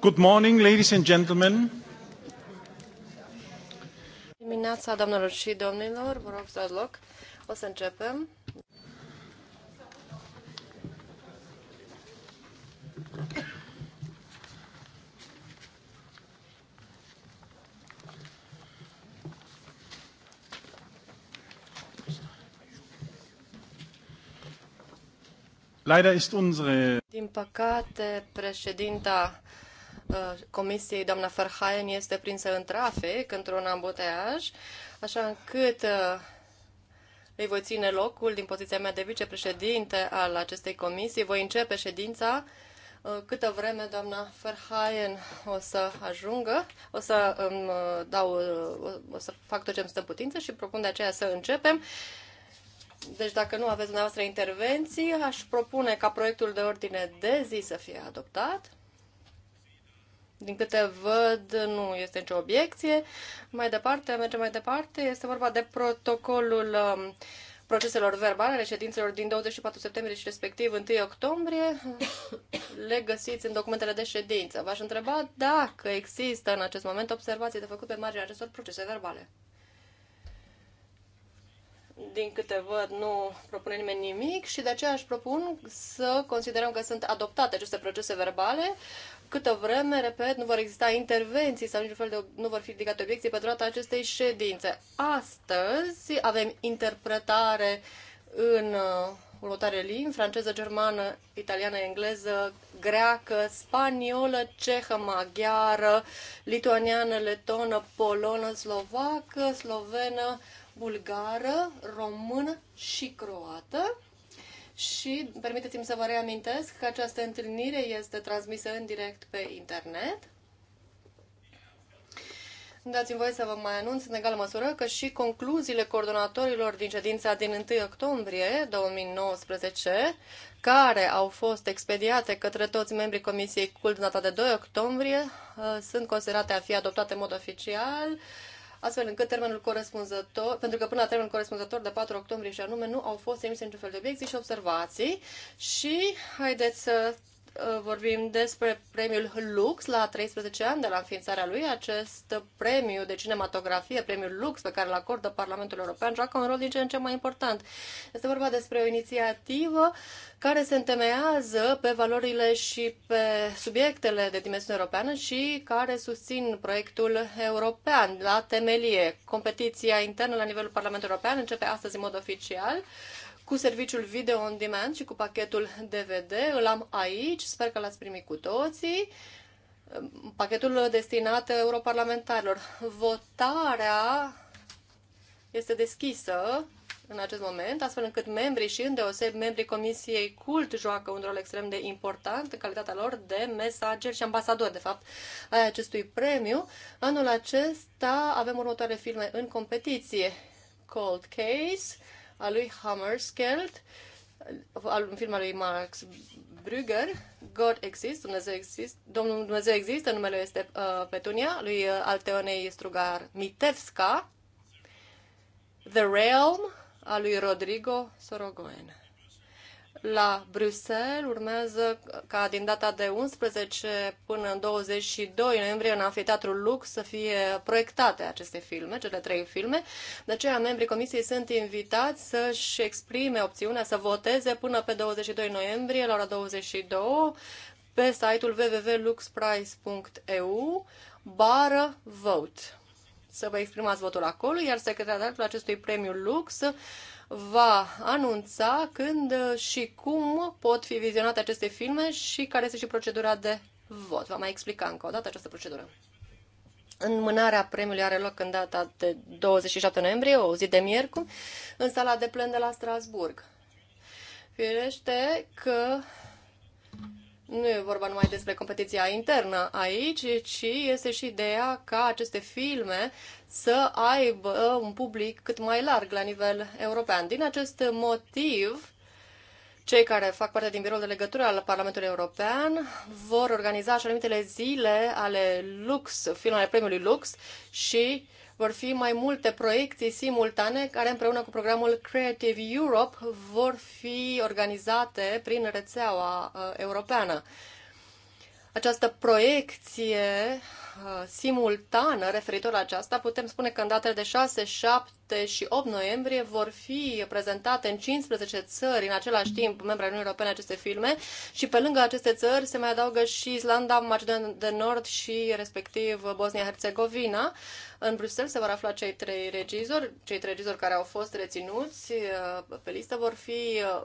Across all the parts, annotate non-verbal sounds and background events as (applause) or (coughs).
Good morning, ladies and gentlemen. Dimineața, doamnelor și domnilor, vă rog să loc. O să începem. Leider ist unsere Din păcate, președinta Uh, comisiei, doamna Ferhaien, este prinsă în trafic, într-un ambuteaj, așa încât uh, îi voi ține locul din poziția mea de vicepreședinte al acestei comisii. Voi începe ședința uh, câtă vreme doamna Ferhaien o să ajungă, o să îmi um, dau, o să fac tot ce îmi stă putință și propun de aceea să începem. Deci dacă nu aveți dumneavoastră intervenții, aș propune ca proiectul de ordine de zi să fie adoptat. Din câte văd, nu este nicio obiecție. Mai departe, mergem mai departe, este vorba de protocolul um, proceselor verbale ale ședințelor din 24 septembrie și respectiv 1 octombrie. Le găsiți în documentele de ședință. V-aș întreba dacă există în acest moment observații de făcut pe marginea acestor procese verbale. Din câte văd, nu propune nimeni nimic și de aceea aș propun să considerăm că sunt adoptate aceste procese verbale câtă vreme, repet, nu vor exista intervenții sau niciun fel de, nu vor fi ridicate obiecții pe durata acestei ședințe. Astăzi avem interpretare în uh, următoare limbi, franceză, germană, italiană, engleză, greacă, spaniolă, cehă, maghiară, lituaniană, letonă, polonă, slovacă, slovenă, bulgară, română și croată și permiteți-mi să vă reamintesc că această întâlnire este transmisă în direct pe internet. Dați-mi voie să vă mai anunț în egală măsură că și concluziile coordonatorilor din ședința din 1 octombrie 2019, care au fost expediate către toți membrii Comisiei Cult data de 2 octombrie, uh, sunt considerate a fi adoptate în mod oficial astfel încât termenul corespunzător, pentru că până la termenul corespunzător de 4 octombrie și anume nu au fost emise niciun fel de obiecții și observații și haideți să Uh, vorbim despre premiul Lux la 13 ani de la înființarea lui. Acest premiu de cinematografie, premiul Lux, pe care îl acordă Parlamentul European, joacă un rol din ce în ce mai important. Este vorba despre o inițiativă care se întemeiază pe valorile și pe subiectele de dimensiune europeană și care susțin proiectul european la temelie. Competiția internă la nivelul Parlamentului European începe astăzi în mod oficial cu serviciul video on demand și cu pachetul DVD. Îl am aici, sper că l-ați primit cu toții. Pachetul destinat europarlamentarilor. Votarea este deschisă în acest moment, astfel încât membrii și îndeoseb membrii Comisiei CULT joacă un rol extrem de important în calitatea lor de mesager și ambasador, de fapt, a acestui premiu. Anul acesta avem următoare filme în competiție. Cold Case, a lui film al lui Max Brügger, God Exists, Dumnezeu Exist, Domnul Dumnezeu Există, numele este uh, Petunia, lui uh, Alteonei Strugar Mitevska, The Realm, a lui Rodrigo Sorogoen la Bruxelles. Urmează ca din data de 11 până în 22 noiembrie în Amfiteatrul Lux să fie proiectate aceste filme, cele trei filme. De aceea membrii comisiei sunt invitați să-și exprime opțiunea să voteze până pe 22 noiembrie la ora 22 pe site-ul www.luxprice.eu bară vote. Să vă exprimați votul acolo, iar secretariatul acestui premiu Lux va anunța când și cum pot fi vizionate aceste filme și care este și procedura de vot. Va mai explica încă o dată această procedură. Înmânarea premiului are loc în data de 27 noiembrie, o zi de miercuri, în sala de plen de la Strasburg. Firește că nu e vorba numai despre competiția internă aici, ci este și ideea ca aceste filme să aibă un public cât mai larg la nivel european. Din acest motiv, cei care fac parte din biroul de legătură al Parlamentului European vor organiza așa numitele zile ale Lux, filmele premiului Lux și uh, vor fi mai multe proiecții simultane care împreună cu programul Creative Europe vor fi organizate prin rețeaua uh, europeană această proiecție uh, simultană referitor la aceasta, putem spune că în datele de 6, 7 și 8 noiembrie vor fi prezentate în 15 țări în același timp membre ale Uniunii Europene aceste filme și pe lângă aceste țări se mai adaugă și Islanda, Macedonia de Nord și respectiv Bosnia-Herzegovina. În Bruxelles se vor afla cei trei regizori, cei trei regizori care au fost reținuți uh, pe listă vor fi uh,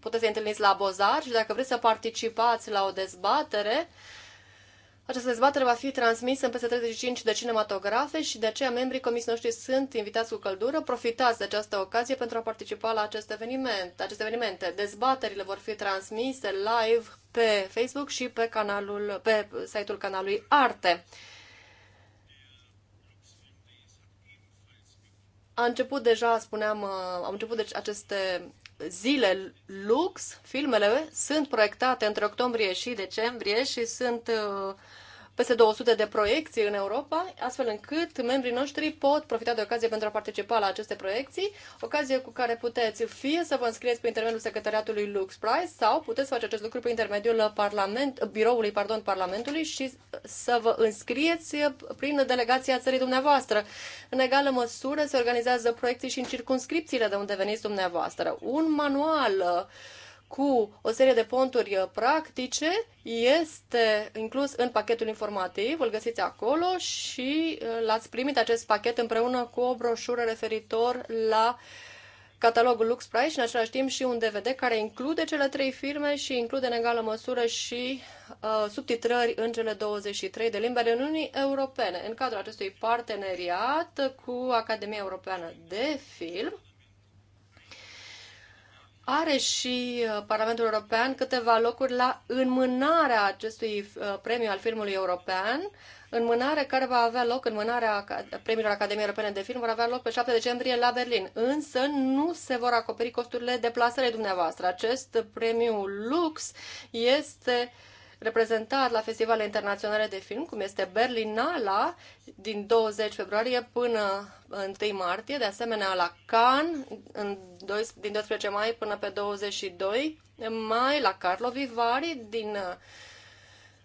puteți să întâlniți la Bozar și dacă vreți să participați la o dezbatere, această dezbatere va fi transmisă în peste 35 de cinematografe și de aceea membrii comisiei noștri sunt invitați cu căldură. Profitați de această ocazie pentru a participa la acest eveniment, aceste evenimente. Dezbaterile vor fi transmise live pe Facebook și pe, canalul, pe site-ul canalului Arte. A început deja, spuneam, uh, au început deci aceste zile lux, filmele sunt proiectate între octombrie și decembrie și sunt uh, peste 200 de proiecții în Europa, astfel încât membrii noștri pot profita de ocazie pentru a participa la aceste proiecții, ocazie cu care puteți fie să vă înscrieți pe intermediul secretariatului Lux Prize sau puteți face acest lucru prin intermediul parlament, biroului pardon, Parlamentului și să vă înscrieți prin delegația țării dumneavoastră. În egală măsură se organizează proiecții și în circunscripțiile de unde veniți dumneavoastră. Un manual uh, cu o serie de ponturi uh, practice este inclus în pachetul informativ, îl găsiți acolo și uh, l-ați primit acest pachet împreună cu o broșură referitor la catalogul Lux Price și în același timp și un DVD care include cele trei firme și include în egală măsură și uh, subtitrări în cele 23 de limbi ale Uniunii Europene. În cadrul acestui parteneriat cu Academia Europeană de Film, are și uh, Parlamentul European câteva locuri la înmânarea acestui uh, premiu al filmului european, înmânare care va avea loc, înmânarea premiilor Academiei Europene de Film va avea loc pe 7 decembrie la Berlin. Însă nu se vor acoperi costurile deplasării dumneavoastră. Acest premiu Lux este uh, reprezentat la festivale internaționale de film, cum este Berlinala din 20 februarie până 1 martie, de asemenea la Cannes în 12, din 12 mai până pe 22 mai, la Carlo Vivari din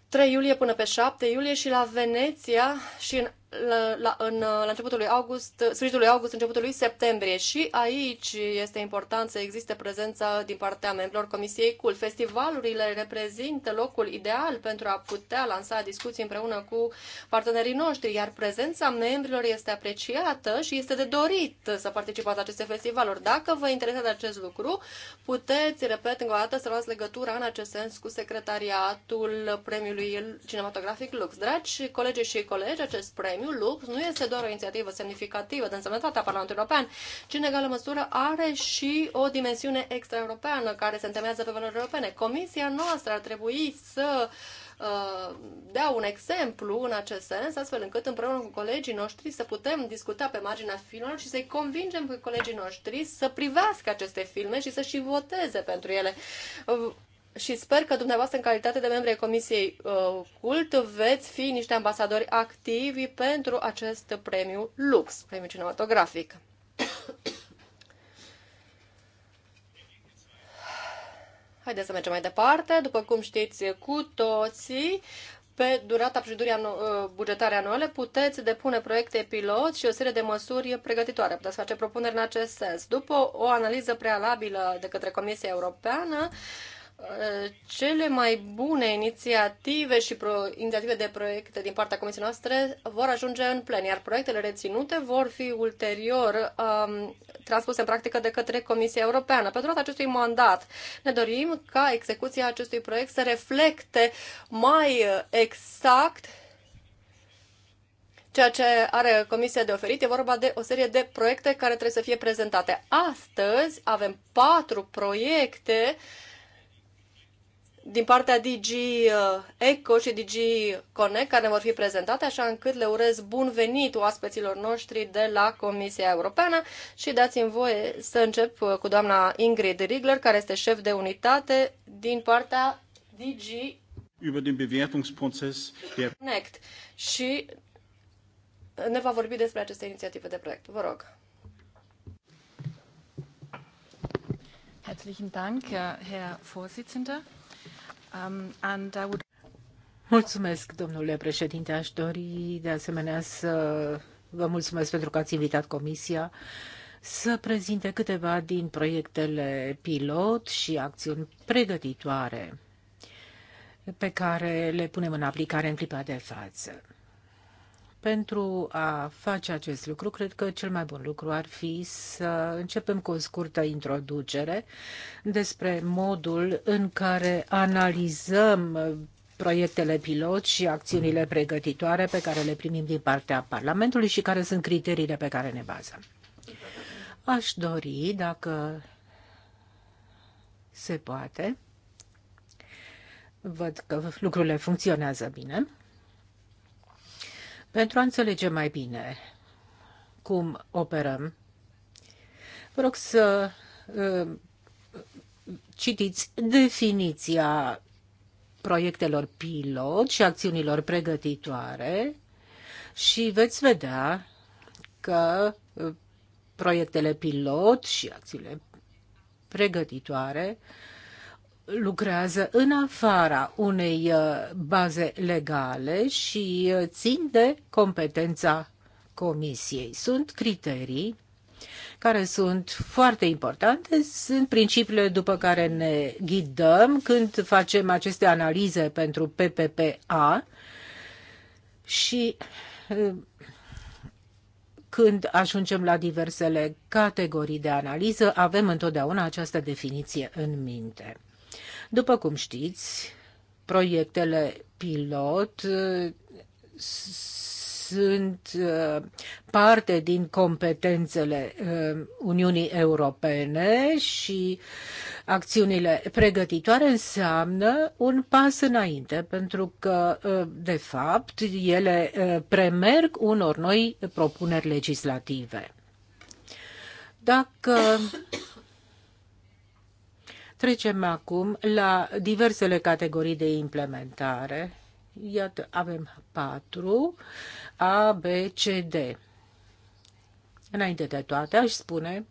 3 uh, iulie până pe 7 iulie și la Veneția și în la, la, în, la începutul lui august, sfârșitul lui august, începutul lui septembrie și aici este important să existe prezența din partea membrilor Comisiei CUL. Festivalurile reprezintă locul ideal pentru a putea lansa discuții împreună cu partenerii noștri, iar prezența membrilor este apreciată și este de dorit să participați la aceste festivaluri. Dacă vă interesează acest lucru, puteți, repet încă o dată, să luați legătura în acest sens cu secretariatul premiului cinematografic Lux. Dragi colegi și colegi, acest premiu domeniul Lux nu este doar o inițiativă semnificativă de însemnătatea Parlamentului European, ci în egală măsură are și o dimensiune extraeuropeană care se întemeiază pe valori europene. Comisia noastră ar trebui să uh, dea un exemplu în acest sens, astfel încât împreună cu colegii noștri să putem discuta pe marginea filmelor și să-i convingem pe colegii noștri să privească aceste filme și să și voteze pentru ele. Uh, și sper că dumneavoastră, în calitate de membri ai Comisiei uh, Cult, veți fi niște ambasadori activi pentru acest premiu Lux, premiu cinematografic. (coughs) Haideți să mergem mai departe. După cum știți cu toții, pe durata procedurii anu- uh, bugetare anuale puteți depune proiecte pilot și o serie de măsuri pregătitoare. Puteți face propuneri în acest sens. După o analiză prealabilă de către Comisia Europeană, cele mai bune inițiative și pro, inițiative de proiecte din partea comisiei noastre vor ajunge în plen, iar proiectele reținute vor fi ulterior um, transpuse în practică de către Comisia Europeană. Pe durata acestui mandat ne dorim ca execuția acestui proiect să reflecte mai exact ceea ce are Comisia de oferit. E vorba de o serie de proiecte care trebuie să fie prezentate. Astăzi avem patru proiecte uh, din partea DG uh, ECO și DG Connect care ne vor fi prezentate, așa încât le urez bun venit oaspeților noștri de la Comisia Europeană și dați-mi voie să încep uh, cu doamna Ingrid Rigler, care este șef de unitate din partea DG über den Bewertungsprozess der Connect și ne va vorbi despre această inițiativă de proiect. Vă rog. Herzlichen Dank, Herr Vorsitzender. Um, mulțumesc, domnule președinte. Aș dori de asemenea să vă mulțumesc pentru că ați invitat comisia să prezinte câteva din proiectele pilot și acțiuni pregătitoare pe care le punem în aplicare în clipa de față. Pentru a face acest lucru, cred că cel mai bun lucru ar fi să începem cu o scurtă introducere despre modul în care analizăm proiectele pilot și acțiunile pregătitoare pe care le primim din partea Parlamentului și care sunt criteriile pe care ne bazăm. Aș dori, dacă se poate, văd că lucrurile funcționează bine. Pentru a înțelege mai bine cum operăm, vă rog să uh, citiți definiția proiectelor pilot și acțiunilor pregătitoare și veți vedea că uh, proiectele pilot și acțiunile pregătitoare uh, lucrează în afara unei uh, baze legale și uh, țin de competența comisiei. Sunt criterii care sunt foarte importante, sunt principiile după care ne ghidăm când facem aceste analize pentru PPPA și uh, când ajungem la diversele categorii de analiză, avem întotdeauna această definiție în minte. După cum știți, proiectele pilot uh, sunt uh, parte din competențele uh, Uniunii Europene și acțiunile pregătitoare înseamnă un pas înainte, pentru că, de fapt, ele premerg unor noi propuneri legislative. Dacă Trecem acum la diversele categorii de implementare. Iată, avem patru, A, B, C, D. Înainte de toate, aș spune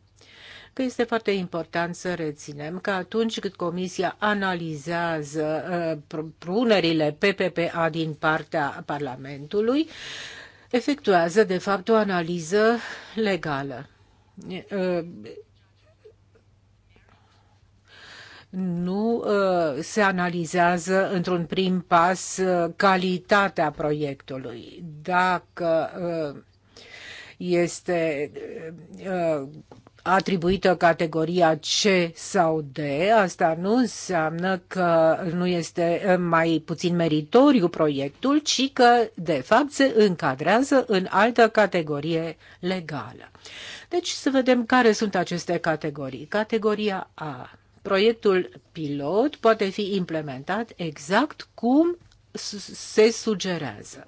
că este foarte important să reținem că atunci când Comisia analizează uh, propunerile PPPA din partea Parlamentului, efectuează, de fapt, o analiză legală uh, nu uh, se analizează într-un prim pas uh, calitatea proiectului. Dacă uh, este atribuită categoria C sau D, asta nu înseamnă că nu este mai puțin meritoriu proiectul, ci că, de fapt, se încadrează în altă categorie legală. Deci să vedem care sunt aceste categorii. Categoria A proiectul pilot poate fi implementat exact cum se sugerează.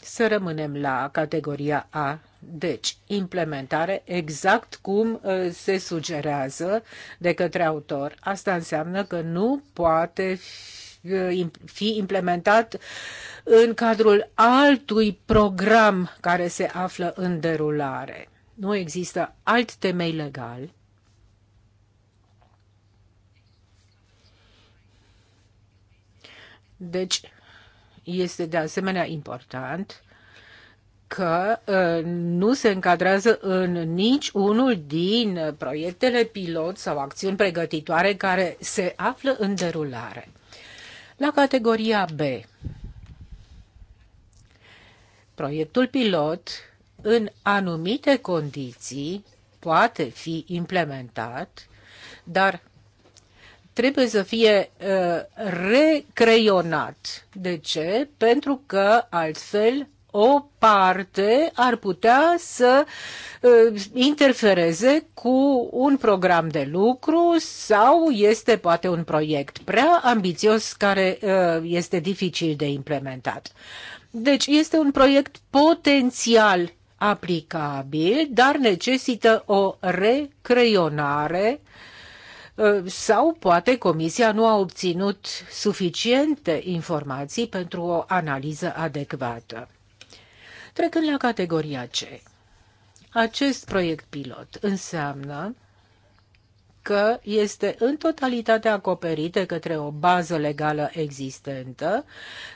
Să rămânem la categoria A. Deci, implementare exact cum uh, se sugerează de către autor. Asta înseamnă că nu poate fi Uh, fi implementat în cadrul altui program care se află în derulare. Nu există alt temei legal Deci, este de asemenea important că uh, nu se încadrează în nici unul din proiectele pilot sau acțiuni pregătitoare care se află în derulare. La categoria B, proiectul pilot, în anumite condiții, poate fi implementat, dar trebuie să fie uh, recreionat. De ce? Pentru că altfel o parte ar putea să uh, interfereze cu un program de lucru sau este poate un proiect prea ambițios care uh, este dificil de implementat. Deci este un proiect potențial aplicabil, dar necesită o recreionare uh, sau poate comisia nu a obținut suficiente informații pentru o analiză adecvată. Trecând la categoria C, acest proiect pilot înseamnă că este în totalitate acoperită către o bază legală existentă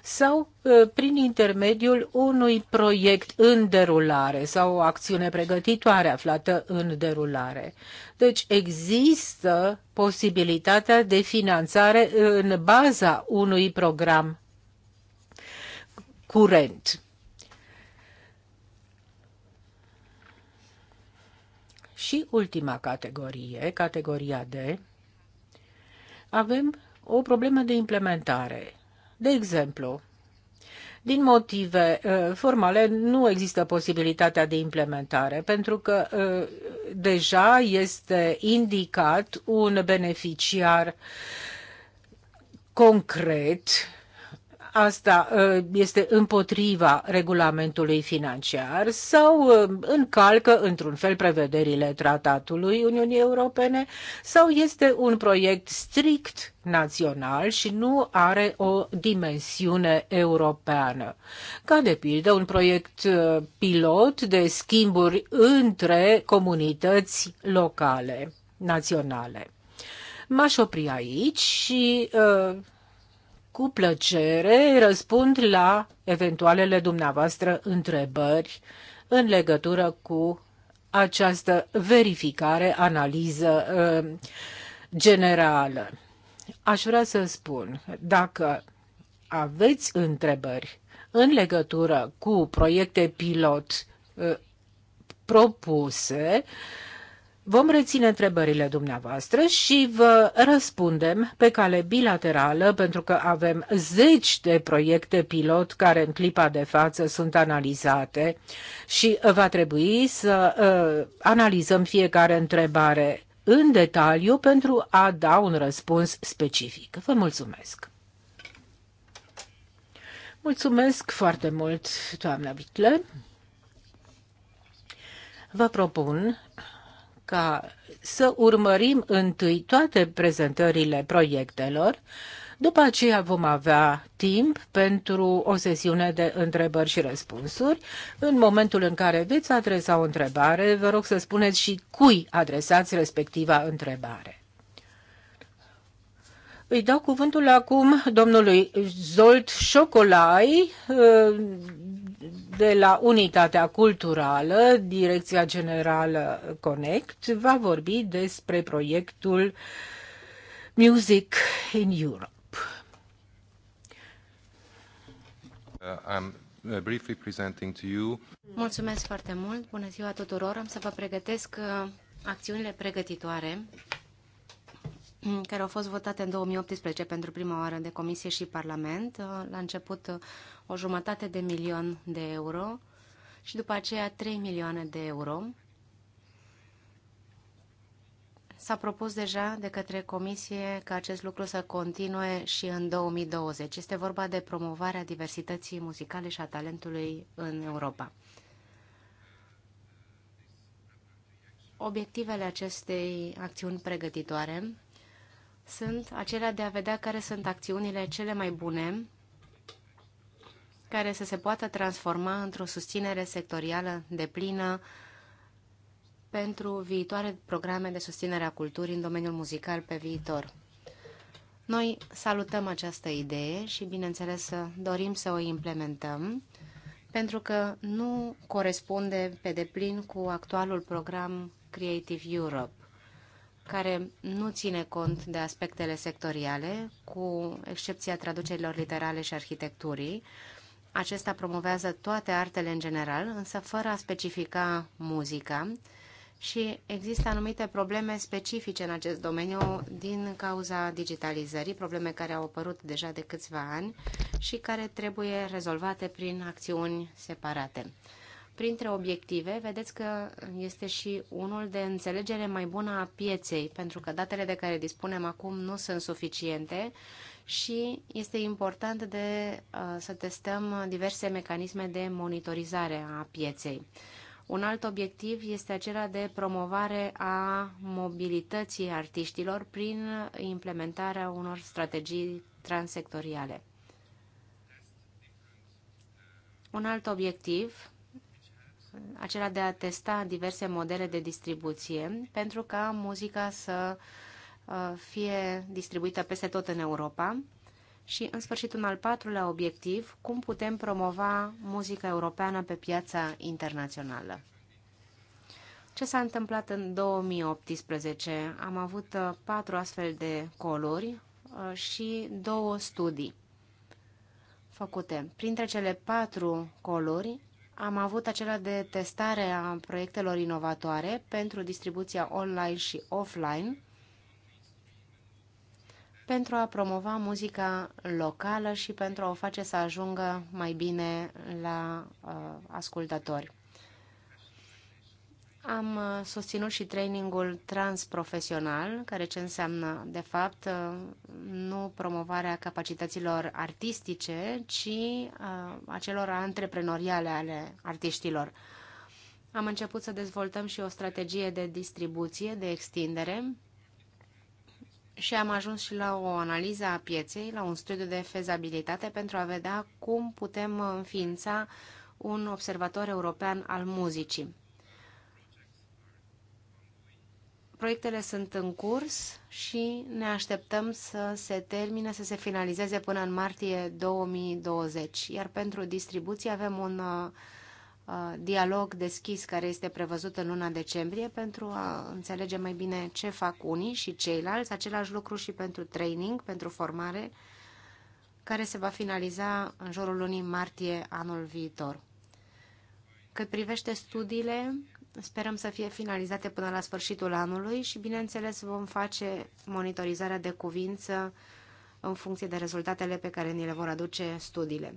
sau ă, prin intermediul unui proiect în derulare sau o acțiune pregătitoare aflată în derulare. Deci există posibilitatea de finanțare în baza unui program curent. Și ultima categorie, categoria D, avem o problemă de implementare. De exemplu, din motive uh, formale nu există posibilitatea de implementare, pentru că uh, deja este indicat un beneficiar concret asta ă, este împotriva regulamentului financiar sau ă, încalcă într-un fel prevederile tratatului Uniunii Europene sau este un proiect strict național și nu are o dimensiune europeană. Ca de pildă un proiect ă, pilot de schimburi între comunități locale, naționale. M-aș opri aici și uh, cu plăcere răspund la eventualele dumneavoastră întrebări în legătură cu această verificare, analiză uh, generală. Aș vrea să spun, dacă aveți întrebări în legătură cu proiecte pilot uh, propuse, Vom reține întrebările dumneavoastră și vă răspundem pe cale bilaterală, pentru că avem zeci de proiecte pilot care în clipa de față sunt analizate și va trebui să uh, analizăm fiecare întrebare în detaliu pentru a da un răspuns specific. Vă mulțumesc! Mulțumesc foarte mult, doamna Vitle. Vă propun ca să urmărim întâi toate prezentările proiectelor, după aceea vom avea timp pentru o sesiune de întrebări și răspunsuri. În momentul în care veți adresa o întrebare, vă rog să spuneți și cui adresați respectiva întrebare. Îi dau cuvântul acum domnului Zolt Șocolai de la Unitatea Culturală, Direcția Generală Connect, va vorbi despre proiectul Music in Europe. Uh, I'm uh, briefly presenting to you. Mulțumesc foarte mult. Bună ziua tuturor. Am să vă pregătesc uh, acțiunile pregătitoare Mm, care au fost votate în 2018 pentru prima oară de Comisie și Parlament, uh, la început uh, o jumătate de milion de euro și după aceea 3 milioane de euro. S-a propus deja de către Comisie ca acest lucru să continue și în 2020. Este vorba de promovarea diversității muzicale și a talentului în Europa. Obiectivele acestei acțiuni pregătitoare sunt acelea de a vedea care sunt acțiunile cele mai bune care să se poată transforma într-o susținere sectorială deplină pentru viitoare programe de susținere a culturii în domeniul muzical pe viitor. Noi salutăm această idee și, bineînțeles, dorim să o implementăm, pentru că nu corespunde pe deplin cu actualul program Creative Europe care nu ține cont de aspectele sectoriale, cu excepția traducerilor literale și arhitecturii. Acesta promovează toate artele în general, însă fără a specifica muzica și există anumite probleme specifice în acest domeniu din cauza digitalizării, probleme care au apărut deja de câțiva ani și care trebuie rezolvate prin acțiuni separate printre obiective, vedeți că este și unul de înțelegere mai bună a pieței, pentru că datele de care dispunem acum nu sunt suficiente și este important de, uh, să testăm diverse mecanisme de monitorizare a pieței. Un alt obiectiv este acela de promovare a mobilității artiștilor prin implementarea unor strategii transsectoriale. Un alt obiectiv acela de a testa diverse modele de distribuție pentru ca muzica să uh, fie distribuită peste tot în Europa. Și, în sfârșit, un al patrulea obiectiv, cum putem promova muzica europeană pe piața internațională. Ce s-a întâmplat în 2018? Am avut uh, patru astfel de coluri uh, și două studii făcute. Printre cele patru coluri am avut acela de testare a proiectelor inovatoare pentru distribuția online și offline pentru a promova muzica locală și pentru a o face să ajungă mai bine la uh, ascultători. Am uh, susținut și trainingul transprofesional, care ce înseamnă, de fapt, uh, nu promovarea capacităților artistice, ci uh, acelor antreprenoriale ale artiștilor. Am început să dezvoltăm și o strategie de distribuție, de extindere și am ajuns și la o analiză a pieței, la un studiu de fezabilitate pentru a vedea cum putem înființa un observator european al muzicii. Proiectele sunt în curs și ne așteptăm să se termine, să se finalizeze până în martie 2020. Iar pentru distribuție avem un uh, uh, dialog deschis care este prevăzut în luna decembrie pentru a înțelege mai bine ce fac unii și ceilalți, același lucru și pentru training, pentru formare, care se va finaliza în jurul lunii martie anul viitor. Cât privește studiile, Sperăm să fie finalizate până la sfârșitul anului și, bineînțeles, vom face monitorizarea de cuvință în funcție de rezultatele pe care ni le vor aduce studiile.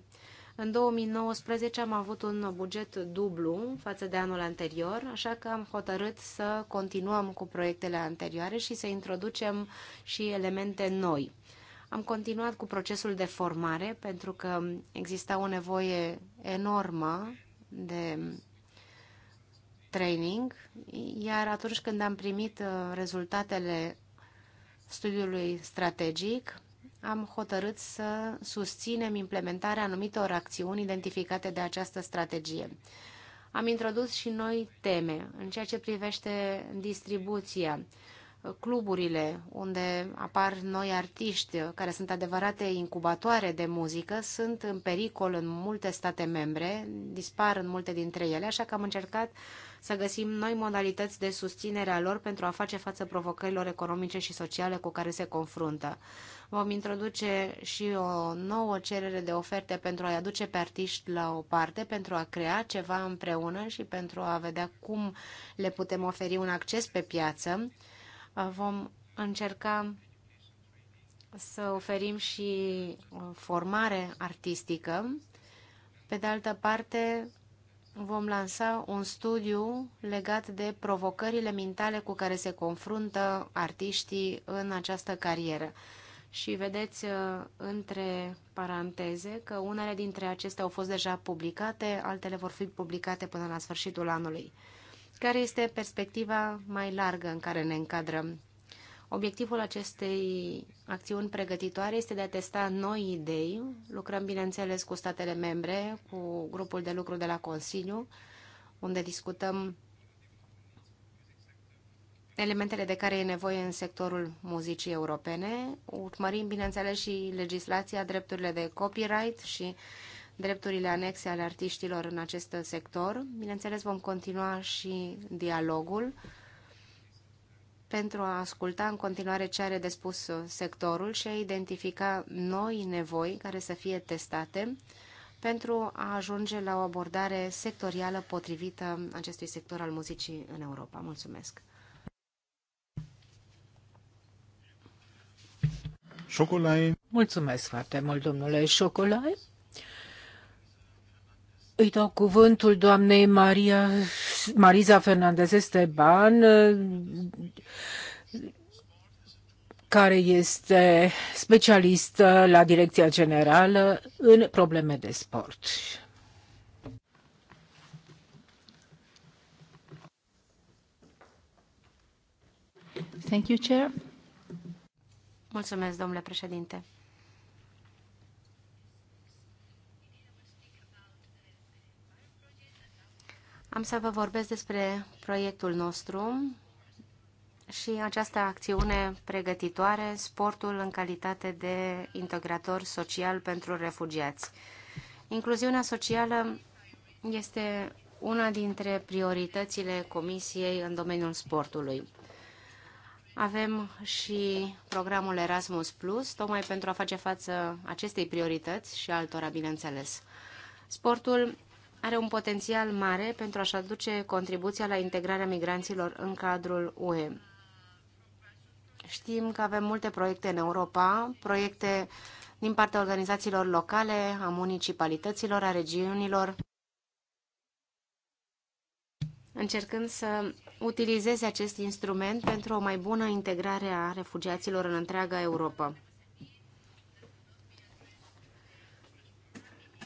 În 2019 am avut un buget dublu față de anul anterior, așa că am hotărât să continuăm cu proiectele anterioare și să introducem și elemente noi. Am continuat cu procesul de formare pentru că exista o nevoie enormă de training, iar atunci când am primit uh, rezultatele studiului strategic, am hotărât să susținem implementarea anumitor acțiuni identificate de această strategie. Am introdus și noi teme în ceea ce privește distribuția, cluburile unde apar noi artiști care sunt adevărate incubatoare de muzică sunt în pericol în multe state membre, dispar în multe dintre ele, așa că am încercat să găsim noi modalități de susținere a lor pentru a face față provocărilor economice și sociale cu care se confruntă. Vom introduce și o nouă cerere de oferte pentru a-i aduce pe artiști la o parte, pentru a crea ceva împreună și pentru a vedea cum le putem oferi un acces pe piață Uh, vom încerca să oferim și uh, formare artistică. Pe de altă parte, vom lansa un studiu legat de provocările mentale cu care se confruntă artiștii în această carieră. Și vedeți uh, între paranteze că unele dintre acestea au fost deja publicate, altele vor fi publicate până la sfârșitul anului. Care este perspectiva mai largă în care ne încadrăm? Obiectivul acestei acțiuni pregătitoare este de a testa noi idei. Lucrăm, bineînțeles, cu statele membre, cu grupul de lucru de la Consiliu, unde discutăm elementele de care e nevoie în sectorul muzicii europene. Urmărim, bineînțeles, și legislația, drepturile de copyright și uh, drepturile anexe ale artiștilor în acest sector. Bineînțeles, vom continua și dialogul pentru a asculta în continuare ce are de spus sectorul și a identifica noi nevoi care să fie testate pentru a ajunge la o abordare sectorială potrivită acestui sector al muzicii în Europa. Mulțumesc! Mulțumesc foarte mult, domnule Șocolai. Îi dau cuvântul doamnei Maria, Mariza Fernandez Esteban, care este specialistă la Direcția Generală în probleme de sport. Thank you, Chair. Mulțumesc, domnule președinte. Am să vă vorbesc despre proiectul nostru și această acțiune pregătitoare, sportul în calitate de integrator social pentru refugiați. Incluziunea socială este una dintre prioritățile Comisiei în domeniul sportului. Avem și programul Erasmus Plus, tocmai pentru a face față acestei priorități și altora, bineînțeles. Sportul are un potențial mare pentru a-și aduce contribuția la integrarea migranților în cadrul UE. Știm că avem multe proiecte în Europa, proiecte din partea organizațiilor locale, a municipalităților, a regiunilor, încercând să utilizeze acest instrument pentru o mai bună integrare a refugiaților în întreaga Europa.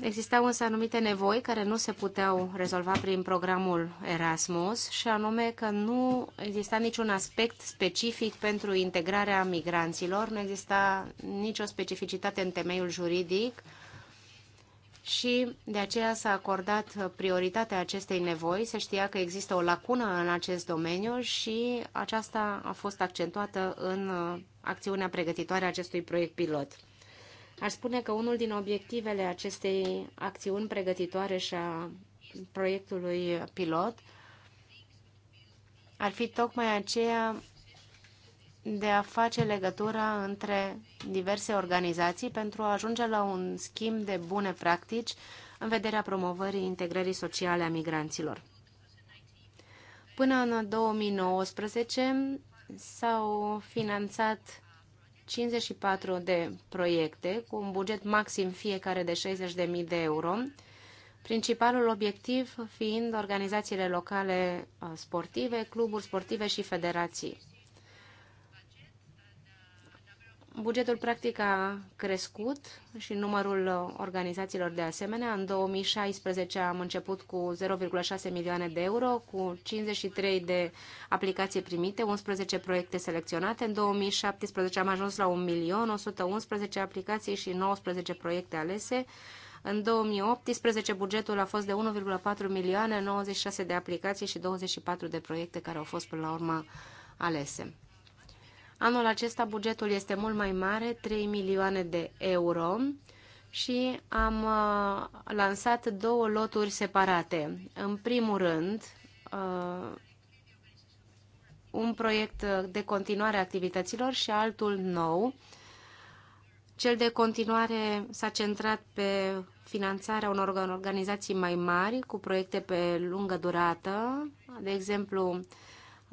Existau însă anumite nevoi care nu se puteau rezolva prin programul Erasmus și anume că nu exista niciun aspect specific pentru integrarea migranților, nu exista nicio specificitate în temeiul juridic și de aceea s-a acordat prioritatea acestei nevoi, se știa că există o lacună în acest domeniu și aceasta a fost accentuată în acțiunea pregătitoare a acestui proiect pilot. Aș spune că unul din obiectivele acestei acțiuni pregătitoare și a proiectului pilot ar fi tocmai aceea de a face legătura între diverse organizații pentru a ajunge la un schimb de bune practici în vederea promovării integrării sociale a migranților. Până în 2019 s-au finanțat 54 de proiecte cu un buget maxim fiecare de 60.000 de euro, principalul obiectiv fiind organizațiile locale uh, sportive, cluburi sportive și federații. Bugetul practic a crescut și numărul organizațiilor de asemenea. În 2016 am început cu 0,6 milioane de euro, cu 53 de aplicații primite, 11 proiecte selecționate. În 2017 am ajuns la 1 milion, 111 aplicații și 19 proiecte alese. În 2018 bugetul a fost de 1,4 milioane, 96 de aplicații și 24 de proiecte care au fost până la urmă alese. Anul acesta bugetul este mult mai mare, 3 milioane de euro și am uh, lansat două loturi separate. În primul rând, uh, un proiect de continuare a activităților și altul nou. Cel de continuare s-a centrat pe finanțarea unor organizații mai mari cu proiecte pe lungă durată, de exemplu,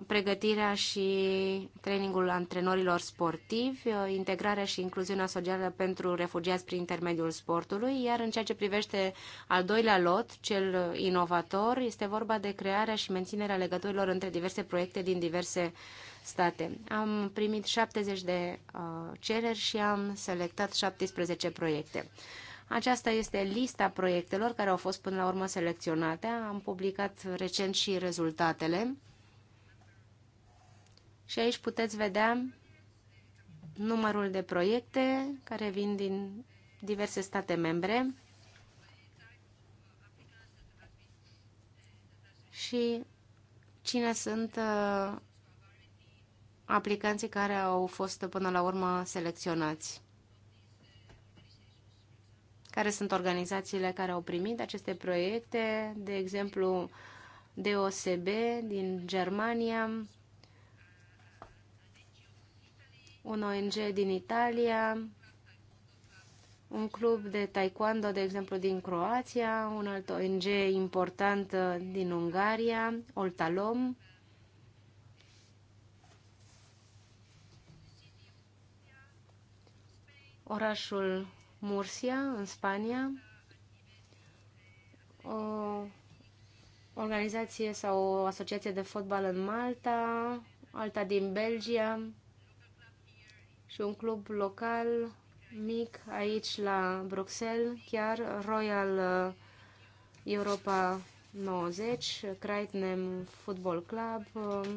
pregătirea și trainingul antrenorilor sportivi, integrarea și incluziunea socială pentru refugiați prin intermediul sportului, iar în ceea ce privește al doilea lot, cel inovator, este vorba de crearea și menținerea legăturilor între diverse proiecte din diverse state. Am primit 70 de uh, cereri și am selectat 17 proiecte. Aceasta este lista proiectelor care au fost până la urmă selecționate. Am publicat recent și rezultatele. Și aici puteți vedea numărul de proiecte care vin din diverse state membre și cine sunt uh, aplicanții care au fost uh, până la urmă selecționați. Care sunt organizațiile care au primit aceste proiecte, de exemplu DOSB din Germania, un ONG din Italia, un club de taekwondo, de exemplu, din Croația, un alt ONG important uh, din Ungaria, Oltalom. Orașul Murcia, în Spania, o organizație sau o asociație de fotbal în Malta, alta din Belgia, și un club local mic aici la Bruxelles, chiar Royal uh, Europa 90, Kreitnem Football Club, uh,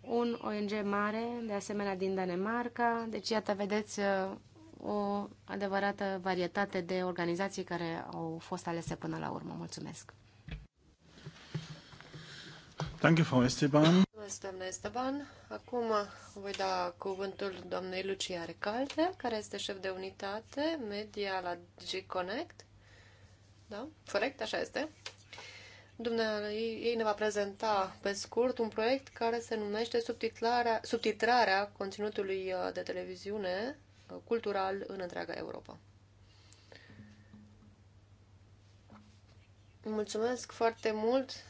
un ONG mare, de asemenea din Danemarca. Deci, iată, vedeți uh, o adevărată varietate de organizații care au fost alese până la urmă. Mulțumesc! Danke, Frau Esteban. Mulțumesc, doamna Esteban. Acum voi da cuvântul doamnei Lucia Recalde, care este șef de unitate media la G-Connect. Da? Corect? Așa este. Dumnezeu, ei ne va prezenta pe scurt un proiect care se numește subtitrarea, subtitrarea conținutului uh, de televiziune uh, cultural în întreaga Europa. Mulțumesc foarte mult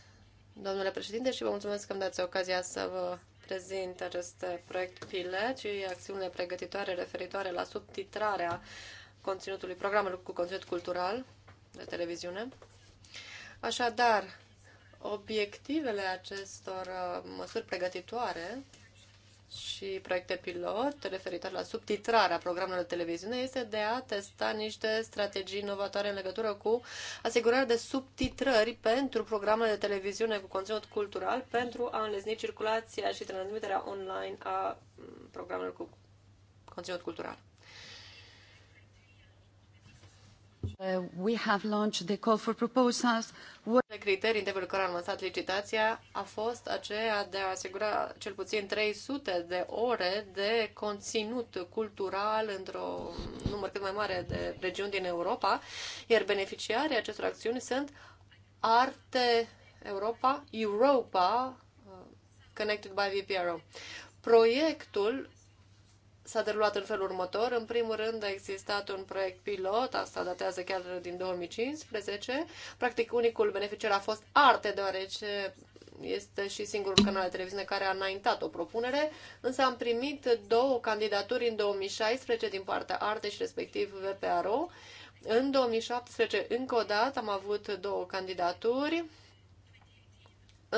domnule președinte, și vă mulțumesc că îmi dați ocazia să vă prezint acest proiect PILE și acțiunile pregătitoare referitoare la subtitrarea conținutului programului cu conținut cultural de televiziune. Așadar, obiectivele acestor uh, măsuri pregătitoare și proiecte pilot referitor la subtitrarea programelor de televiziune este de a testa niște strategii inovatoare în legătură cu asigurarea de subtitrări pentru programele de televiziune cu conținut cultural pentru a înlesni circulația și transmiterea online a mm, programelor cu conținut cultural. Uh, we have launched the call for proposals. Criterii în timpul care am lansat licitația a fost aceea de a asigura cel puțin 300 de ore de conținut cultural într-o număr cât mai mare de regiuni din Europa, iar beneficiarii acestor acțiuni sunt Arte Europa, Europa, uh, Connected by VPRO. Proiectul s-a derulat în felul următor. În primul rând a existat un proiect pilot, asta datează chiar din 2015. Practic, unicul beneficiar a fost arte, deoarece este și singurul canal de televiziune care a înaintat o propunere, însă am primit două candidaturi în 2016 din partea Arte și respectiv VPRO. În 2017, încă o dată, am avut două candidaturi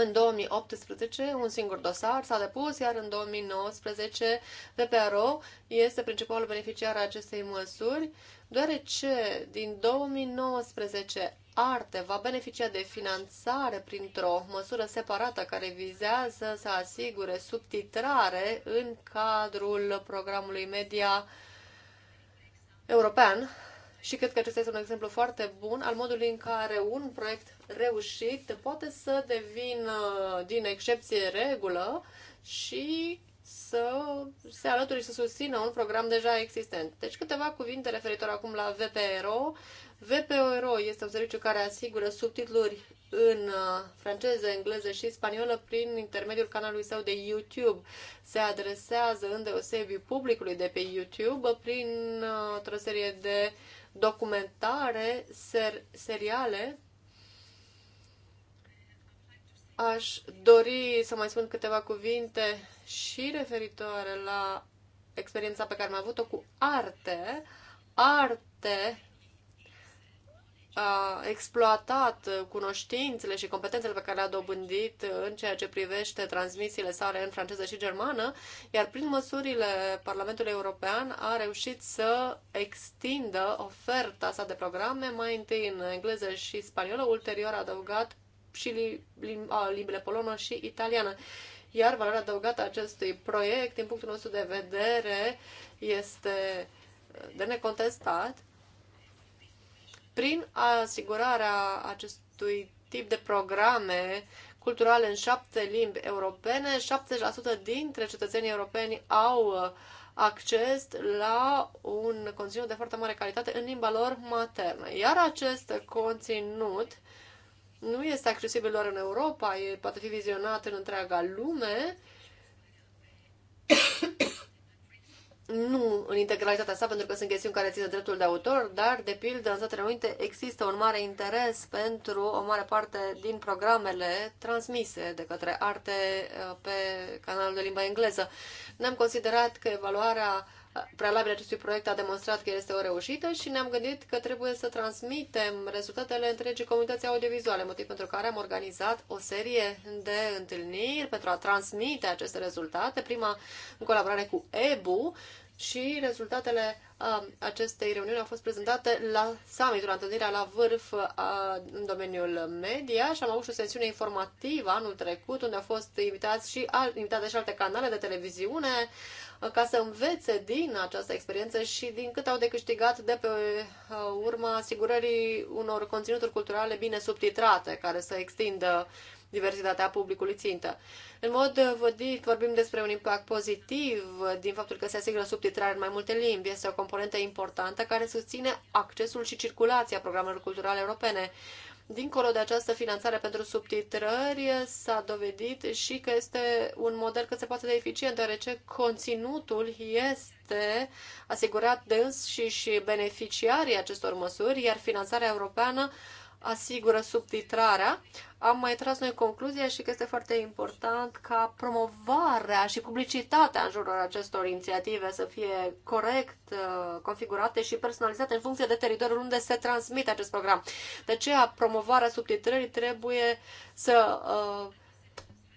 în 2018 un singur dosar s-a depus, iar în 2019 PPRO este principalul beneficiar a acestei măsuri, deoarece din 2019 Arte va beneficia de finanțare printr-o măsură separată care vizează să asigure subtitrare în cadrul programului media european și cred că acesta este un exemplu foarte bun al modului în care un proiect reușit poate să devină din excepție regulă și să se alăture și să susțină un program deja existent. Deci câteva cuvinte referitor acum la VPRO. VPRO este un serviciu care asigură subtitluri în uh, franceză, engleză și spaniolă prin intermediul canalului său de YouTube. Se adresează deosebi publicului de pe YouTube prin uh, o serie de uh, documentare, ser, seriale, aș dori să mai spun câteva cuvinte și referitoare la experiența pe care am avut-o cu arte. Arte a exploatat cunoștințele și competențele pe care le-a dobândit în ceea ce privește transmisiile sale în franceză și germană, iar prin măsurile Parlamentului European a reușit să extindă oferta sa de programe, mai întâi în engleză și spaniolă, ulterior a adăugat și limbile polonă și italiană. Iar valoarea adăugată a acestui proiect, din punctul nostru de vedere, este de necontestat prin asigurarea acestui tip de programe culturale în șapte limbi europene, 70% dintre cetățenii europeni au uh, acces la un conținut de foarte mare calitate în limba lor maternă. Iar acest conținut nu este accesibil doar în Europa, e, poate fi vizionat în întreaga lume nu în integralitatea sa, pentru că sunt chestiuni care țin de dreptul de autor, dar, de pildă, în Statele Unite există un mare interes pentru o mare parte din programele transmise de către arte uh, pe canalul de limba engleză. Ne-am considerat că evaluarea prealabil acestui proiect a demonstrat că este o reușită și ne-am gândit că trebuie să transmitem rezultatele întregii comunități audiovizuale, motiv pentru care am organizat o serie de întâlniri pentru a transmite aceste rezultate, prima în colaborare cu EBU și rezultatele um, acestei reuniuni au fost prezentate la summitul, la întâlnirea la vârf a, uh, în domeniul media și am avut și o sesiune informativă anul trecut unde au fost invitați și al, invitate și alte canale de televiziune, ca să învețe din această experiență și din cât au de câștigat de pe uh, urma asigurării unor conținuturi culturale bine subtitrate, care să extindă diversitatea publicului țintă. În mod uh, vădit, vorbim despre un impact pozitiv uh, din faptul că se asigură subtitrare în mai multe limbi. Este o componentă importantă care susține accesul și circulația programelor culturale europene. Dincolo de această finanțare pentru subtitrări, s-a dovedit și că este un model cât se poate de eficient, deoarece conținutul este asigurat de și beneficiarii acestor măsuri, iar finanțarea europeană asigură subtitrarea, am mai tras noi concluzia și că este foarte important ca promovarea și publicitatea în jurul acestor inițiative să fie corect uh, configurate și personalizate în funcție de teritoriul unde se transmite acest program. De aceea, promovarea subtitrării trebuie să uh,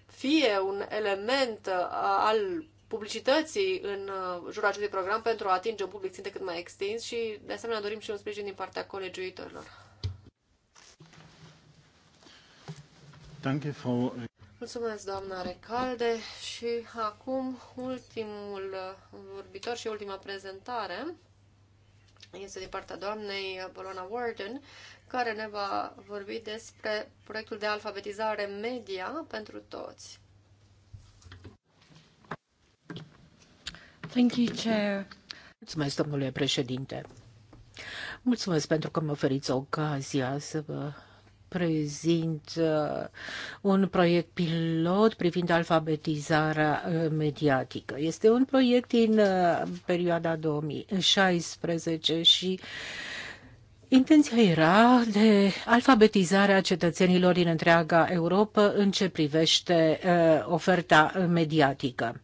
fie un element uh, al publicității în jurul acestui program pentru a atinge un public ținte cât mai extins și, de asemenea, dorim și un sprijin din partea colegiuitorilor. Danke, Frau... Mulțumesc, doamna Recalde. Și acum ultimul vorbitor și ultima prezentare este din partea doamnei Bolona Warden, care ne va vorbi despre proiectul de alfabetizare media pentru toți. Thank you, Chair. Mulțumesc, domnule președinte. Mulțumesc pentru că m-a oferit ocazia să vă prezint uh, un proiect pilot privind alfabetizarea uh, mediatică. Este un proiect din uh, perioada 2016 și Intenția era de alfabetizarea cetățenilor din întreaga Europa în ce privește oferta mediatică.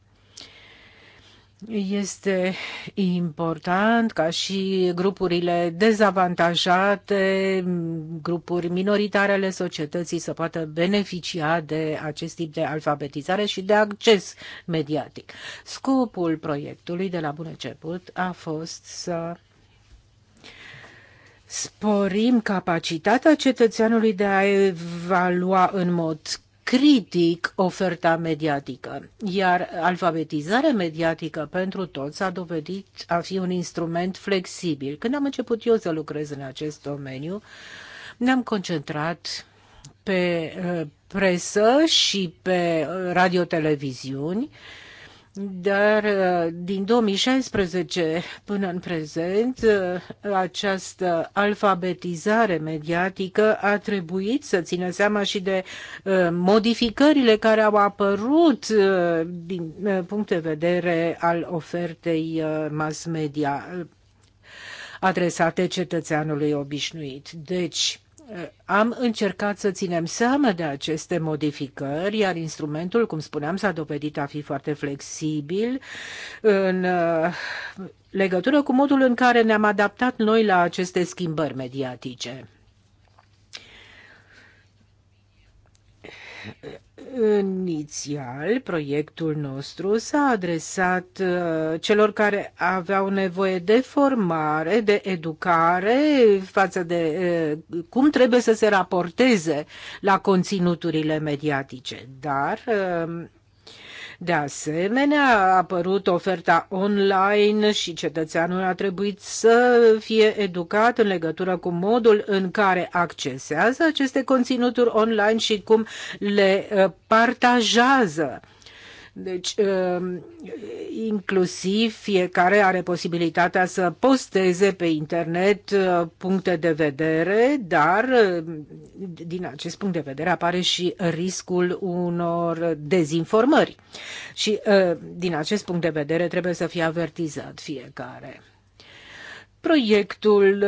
Este important ca și grupurile dezavantajate, grupuri minoritare ale societății să poată beneficia de acest tip de alfabetizare și de acces mediatic. Scopul proiectului de la bun început a fost să sporim capacitatea cetățeanului de a evalua în mod critic oferta mediatică, iar alfabetizarea mediatică pentru toți a dovedit a fi un instrument flexibil. Când am început eu să lucrez în acest domeniu, ne-am concentrat pe uh, presă și pe uh, radioteleviziuni, dar uh, din 2016 până în prezent, uh, această alfabetizare mediatică a trebuit să țină seama și de uh, modificările care au apărut din punct de vedere al ofertei mass media adresate cetățeanului obișnuit. Deci, am încercat să ținem seama de aceste modificări, iar instrumentul, cum spuneam, s-a dovedit a fi foarte flexibil în uh, legătură cu modul în care ne-am adaptat noi la aceste schimbări mediatice. Inițial, proiectul nostru s-a adresat uh, celor care aveau nevoie de formare, de educare față de uh, cum trebuie să se raporteze la conținuturile mediatice, dar uh, de asemenea, a apărut oferta online și cetățeanul a trebuit să fie educat în legătură cu modul în care accesează aceste conținuturi online și cum le uh, partajează. Deci, um, inclusiv fiecare are posibilitatea să posteze pe internet uh, puncte de vedere, dar uh, din acest punct de vedere apare și riscul unor dezinformări. Și uh, din acest punct de vedere trebuie să fie avertizat fiecare. Proiectul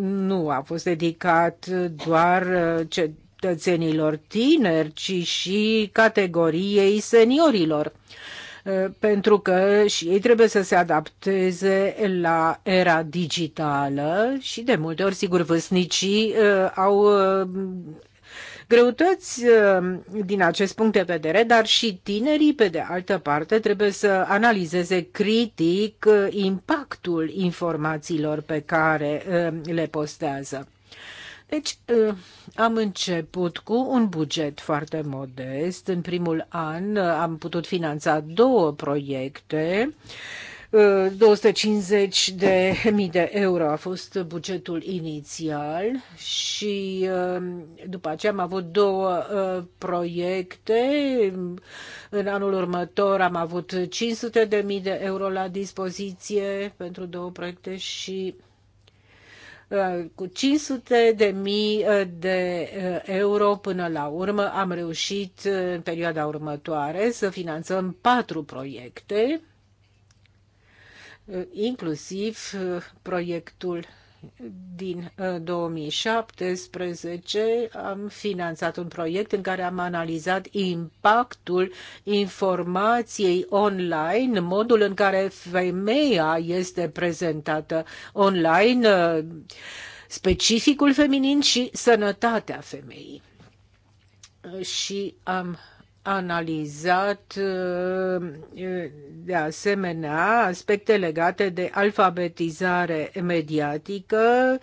nu a fost dedicat doar cetățenilor tineri, ci și categoriei seniorilor eh, pentru că și ei trebuie să se adapteze la era digitală și de multe ori, sigur, vâsnicii eh, au eh, greutăți din acest punct de vedere, dar și tinerii, pe de altă parte, trebuie să analizeze critic impactul informațiilor pe care le postează. Deci uh, am început cu un buget foarte modest. În primul an uh, am putut finanța două proiecte. 250 uh, de mii de euro a fost bugetul inițial și după aceea am avut două proiecte. În anul următor am avut 500 de mii de euro la dispoziție pentru două proiecte și cu 500 de mii uh, de uh, euro până la urmă am reușit uh, în perioada următoare să finanțăm patru proiecte, inclusiv proiectul din 2017 uh, am finanțat un proiect în care am analizat impactul informației online, modul în care femeia este prezentată online, uh, specificul feminin și sănătatea femeii. Și am analizat uh, uh, de asemenea aspecte legate de alfabetizare mediatică,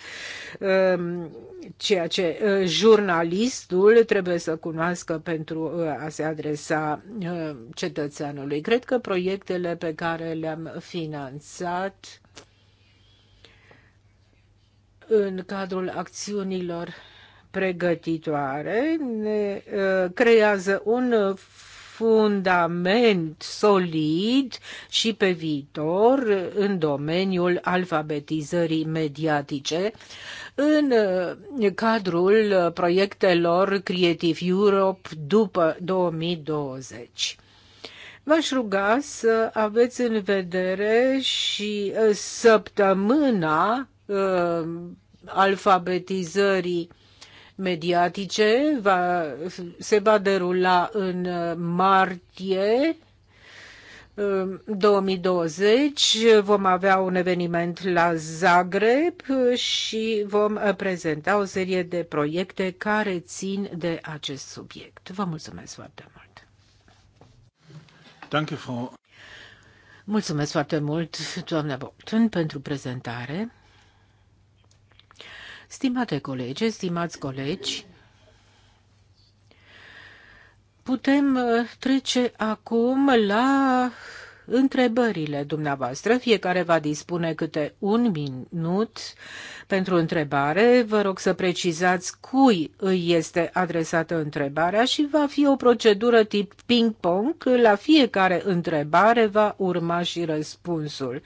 um, ceea ce uh, jurnalistul trebuie să cunoască pentru a se adresa cetățeanului. Cred că proiectele pe care le-am finanțat în cadrul acțiunilor pregătitoare, ne uh, creează un fundament solid și pe viitor în domeniul alfabetizării mediatice în uh, cadrul proiectelor Creative Europe după 2020. V-aș ruga să aveți în vedere și uh, săptămâna alfabetizării mediatice va, se va derula în martie 2020. Um, vom avea un eveniment la Zagreb și vom uh, prezenta o serie de proiecte care țin de acest subiect. Vă mulțumesc foarte mult! Danke, Frau. Mulțumesc foarte mult, doamna Bopton, pentru prezentare. Stimate colege, stimați colegi, putem uh, trece acum la întrebările dumneavoastră. Fiecare va dispune câte un minut pentru întrebare. Vă rog să precizați cui îi este adresată întrebarea și va fi o procedură tip ping-pong. La fiecare întrebare va urma și răspunsul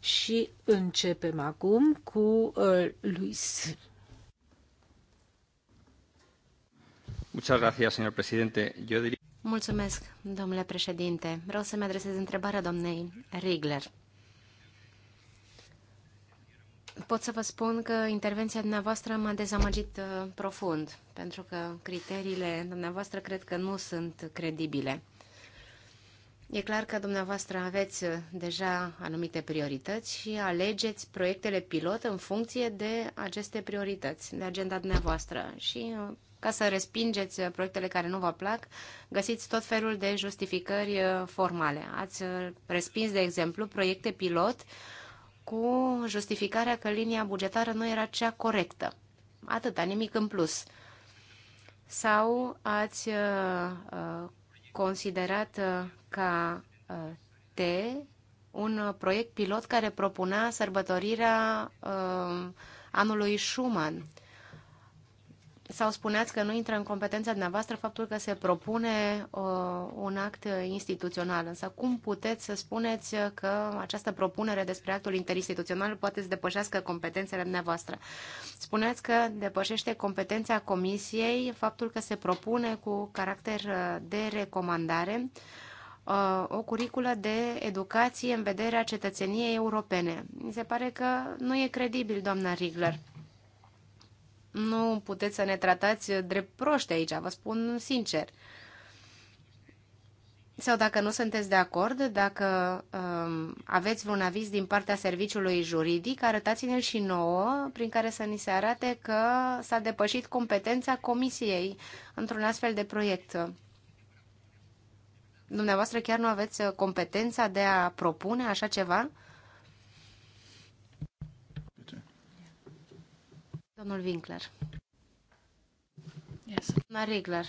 și începem acum cu uh, Luis. Mulțumesc, domnule președinte. Vreau să-mi adresez întrebarea doamnei Rigler. Pot să vă spun că intervenția dumneavoastră m-a dezamăgit uh, profund, pentru că criteriile dumneavoastră cred că nu sunt credibile. E clar că dumneavoastră aveți uh, deja anumite priorități și alegeți proiectele pilot în funcție de aceste priorități, de agenda dumneavoastră. Și uh, ca să respingeți uh, proiectele care nu vă plac, găsiți tot felul de justificări formale. Ați respins, de exemplu, proiecte pilot cu justificarea că linia bugetară nu era cea corectă. Atâta, nimic în plus. Sau ați considerată uh, ca uh, T un uh, proiect pilot care propunea sărbătorirea anului Schumann sau spuneați că nu intră în competența dumneavoastră faptul că se propune uh, un act instituțional. Însă cum puteți să spuneți că această propunere despre actul interinstituțional poate să depășească competențele dumneavoastră? Spuneați că depășește competența comisiei faptul că se propune cu caracter uh, de recomandare uh, o curiculă de educație în vederea cetățeniei europene. Mi se pare că nu e credibil, doamna Rigler. Nu puteți să ne tratați drept proști aici, vă spun sincer. Sau dacă nu sunteți de acord, dacă um, aveți vreun aviz din partea serviciului juridic, arătați-ne-l și nouă, prin care să ni se arate că s-a depășit competența comisiei într-un astfel de proiect. Dumneavoastră chiar nu aveți competența de a propune așa ceva? Domnul Winkler. Yes. Doamna Rigler.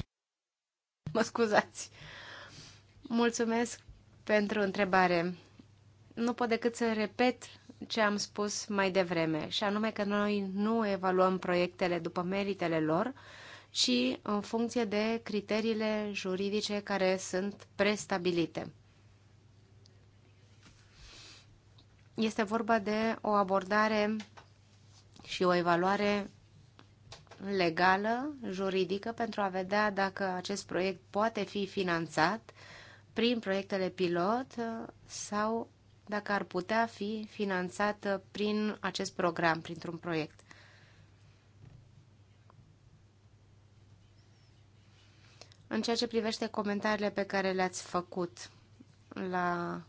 Mă scuzați. Mulțumesc pentru întrebare. Nu pot decât să repet ce am spus mai devreme, și anume că noi nu evaluăm proiectele după meritele lor, ci în funcție de criteriile juridice care sunt prestabilite. Este vorba de o abordare și o evaluare legală, juridică, pentru a vedea dacă acest proiect poate fi finanțat prin proiectele pilot sau dacă ar putea fi finanțat prin acest program, printr-un proiect. În ceea ce privește comentariile pe care le-ați făcut la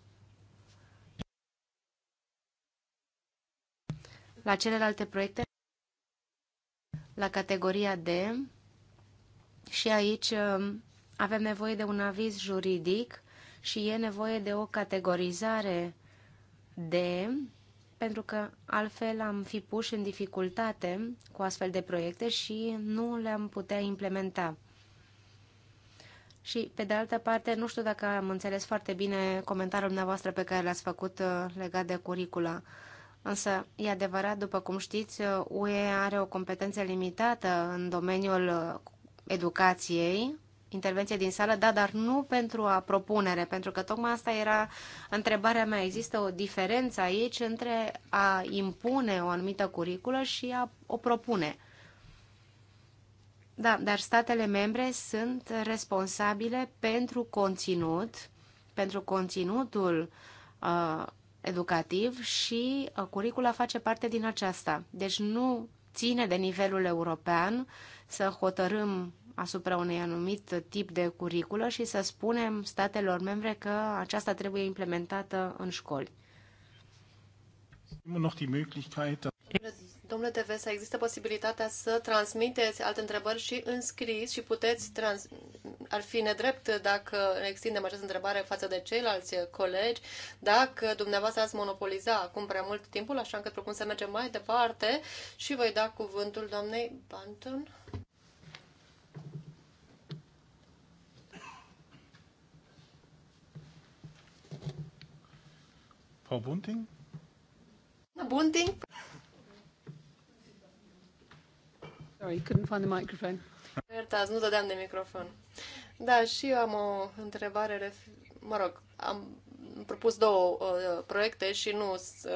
La celelalte proiecte, la categoria D, și aici um, avem nevoie de un aviz juridic și e nevoie de o categorizare D, pentru că altfel am fi puși în dificultate cu astfel de proiecte și nu le-am putea implementa. Și, pe de altă parte, nu știu dacă am înțeles foarte bine comentariul dumneavoastră pe care l-ați făcut uh, legat de curicula. Însă, e adevărat, după cum știți, UE are o competență limitată în domeniul educației, intervenție din sală, da, dar nu pentru a propunere, pentru că tocmai asta era întrebarea mea. Există o diferență aici între a impune o anumită curiculă și a o propune. Da, dar statele membre sunt responsabile pentru conținut, pentru conținutul uh, educativ și uh, curicula face parte din aceasta. Deci nu ține de nivelul european să hotărâm asupra unui anumit tip de curiculă și să spunem statelor membre că aceasta trebuie implementată în școli. Domnule Tevesa, există posibilitatea să transmiteți alte întrebări și în scris și puteți trans... Ar fi nedrept dacă extindem această întrebare față de ceilalți colegi, dacă dumneavoastră ați monopoliza acum prea mult timpul, așa încât propun să mergem mai departe și voi da cuvântul doamnei Banton. Bunting? Na, Bunting? Sorry, couldn't find the microphone. Iertați, nu dădeam de microfon. Da, și eu am o întrebare, mă rog, am propus două uh, proiecte și nu uh,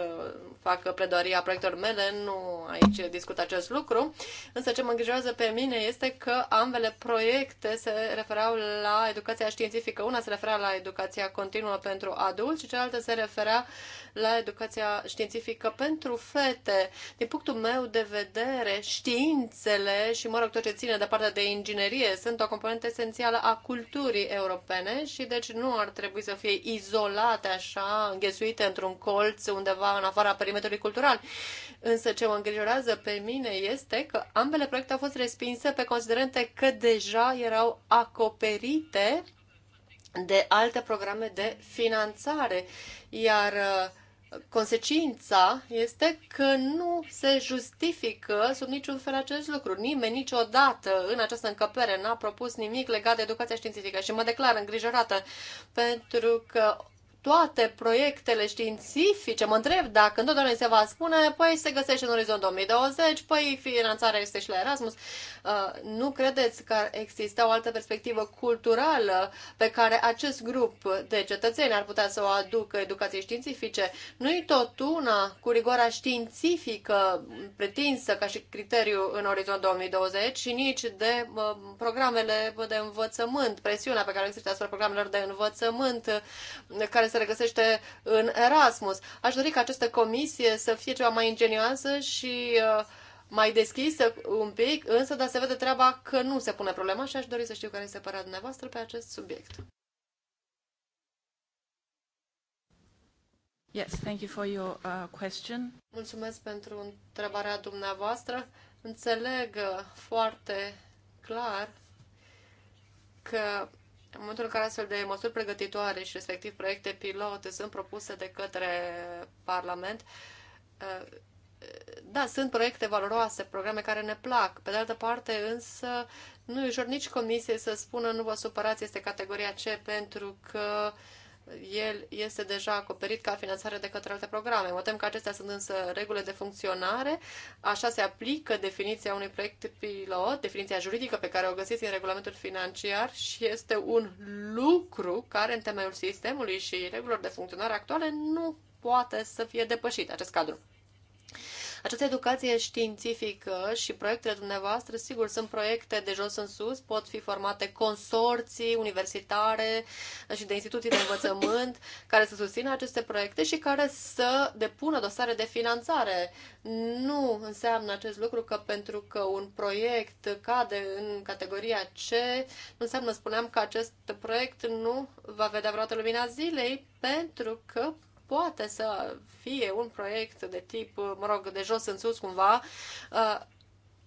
fac pledoaria proiectelor mele, nu aici discut acest lucru, însă ce mă îngrijorează pe mine este că ambele proiecte se refereau la educația științifică. Una se referea la educația continuă pentru adulți și cealaltă se referea la educația științifică pentru fete. Din punctul meu de vedere, științele și, mă rog, tot ce ține de partea de inginerie sunt o componentă esențială a culturii europene și deci nu ar trebui să fie izolate izolate, așa, înghesuite într-un colț undeva în afara perimetrului cultural. Însă ce mă îngrijorează pe mine este că ambele proiecte au fost respinse pe considerente că deja erau acoperite de alte programe de finanțare, iar uh, consecința este că nu se justifică sub niciun fel acest lucru. Nimeni niciodată în această încăpere n-a propus nimic legat de educația științifică și mă declar îngrijorată pentru că toate proiectele științifice. Mă întreb dacă întotdeauna se va spune, păi se găsește în orizont 2020, păi finanțarea este și la Erasmus. Uh, nu credeți că exista o altă perspectivă culturală pe care acest grup de cetățeni ar putea să o aducă educației științifice? Nu-i tot una cu rigoarea științifică pretinsă ca și criteriu în orizont 2020 și nici de uh, programele de învățământ, presiunea pe care există asupra programelor de învățământ uh, care se se regăsește în Erasmus. Aș dori ca această comisie să fie ceva mai ingenioasă și uh, mai deschisă un pic, însă, dar se vede treaba că nu se pune problema și aș dori să știu care este părerea dumneavoastră pe acest subiect. Yes, thank you for your uh, question. Mulțumesc pentru întrebarea dumneavoastră. Înțeleg uh, foarte clar că în momentul în care astfel de măsuri pregătitoare și respectiv proiecte pilot sunt propuse de către Parlament, eh, da, sunt proiecte valoroase, programe care ne plac. Pe de altă parte, însă, nu e ușor nici comisie să spună nu vă supărați, este categoria C, pentru că uh, el este deja acoperit ca finanțare de către alte programe. Mă tem că acestea sunt însă regulile de funcționare. Așa se aplică definiția unui proiect pilot, definiția juridică pe care o găsiți în regulamentul financiar și este un lucru care în temeiul sistemului și regulilor de funcționare actuale nu poate să fie depășit acest cadru. Această educație științifică și proiectele dumneavoastră, sigur, sunt proiecte de jos în sus, pot fi formate consorții universitare și de instituții de învățământ care să susțină aceste proiecte și care să depună dosare de finanțare. Nu înseamnă acest lucru că pentru că un proiect cade în categoria C, nu înseamnă, spuneam, că acest proiect nu va vedea vreodată lumina zilei, pentru că poate să fie un proiect de tip, mă rog, de jos în sus cumva, uh,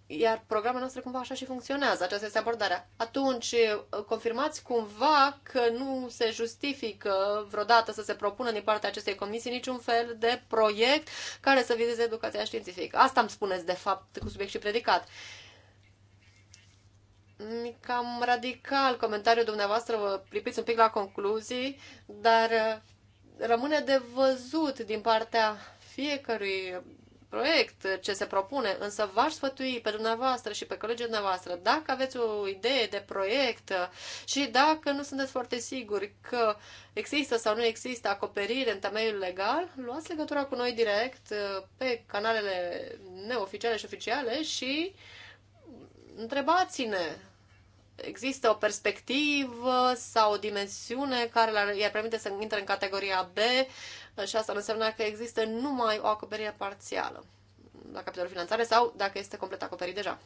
iar programele noastre cumva așa și funcționează. Aceasta este abordarea. Atunci, uh, confirmați cumva că nu se justifică vreodată să se propună din partea acestei comisii niciun fel de proiect care să vizeze educația științifică. Asta îmi spuneți, de fapt, cu subiect și predicat. Cam radical comentariul dumneavoastră, vă lipiți un pic la concluzii, dar uh, rămâne de văzut din partea fiecărui proiect ce se propune, însă v-aș sfătui pe dumneavoastră și pe colegii dumneavoastră, dacă aveți o idee de proiect și dacă nu sunteți foarte siguri că există sau nu există acoperire în temeiul legal, luați legătura cu noi direct pe canalele neoficiale și oficiale și întrebați-ne există o perspectivă sau o dimensiune care i-ar permite să intre în categoria B și asta înseamnă că există numai o acoperire parțială la capitolul finanțare sau dacă este complet acoperit deja.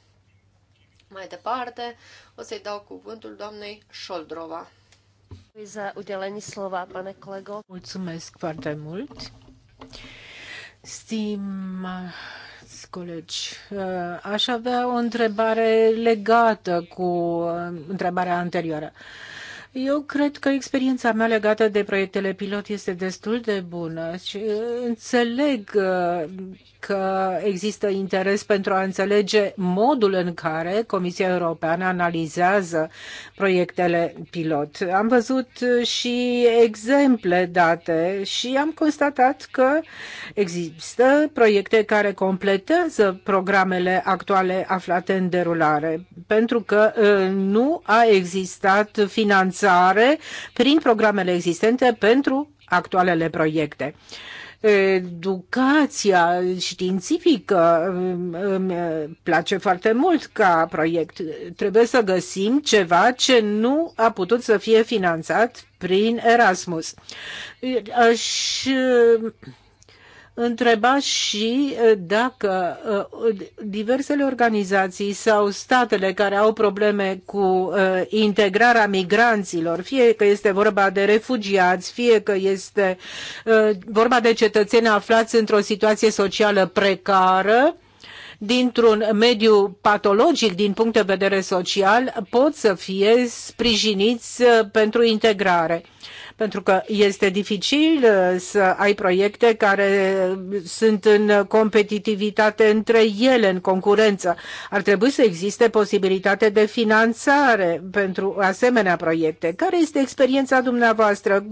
Mai departe, o să-i dau cuvântul doamnei Șoldrova. Mulțumesc foarte mult. Stim colegi, uh, aș avea o întrebare legată cu uh, întrebarea anterioară. Eu cred că experiența mea legată de proiectele pilot este destul de bună și uh, înțeleg că există interes pentru a înțelege modul în care Comisia Europeană analizează proiectele pilot. Am văzut și exemple date și am constatat că există proiecte care completează programele actuale aflate în derulare, pentru că ă, nu a existat finanțare prin programele existente pentru actualele proiecte educația științifică îmi mm, mm, place foarte mult ca proiect. Trebuie să găsim ceva ce nu a putut să fie finanțat prin Erasmus. Aș întreba și uh, dacă uh, diversele organizații sau statele care au probleme cu uh, integrarea migranților, fie că este vorba de refugiați, fie că este vorba de cetățeni aflați într-o situație socială precară, dintr-un mediu patologic din punct de vedere social pot să fie sprijiniți pentru integrare pentru că este dificil uh, să ai proiecte care sunt în competitivitate între ele, în concurență. Ar trebui să existe posibilitate de finanțare pentru asemenea proiecte. Care este experiența dumneavoastră?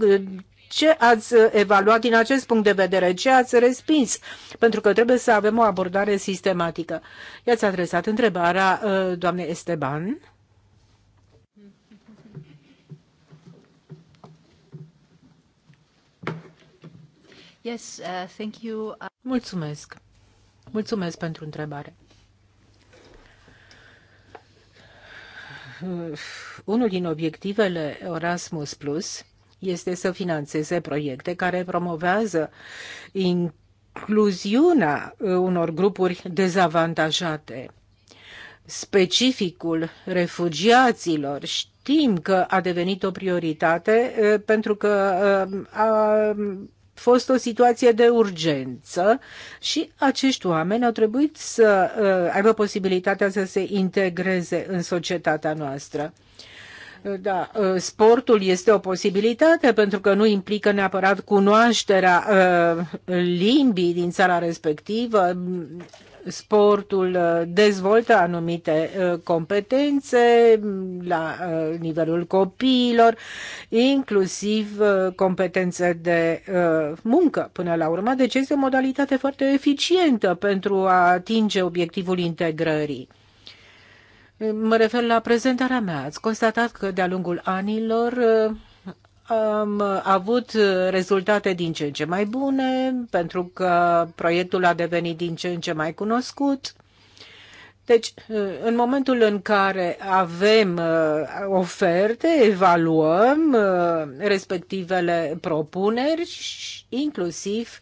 ce ați evaluat din acest punct de vedere, ce ați respins, pentru că trebuie să avem o abordare sistematică. I-ați adresat întrebarea uh, doamnei Esteban. Uh, uh, Mulțumesc. Mulțumesc pentru întrebare. Unul din obiectivele Erasmus Plus este să financeze proiecte care promovează incluziunea unor grupuri dezavantajate. Specificul refugiaților știm că a devenit o prioritate uh, pentru că a fost o situație de urgență și acești oameni au trebuit să uh, aibă posibilitatea să se integreze în societatea noastră. Uh, da, uh, sportul este o posibilitate pentru că nu implică neapărat cunoașterea limbii din țara respectivă, sportul uh, dezvoltă anumite uh, competențe la uh, nivelul copiilor, inclusiv competențe de muncă până la urmă. Deci este o modalitate foarte eficientă pentru a atinge obiectivul integrării. Mă refer la prezentarea mea. Ați constatat că de-a lungul anilor am avut rezultate din ce în ce mai bune, pentru că proiectul a devenit din ce în ce mai cunoscut. Deci, în momentul în care avem uh, oferte, evaluăm uh, respectivele propuneri, inclusiv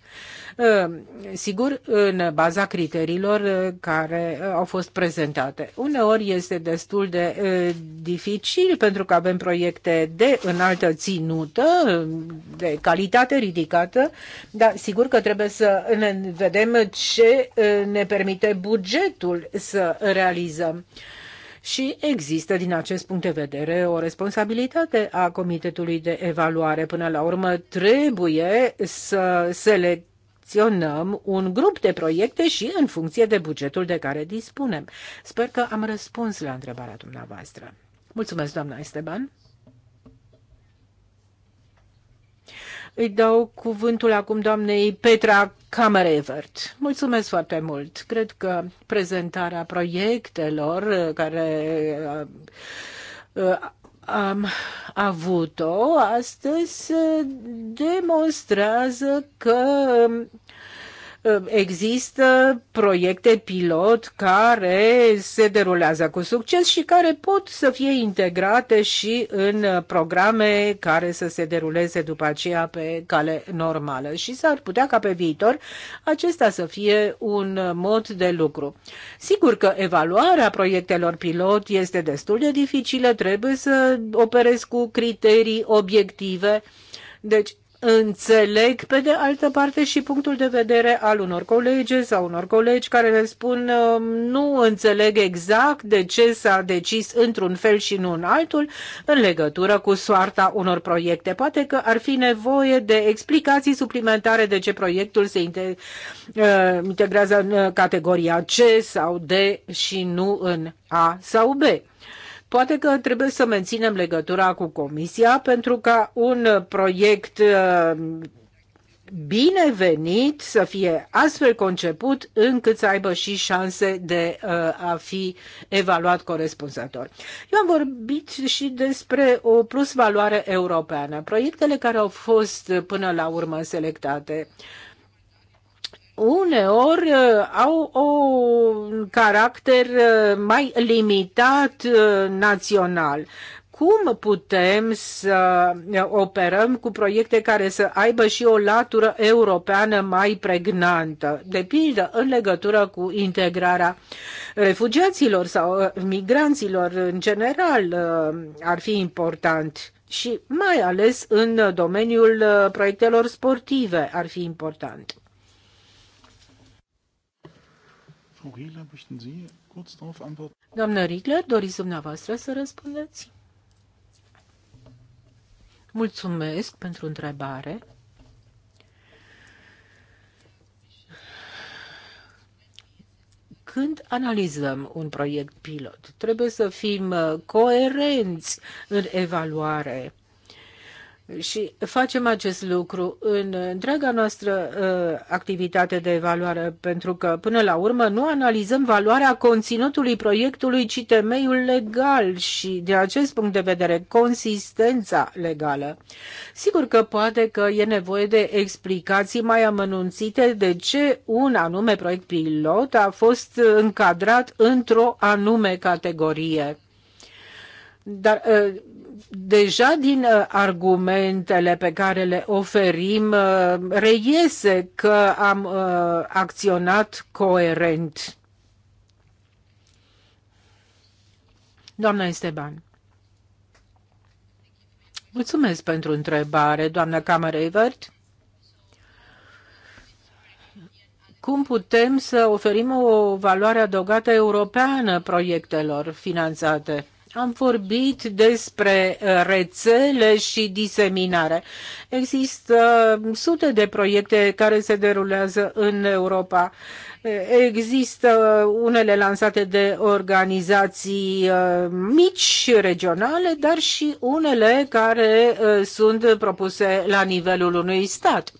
Ehm, sigur, în baza criteriilor eh, care eh, au fost prezentate. Uneori este destul de eh, dificil pentru că avem proiecte de înaltă ținută, de calitate ridicată, dar sigur că trebuie să ne vedem ce ne permite bugetul să realizăm. Și există, din acest punct de vedere, o responsabilitate a Comitetului de Evaluare. Până la urmă, trebuie să selectăm acționăm un grup de proiecte și în funcție de bugetul de care dispunem. Sper că am răspuns la întrebarea dumneavoastră. Mulțumesc, doamna Esteban. Îi dau cuvântul acum doamnei Petra Camerevert. Mulțumesc foarte mult. Cred că prezentarea proiectelor care uh, uh, am avut-o astăzi eh, demonstrează că există proiecte pilot care se derulează cu succes și care pot să fie integrate și în programe care să se deruleze după aceea pe cale normală și s-ar putea ca pe viitor acesta să fie un mod de lucru. Sigur că evaluarea proiectelor pilot este destul de dificilă, trebuie să operezi cu criterii obiective, deci Înțeleg, pe de altă parte, și punctul de vedere al unor colege sau unor colegi care le spun um, nu înțeleg exact de ce s-a decis într-un fel și nu în altul în legătură cu soarta unor proiecte. Poate că ar fi nevoie de explicații suplimentare de ce proiectul se uh, integrează în uh, categoria C sau D și nu în A sau B. Poate că trebuie să menținem legătura cu Comisia pentru ca un proiect uh, binevenit să fie astfel conceput încât să aibă și șanse de uh, a fi evaluat corespunzător. Eu am vorbit și despre o plusvaloare europeană. Proiectele care au fost până la urmă selectate uh, uneori uh, au un caracter uh, mai limitat uh, național. Cum putem să operăm cu proiecte care să aibă și o latură europeană mai pregnantă, de pildă în legătură cu integrarea refugiaților sau migranților în general ar fi important și mai ales în domeniul proiectelor sportive ar fi important. Frau Riegler, möchten Sie kurz darauf antworten? Doamnă Rigler, doriți dumneavoastră să răspundeți? Mulțumesc pentru întrebare. Când analizăm un proiect pilot, trebuie să fim uh, coerenți în evaluare și facem acest lucru în întreaga noastră uh, activitate de evaluare, pentru că, până la urmă, nu analizăm valoarea conținutului proiectului, ci temeiul legal și, de acest punct de vedere, consistența legală. Sigur că poate că e nevoie de explicații mai amănunțite de ce un anume proiect pilot a fost încadrat într-o anume categorie. Dar uh, deja din uh, argumentele pe care le oferim uh, reiese că am uh, acționat coerent. Doamna Esteban. Mulțumesc pentru întrebare, doamna Camerevert. Cum putem să oferim o valoare adăugată europeană proiectelor finanțate? Am vorbit despre uh, rețele și diseminare. Există uh, sute de proiecte care se derulează în Europa. Uh, există unele lansate de organizații mici, regionale, dar și unele care sunt propuse la nivelul unui stat.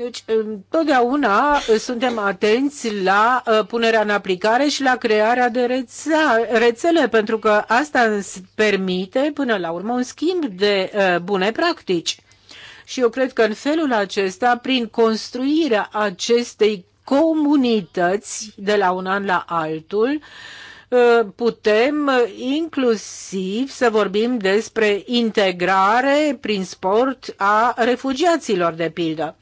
Deci, întotdeauna uh, suntem atenți la uh, punerea în aplicare și la crearea de rețea, rețele, pentru că asta îți permite, până la urmă, un schimb de uh, bune practici. Și eu cred că în felul acesta, prin construirea acestei comunități de la un an la altul, putem inclusiv să vorbim despre integrare prin sport a refugiaților, de pildă.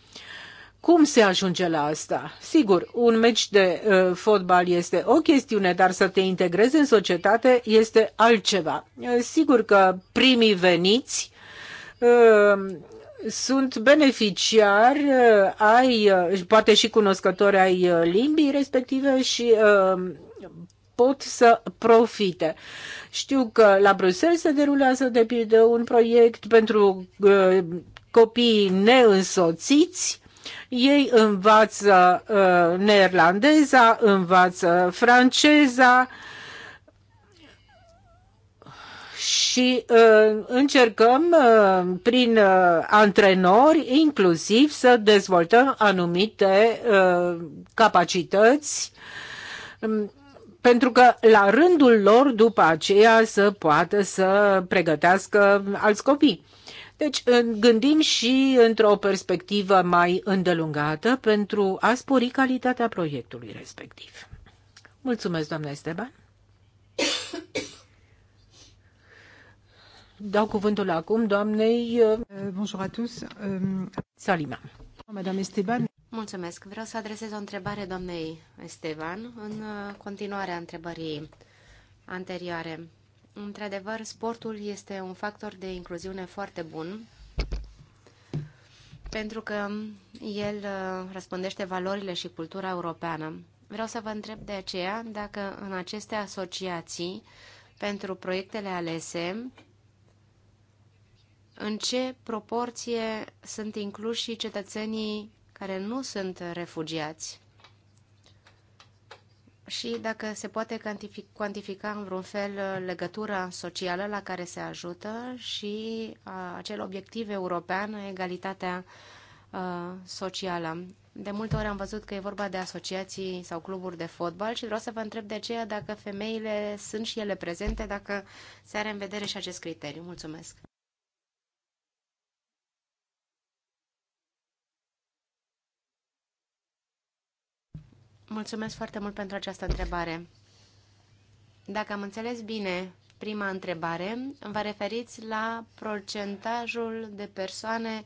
Cum se ajunge la asta? Sigur, un meci de uh, fotbal este o chestiune, dar să te integrezi în societate este altceva. Uh, sigur că primii veniți uh, sunt beneficiari uh, ai, uh, poate și cunoscători ai uh, limbii respective și uh, pot să profite. Știu că la Bruxelles se derulează de pildă un proiect pentru uh, copiii neînsoțiți ei învață uh, neerlandeza, învață franceza și uh, încercăm uh, prin uh, antrenori inclusiv să dezvoltăm anumite uh, capacități um, pentru că la rândul lor după aceea să poată să pregătească alți copii. Deci gândim și într-o perspectivă mai îndelungată pentru a spori calitatea proiectului respectiv. Mulțumesc, doamna Esteban. Dau cuvântul acum doamnei uh, euh, Bonjour à tous. Euh, Salima. Madame Esteban. Mulțumesc. Vreau să adresez o întrebare doamnei Esteban în uh, continuarea întrebării anterioare. Într-adevăr, sportul este un factor de incluziune foarte bun pentru că el uh, răspândește valorile și cultura europeană. Vreau să vă întreb de aceea dacă în aceste asociații, pentru proiectele alese, în ce proporție sunt incluși și cetățenii care nu sunt refugiați și dacă se poate cuantifica în vreun fel uh, legătura socială la care se ajută și uh, acel obiectiv european, egalitatea uh, socială. De multe ori am văzut că e vorba de asociații sau cluburi de fotbal și vreau să vă întreb de aceea dacă femeile sunt și ele prezente, dacă se are în vedere și acest criteriu. Mulțumesc! Mulțumesc foarte mult pentru această întrebare. Dacă am înțeles bine prima întrebare, vă referiți la procentajul de persoane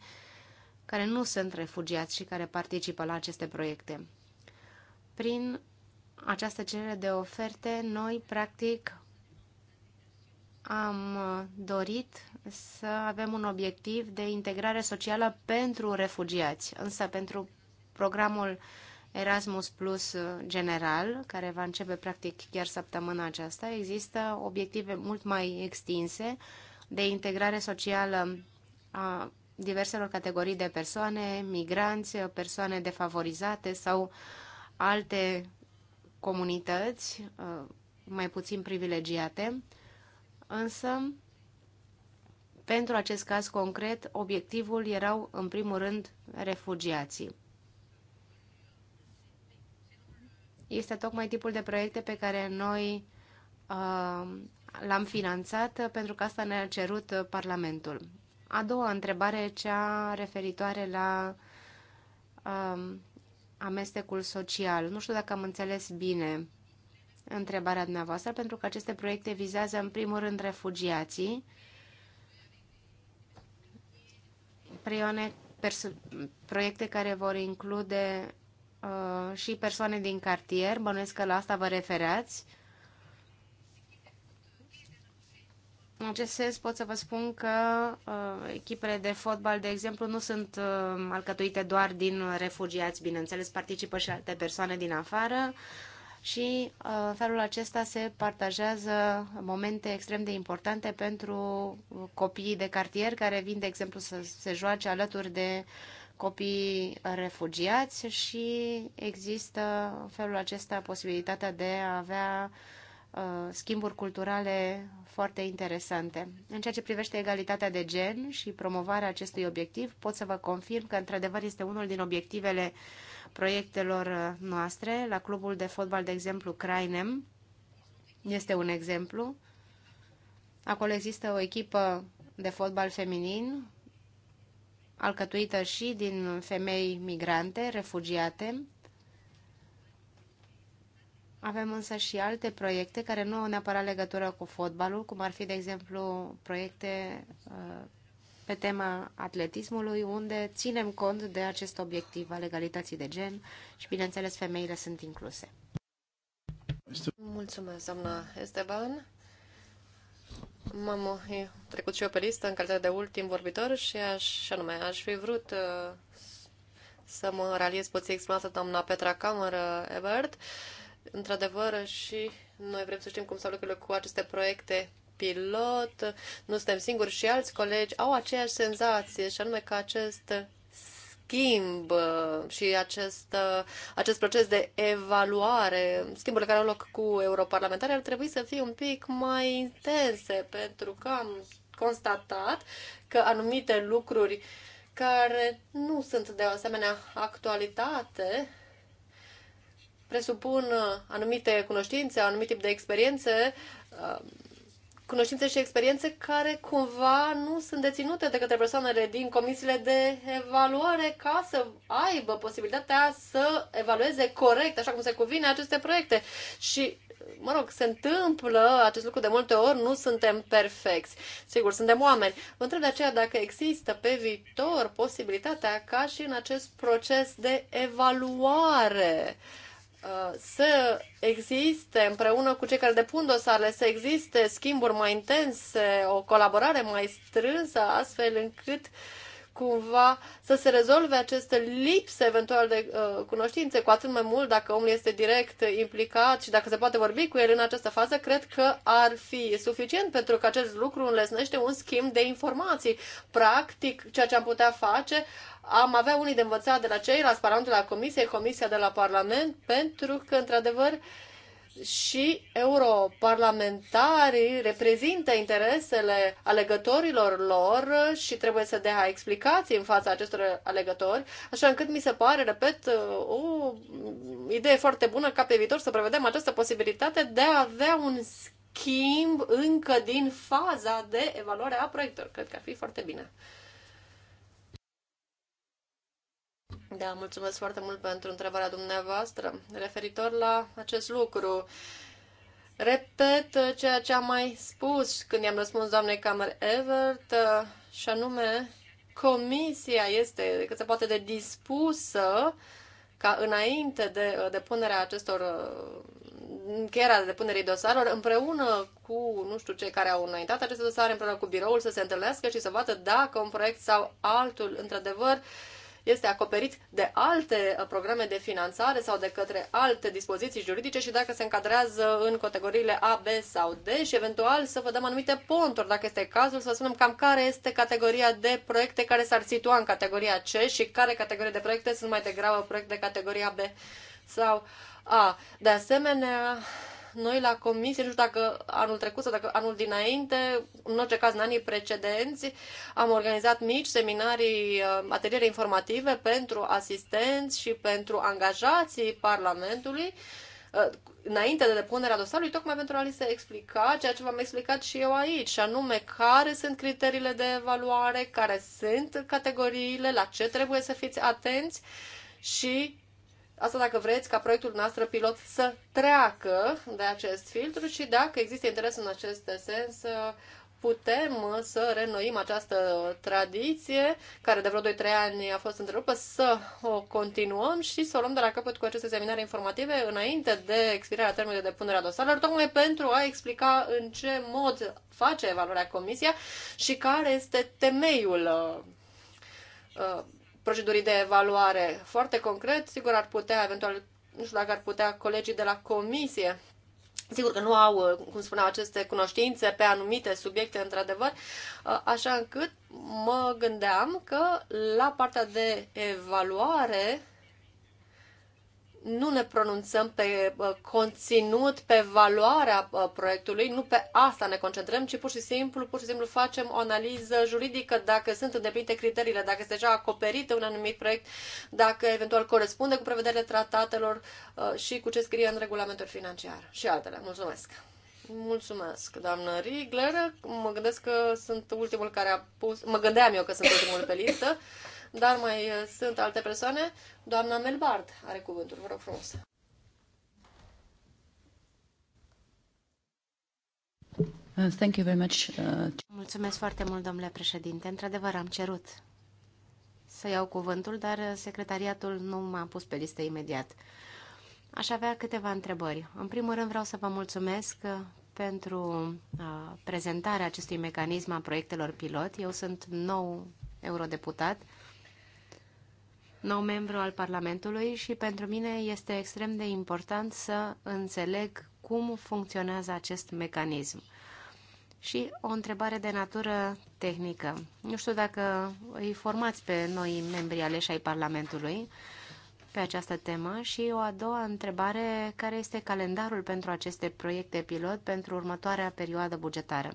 care nu sunt refugiați și care participă la aceste proiecte. Prin această cerere de oferte, noi, practic, am dorit să avem un obiectiv de integrare socială pentru refugiați, însă pentru programul uh, Erasmus Plus uh, general, care va începe practic chiar săptămâna aceasta, există obiective mult mai extinse de integrare socială a diverselor categorii de persoane, migranți, persoane defavorizate sau alte comunități uh, mai puțin privilegiate, însă pentru acest caz concret, obiectivul erau în primul rând refugiații. este tocmai tipul de proiecte pe care noi uh, l-am finanțat pentru că asta ne-a cerut Parlamentul. A doua întrebare, cea referitoare la uh, amestecul social. Nu știu dacă am înțeles bine întrebarea dumneavoastră, pentru că aceste proiecte vizează în primul rând refugiații, perso- proiecte care vor include uh, și persoane din cartier, bănuiesc că la asta vă refereați. În acest sens pot să vă spun că uh, echipele de fotbal, de exemplu, nu sunt uh, alcătuite doar din refugiați, bineînțeles, participă și alte persoane din afară și uh, felul acesta se partajează momente extrem de importante pentru copiii de cartier care vin, de exemplu, să se joace alături de uh, copii refugiați și există în felul acesta posibilitatea de a avea uh, schimburi culturale foarte interesante. În ceea ce privește egalitatea de gen și promovarea acestui obiectiv, pot să vă confirm că într-adevăr este unul din obiectivele proiectelor uh, noastre. La clubul de fotbal, de exemplu, Crainem este un exemplu. Acolo există o echipă de fotbal feminin alcătuită și din femei migrante, refugiate. Avem însă și alte proiecte care nu au neapărat legătură cu fotbalul, cum ar fi, de exemplu, proiecte uh, pe tema atletismului, unde ținem cont de acest obiectiv al egalității de gen și, bineînțeles, femeile sunt incluse. Mulțumesc, doamna Esteban. M-am trecut și eu pe listă în calitate de ultim vorbitor și aș, și anume, aș fi vrut uh, să mă raliez puțin exprimată doamna Petra Cameră uh, Ebert. Într-adevăr, și noi vrem să știm cum stau lucrurile cu aceste proiecte pilot, nu suntem singuri și alți colegi au aceeași senzație și anume că acest schimb uh, și acest, uh, acest proces de evaluare, schimburile care au loc cu europarlamentare, ar trebui să fie un pic mai intense, pentru că am constatat că anumite lucruri care nu sunt de o asemenea actualitate presupun anumite cunoștințe, anumit tip de experiențe uh, cunoștințe și experiențe care cumva nu sunt deținute de către persoanele din comisiile de evaluare ca să aibă posibilitatea să evalueze corect, așa cum se cuvine, aceste proiecte. Și mă rog, se întâmplă acest lucru de multe ori, nu suntem perfecți. Sigur, suntem oameni. Vă întreb de aceea dacă există pe viitor posibilitatea ca și în acest proces de evaluare uh, Uh, să existe împreună cu cei care depun dosarele, să existe schimburi mai intense, o colaborare mai strânsă, astfel încât uh, cumva să se rezolve aceste lipse eventual de uh, cunoștințe, cu atât mai mult dacă omul este direct implicat și dacă se poate vorbi cu el în această fază, cred că ar fi suficient pentru că acest lucru înlesnește un schimb de informații. Practic, ceea ce am putea face, am avea unii de învățat de la ceilalți, parlamentul de la comisie, comisia de la parlament, pentru că, într-adevăr, uh, și europarlamentarii reprezintă interesele alegătorilor lor și trebuie să dea explicații în fața acestor alegători, așa încât mi se pare, repet, o idee foarte bună ca pe viitor să prevedem această posibilitate de a avea un schimb încă din faza de evaluare a proiectelor. Cred că ar fi foarte bine. Da, mulțumesc foarte mult pentru întrebarea dumneavoastră. Referitor la acest lucru, repet ceea ce am mai spus când i-am răspuns doamnei Camer Evert, și anume, comisia este cât se poate de dispusă ca înainte de uh, depunerea acestor uh, încheierea depunerii dosarelor împreună cu, nu știu, cei care au înaintat aceste dosare, împreună cu biroul să se întâlnească și să vadă dacă un proiect sau altul, într-adevăr, uh, este acoperit de alte uh, programe de finanțare sau de către alte dispoziții juridice și dacă se încadrează în categoriile A, B sau D și eventual să vă dăm anumite ponturi, dacă este cazul, să spunem cam care este categoria de proiecte care s-ar situa în categoria C și care categorie de proiecte sunt mai degrabă proiecte de categoria B sau A. De asemenea, noi la comisie, nu știu dacă anul trecut sau dacă anul dinainte, în orice caz în anii precedenți, am organizat mici seminarii, uh, ateliere informative pentru asistenți și pentru angajații Parlamentului, uh, înainte de depunerea dosarului, tocmai pentru a li se explica ceea ce v-am explicat și eu aici, și anume care sunt criteriile de evaluare, care sunt categoriile, la ce trebuie să fiți atenți și Asta dacă vreți ca proiectul noastră pilot să treacă de acest filtru și dacă există interes în acest sens, putem să renoim această tradiție, care de vreo 2-3 ani a fost întrerupă, să o continuăm și să o luăm de la capăt cu aceste seminare informative înainte de expirarea termenului de punere a dosarelor, tocmai pentru a explica în ce mod face evaluarea comisia și care este temeiul uh, procedurii de evaluare. Foarte concret, sigur ar putea, eventual, nu știu dacă ar putea colegii de la comisie Sigur că nu au, uh, cum spuneam, aceste cunoștințe pe anumite subiecte, într-adevăr, uh, așa încât mă gândeam că la partea de evaluare nu ne pronunțăm pe conținut, pe valoarea proiectului, nu pe asta ne concentrăm, ci pur și simplu, pur și simplu facem o analiză juridică dacă sunt îndeplinite criteriile, dacă este deja acoperit un anumit proiect, dacă eventual corespunde cu prevederile tratatelor și cu ce scrie în regulamentul financiar și altele. Mulțumesc! Mulțumesc, doamnă Rigler. Mă gândesc că sunt ultimul care a pus... Mă gândeam eu că sunt ultimul pe listă. (laughs) dar mai sunt alte persoane. Doamna Melbard are cuvântul, vă rog frumos. Uh, thank you very much. Uh, mulțumesc foarte mult, domnule președinte. Într-adevăr, am cerut să iau cuvântul, dar uh, secretariatul nu m-a pus pe listă imediat. Aș avea câteva întrebări. În primul rând vreau să vă mulțumesc pentru prezentarea acestui mecanism a proiectelor pilot. Eu sunt nou eurodeputat nou membru al Parlamentului și pentru mine este extrem de important să înțeleg cum funcționează acest mecanism. Și o întrebare de natură tehnică. Nu știu dacă îi formați pe noi membri aleși ai Parlamentului pe această temă și o a doua întrebare, care este calendarul pentru aceste proiecte pilot pentru următoarea perioadă bugetară?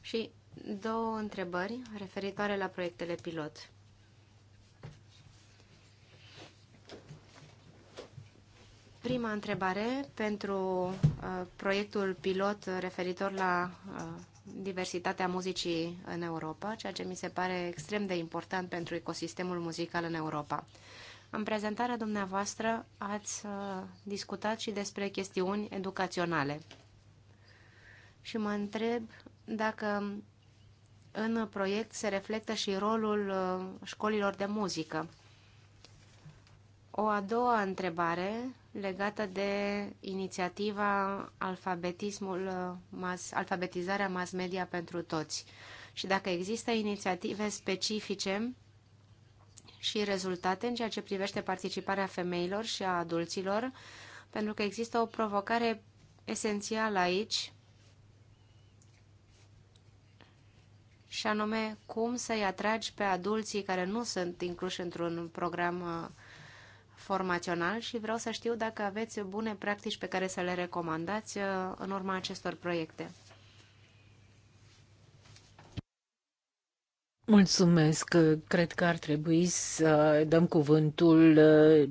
Și două întrebări referitoare la proiectele pilot. Prima întrebare pentru uh, proiectul pilot referitor la uh, diversitatea muzicii în Europa, ceea ce mi se pare extrem de important pentru ecosistemul muzical în Europa. În prezentarea dumneavoastră ați uh, discutat și despre chestiuni educaționale. Și mă întreb dacă în proiect se reflectă și rolul uh, școlilor de muzică. O a doua întrebare legată de inițiativa alfabetismul, uh, mas, alfabetizarea mass media pentru toți și dacă există inițiative specifice și rezultate în ceea ce privește participarea femeilor și a adulților, pentru că există o provocare esențială aici și anume cum să-i atragi pe adulții care nu sunt incluși într-un program uh, formațional și vreau să știu dacă aveți bune practici pe care să le recomandați uh, în urma acestor proiecte. Mulțumesc. Cred că ar trebui să dăm cuvântul uh,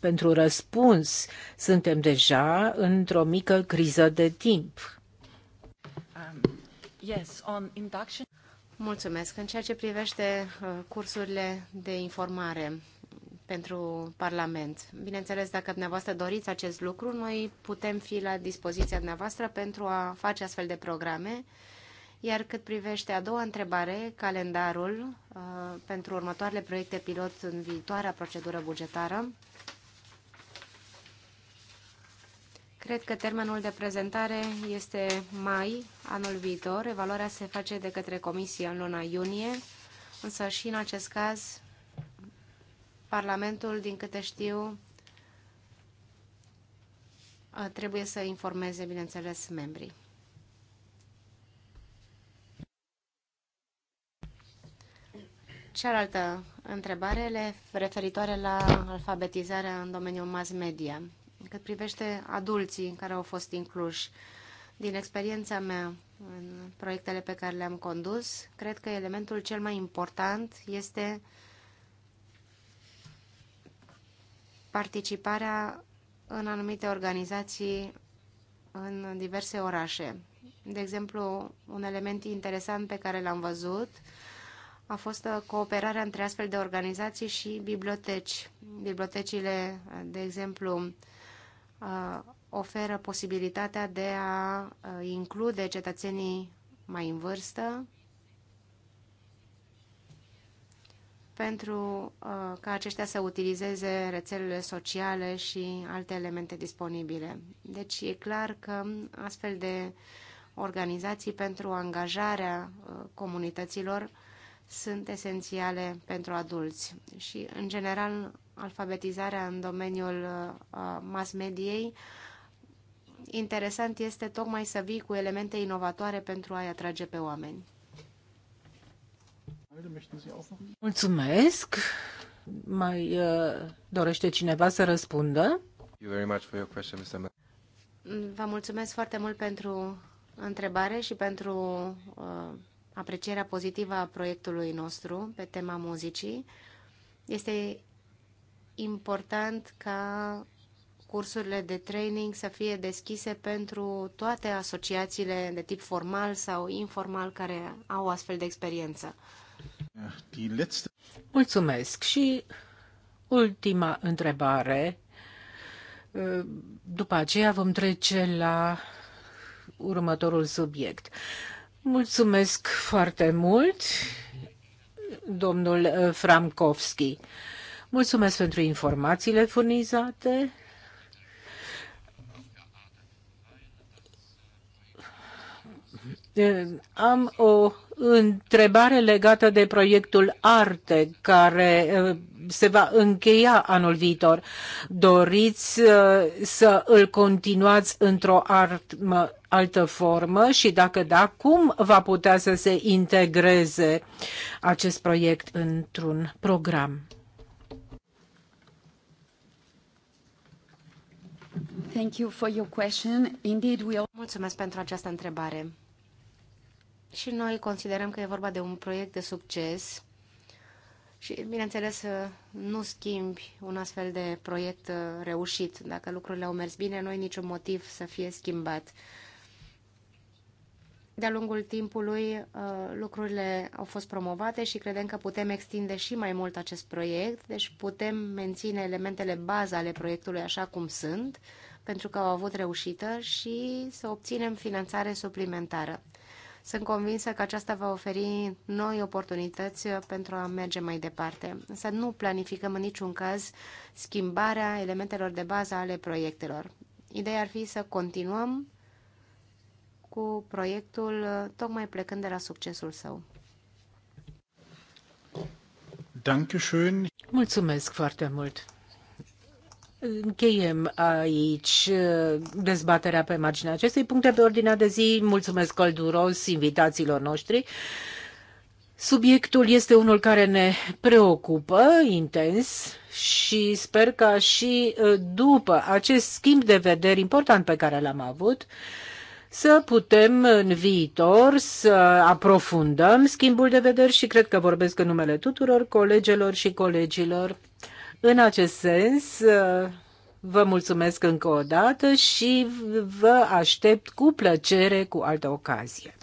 pentru răspuns. Suntem deja într-o mică criză de timp. Um, yes, on induction... Mulțumesc. În ceea ce privește uh, cursurile de informare pentru Parlament, bineînțeles, dacă dumneavoastră doriți acest lucru, noi putem fi la dispoziția dumneavoastră pentru a face astfel de programe. Iar cât privește a doua întrebare, calendarul uh, pentru următoarele proiecte pilot în viitoarea procedură bugetară, Cred că termenul de prezentare este mai anul viitor. Evaluarea se face de către Comisie în luna iunie, însă și în acest caz Parlamentul, din câte știu, uh, trebuie să informeze, bineînțeles, membrii. Cealaltă întrebare referitoare la alfabetizarea în domeniul mass media cât privește adulții care au fost incluși. Din experiența mea în proiectele pe care le-am condus, cred că elementul cel mai important este participarea în anumite organizații în diverse orașe. De exemplu, un element interesant pe care l-am văzut a fost cooperarea între astfel de organizații și biblioteci. Bibliotecile, de exemplu, Uh, oferă posibilitatea de a uh, include cetățenii mai în vârstă pentru uh, ca aceștia să utilizeze rețelele sociale și alte elemente disponibile. Deci e clar că astfel de organizații pentru angajarea comunităților sunt esențiale pentru adulți și, în general, alfabetizarea în domeniul uh, uh, mass mediei, interesant este tocmai să vii cu elemente inovatoare pentru a-i atrage pe oameni. Mulțumesc! Mai uh, dorește cineva să răspundă? Vă mulțumesc foarte mult pentru întrebare și pentru uh, aprecierea pozitivă a proiectului nostru pe tema muzicii. Este important ca cursurile de training să fie deschise pentru toate asociațiile de tip formal sau informal care au astfel de experiență. Mulțumesc și ultima întrebare. După aceea vom trece la următorul subiect. Mulțumesc foarte mult, domnul Framkovski. Mulțumesc pentru informațiile furnizate. Am o întrebare legată de proiectul ARTE, care uh, se va încheia anul viitor. Doriți uh, să îl continuați într-o altă formă și dacă da, cum va putea să se integreze acest proiect într-un program? Thank you for your question. Indeed, we all... Mulțumesc pentru această întrebare. Și noi considerăm că e vorba de un proiect de succes și, bineînțeles, nu schimbi un astfel de proiect reușit. Dacă lucrurile au mers bine, nu ai niciun motiv să fie schimbat de-a lungul timpului uh, lucrurile au fost promovate și credem că putem extinde și mai mult acest proiect, deci putem menține elementele bază ale proiectului așa cum sunt, pentru că au avut reușită și să obținem finanțare suplimentară. Sunt convinsă că aceasta va oferi noi oportunități pentru a merge mai departe. Să nu planificăm în niciun caz schimbarea elementelor de bază ale proiectelor. Ideea ar fi să continuăm cu proiectul, tocmai plecând de la succesul său. Dankeschön. Mulțumesc foarte mult. Încheiem aici uh, dezbaterea pe marginea acestui puncte pe ordinea de zi. Mulțumesc călduros invitațiilor noștri. Subiectul este unul care ne preocupă intens și sper că și uh, după acest schimb de vederi important pe care l-am avut, să putem în viitor să aprofundăm schimbul de vederi și cred că vorbesc în numele tuturor colegelor și colegilor. În acest sens, vă mulțumesc încă o dată și vă aștept cu plăcere cu altă ocazie.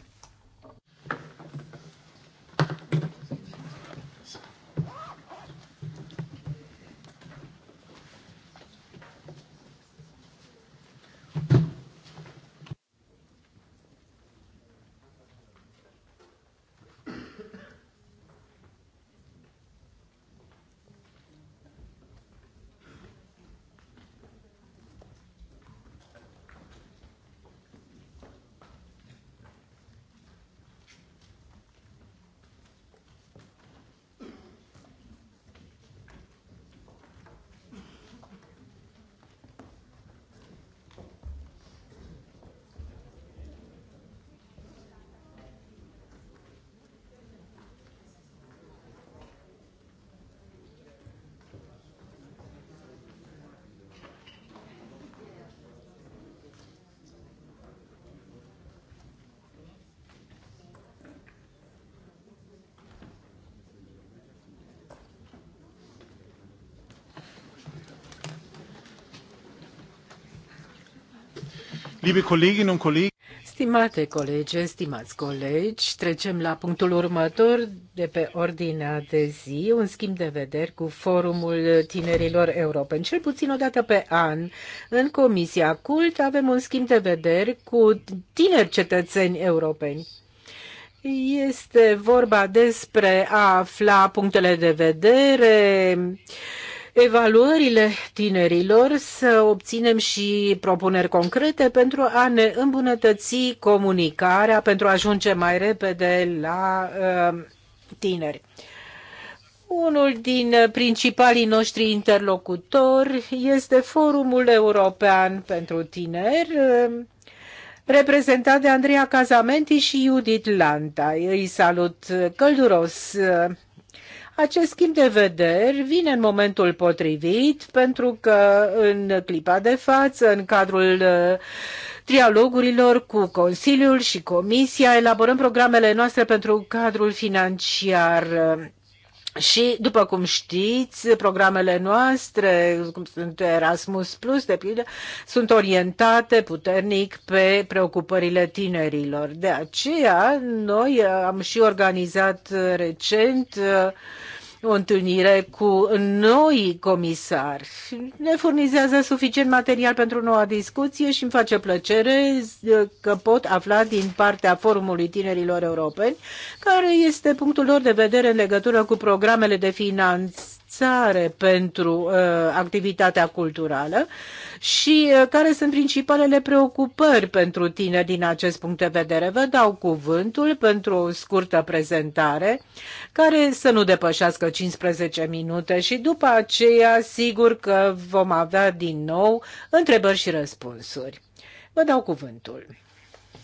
Liebe Kolleginnen und Kollegen, Stimate colegi, stimați colegi, trecem la punctul următor de pe ordinea de zi, un schimb de vederi cu Forumul Tinerilor Europeni. Cel puțin o dată pe an, în Comisia Cult, avem un schimb de vederi cu tineri cetățeni europeni. Este vorba despre a afla punctele de vedere, evaluările tinerilor, să obținem și propuneri concrete pentru a ne îmbunătăți comunicarea, pentru a ajunge mai repede la uh, tineri. Unul din principalii noștri interlocutori este Forumul European pentru Tineri, uh, reprezentat de Andreea Cazamenti și Judith Lanta. Îi salut călduros acest schimb de vederi vine în momentul potrivit pentru că în clipa de față, în cadrul uh, trialogurilor cu Consiliul și Comisia, elaborăm programele noastre pentru cadrul financiar. Și, după cum știți, programele noastre, cum sunt Erasmus Plus, de pildă, sunt orientate puternic pe preocupările tinerilor. De aceea, noi am și organizat recent uh, o întâlnire cu noi comisari. Ne furnizează suficient material pentru noua discuție și îmi face plăcere că pot afla din partea Forumului Tinerilor Europeni care este punctul lor de vedere în legătură cu programele de finanțare finanțare pentru uh, activitatea culturală și uh, care sunt principalele preocupări pentru tine din acest punct de vedere. Vă dau cuvântul pentru o scurtă prezentare care să nu depășească 15 minute și după aceea sigur că vom avea din nou întrebări și răspunsuri. Vă dau cuvântul.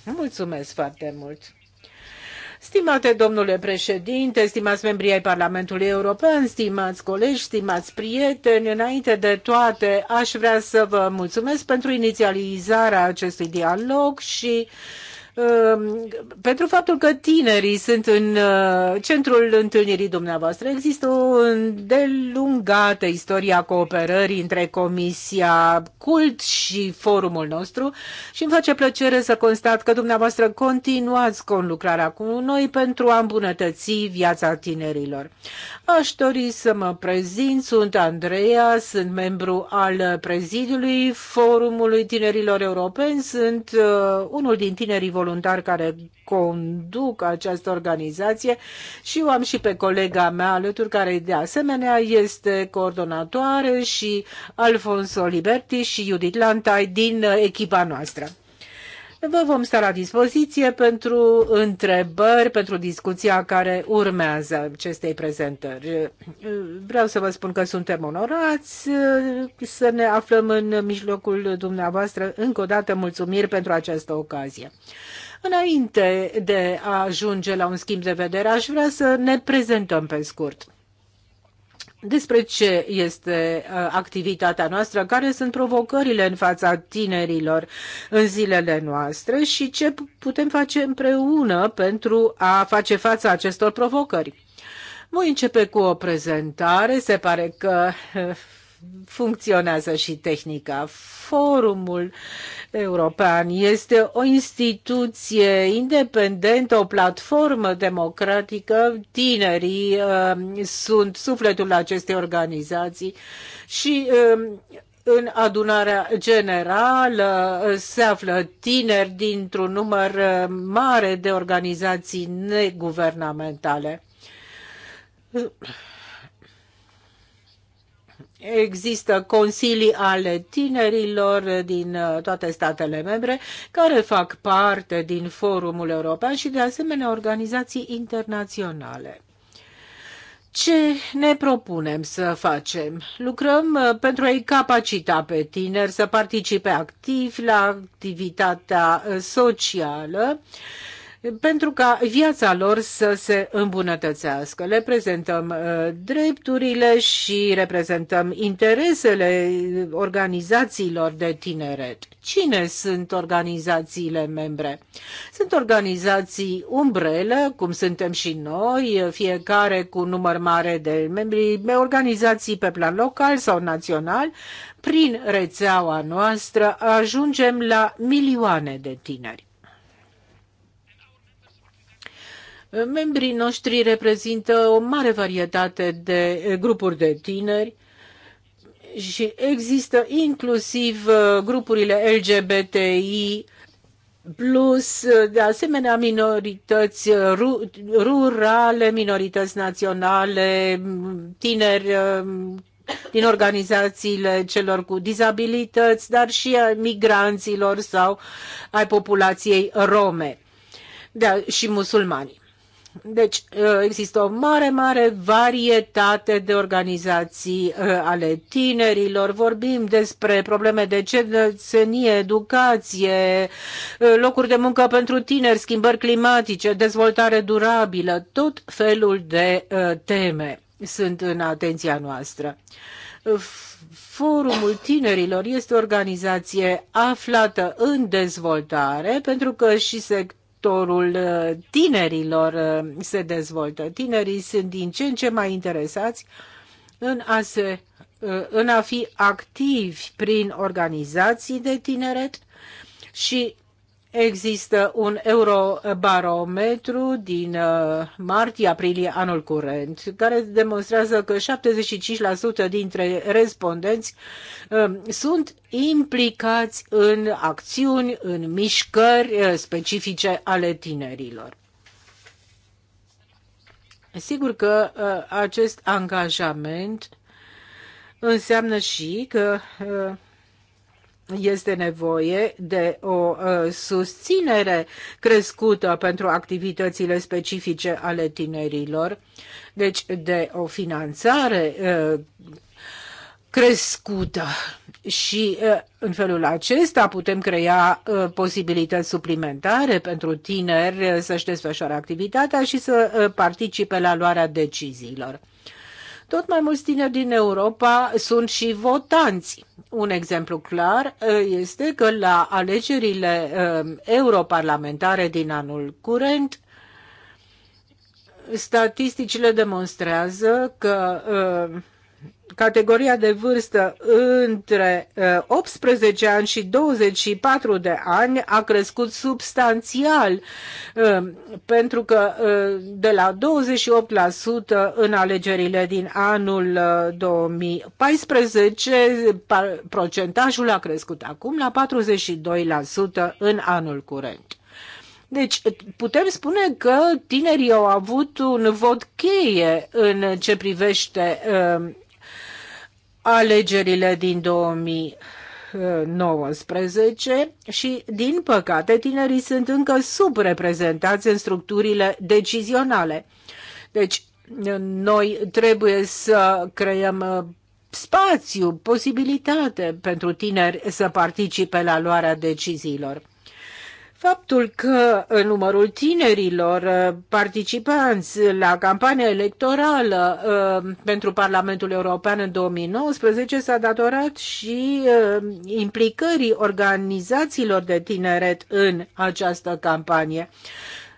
Mulțumesc foarte mult! Stimate domnule președinte, stimați membrii ai Parlamentului European, stimați colegi, stimați prieteni, înainte de toate aș vrea să vă mulțumesc pentru inițializarea acestui dialog și uh, Ehm, pentru faptul că tinerii sunt în uh, centrul întâlnirii dumneavoastră. Există o îndelungată a cooperării între Comisia Cult și forumul nostru și îmi face plăcere să constat că dumneavoastră continuați lucrarea cu noi pentru a îmbunătăți viața tinerilor. Aș dori să mă prezint, sunt Andreea, sunt membru al prezidiului Forumului Tinerilor Europeni, sunt uh, unul din tinerii voluntari voluntari care conduc această organizație și eu am și pe colega mea alături care de asemenea este coordonatoare și Alfonso Liberti și Judith Lantai din echipa noastră. Vă vom sta la dispoziție pentru întrebări, pentru discuția care urmează acestei prezentări. Vreau să vă spun că suntem onorați să ne aflăm în mijlocul dumneavoastră. Încă o dată mulțumiri pentru această ocazie. Înainte de a ajunge la un schimb de vedere, aș vrea să ne prezentăm pe scurt despre ce este uh, activitatea noastră, care sunt provocările în fața tinerilor în zilele noastre și ce putem face împreună pentru a face față acestor provocări. Voi începe cu o prezentare. Se pare că (laughs) funcționează și tehnica. Forumul European este o instituție independentă, o platformă democratică. Tinerii uh, sunt sufletul acestei organizații și uh, în adunarea generală uh, se află tineri dintr-un număr uh, mare de organizații neguvernamentale Există consilii ale tinerilor din uh, toate statele membre care fac parte din forumul european și de asemenea organizații internaționale. Ce ne propunem să facem? Lucrăm uh, pentru a-i capacita pe tineri să participe activ la activitatea uh, socială pentru ca viața lor să se îmbunătățească. Le prezentăm uh, drepturile și reprezentăm interesele organizațiilor de tineret. Cine sunt organizațiile membre? Sunt organizații umbrele, cum suntem și noi, fiecare cu număr mare de membri, organizații pe plan local sau național. Prin rețeaua noastră ajungem la milioane de tineri. Membrii noștri reprezintă o mare varietate de grupuri de tineri și există inclusiv uh, grupurile LGBTI, plus, uh, de asemenea, minorități rurale, minorități naționale, tineri uh, din organizațiile celor cu dizabilități, dar și a migranților sau ai populației rome da, și musulmani. Deci uh, există o mare, mare varietate de organizații uh, ale tinerilor. Vorbim despre probleme de cetățenie, educație, uh, locuri de muncă pentru tineri, schimbări climatice, dezvoltare durabilă, tot felul de teme sunt în atenția noastră. Forumul Tinerilor este o organizație aflată în dezvoltare pentru că și sectorul sectorul uh, tinerilor uh, se dezvoltă. Tinerii sunt din ce în ce mai interesați în a, se, uh, în a fi activi prin organizații de tineret și Există un eurobarometru din uh, martie-aprilie anul curent, care demonstrează că 75% dintre respondenți um, sunt implicați în acțiuni, în mișcări uh, specifice ale tinerilor. Sigur că uh, acest angajament înseamnă și că este nevoie de o uh, susținere crescută pentru activitățile specifice ale tinerilor, deci de o finanțare uh, crescută și uh, în felul acesta putem crea posibilități suplimentare pentru tineri să-și desfășoare activitatea și să participe la luarea deciziilor. Tot mai mulți tineri din Europa sunt și votanți un exemplu clar uh, este că la alegerile uh, europarlamentare din anul curent, statisticile demonstrează că uh, categoria de vârstă între 18 uh, ani și 24 de ani a crescut substanțial, uh, pentru că uh, de la 28% în alegerile din anul 2014, procentajul a crescut acum la 42% în anul curent. Deci putem spune că tinerii au avut un vot cheie în ce privește uh, alegerile din 2019 și, din păcate, tinerii sunt încă subreprezentați în structurile decizionale. Deci, noi trebuie să creăm uh, spațiu, posibilitate pentru tineri să participe la luarea deciziilor. Faptul că numărul tinerilor uh, participanți la campania electorală uh, pentru Parlamentul European în 2019 s-a datorat și uh, implicării organizațiilor de tineret în această campanie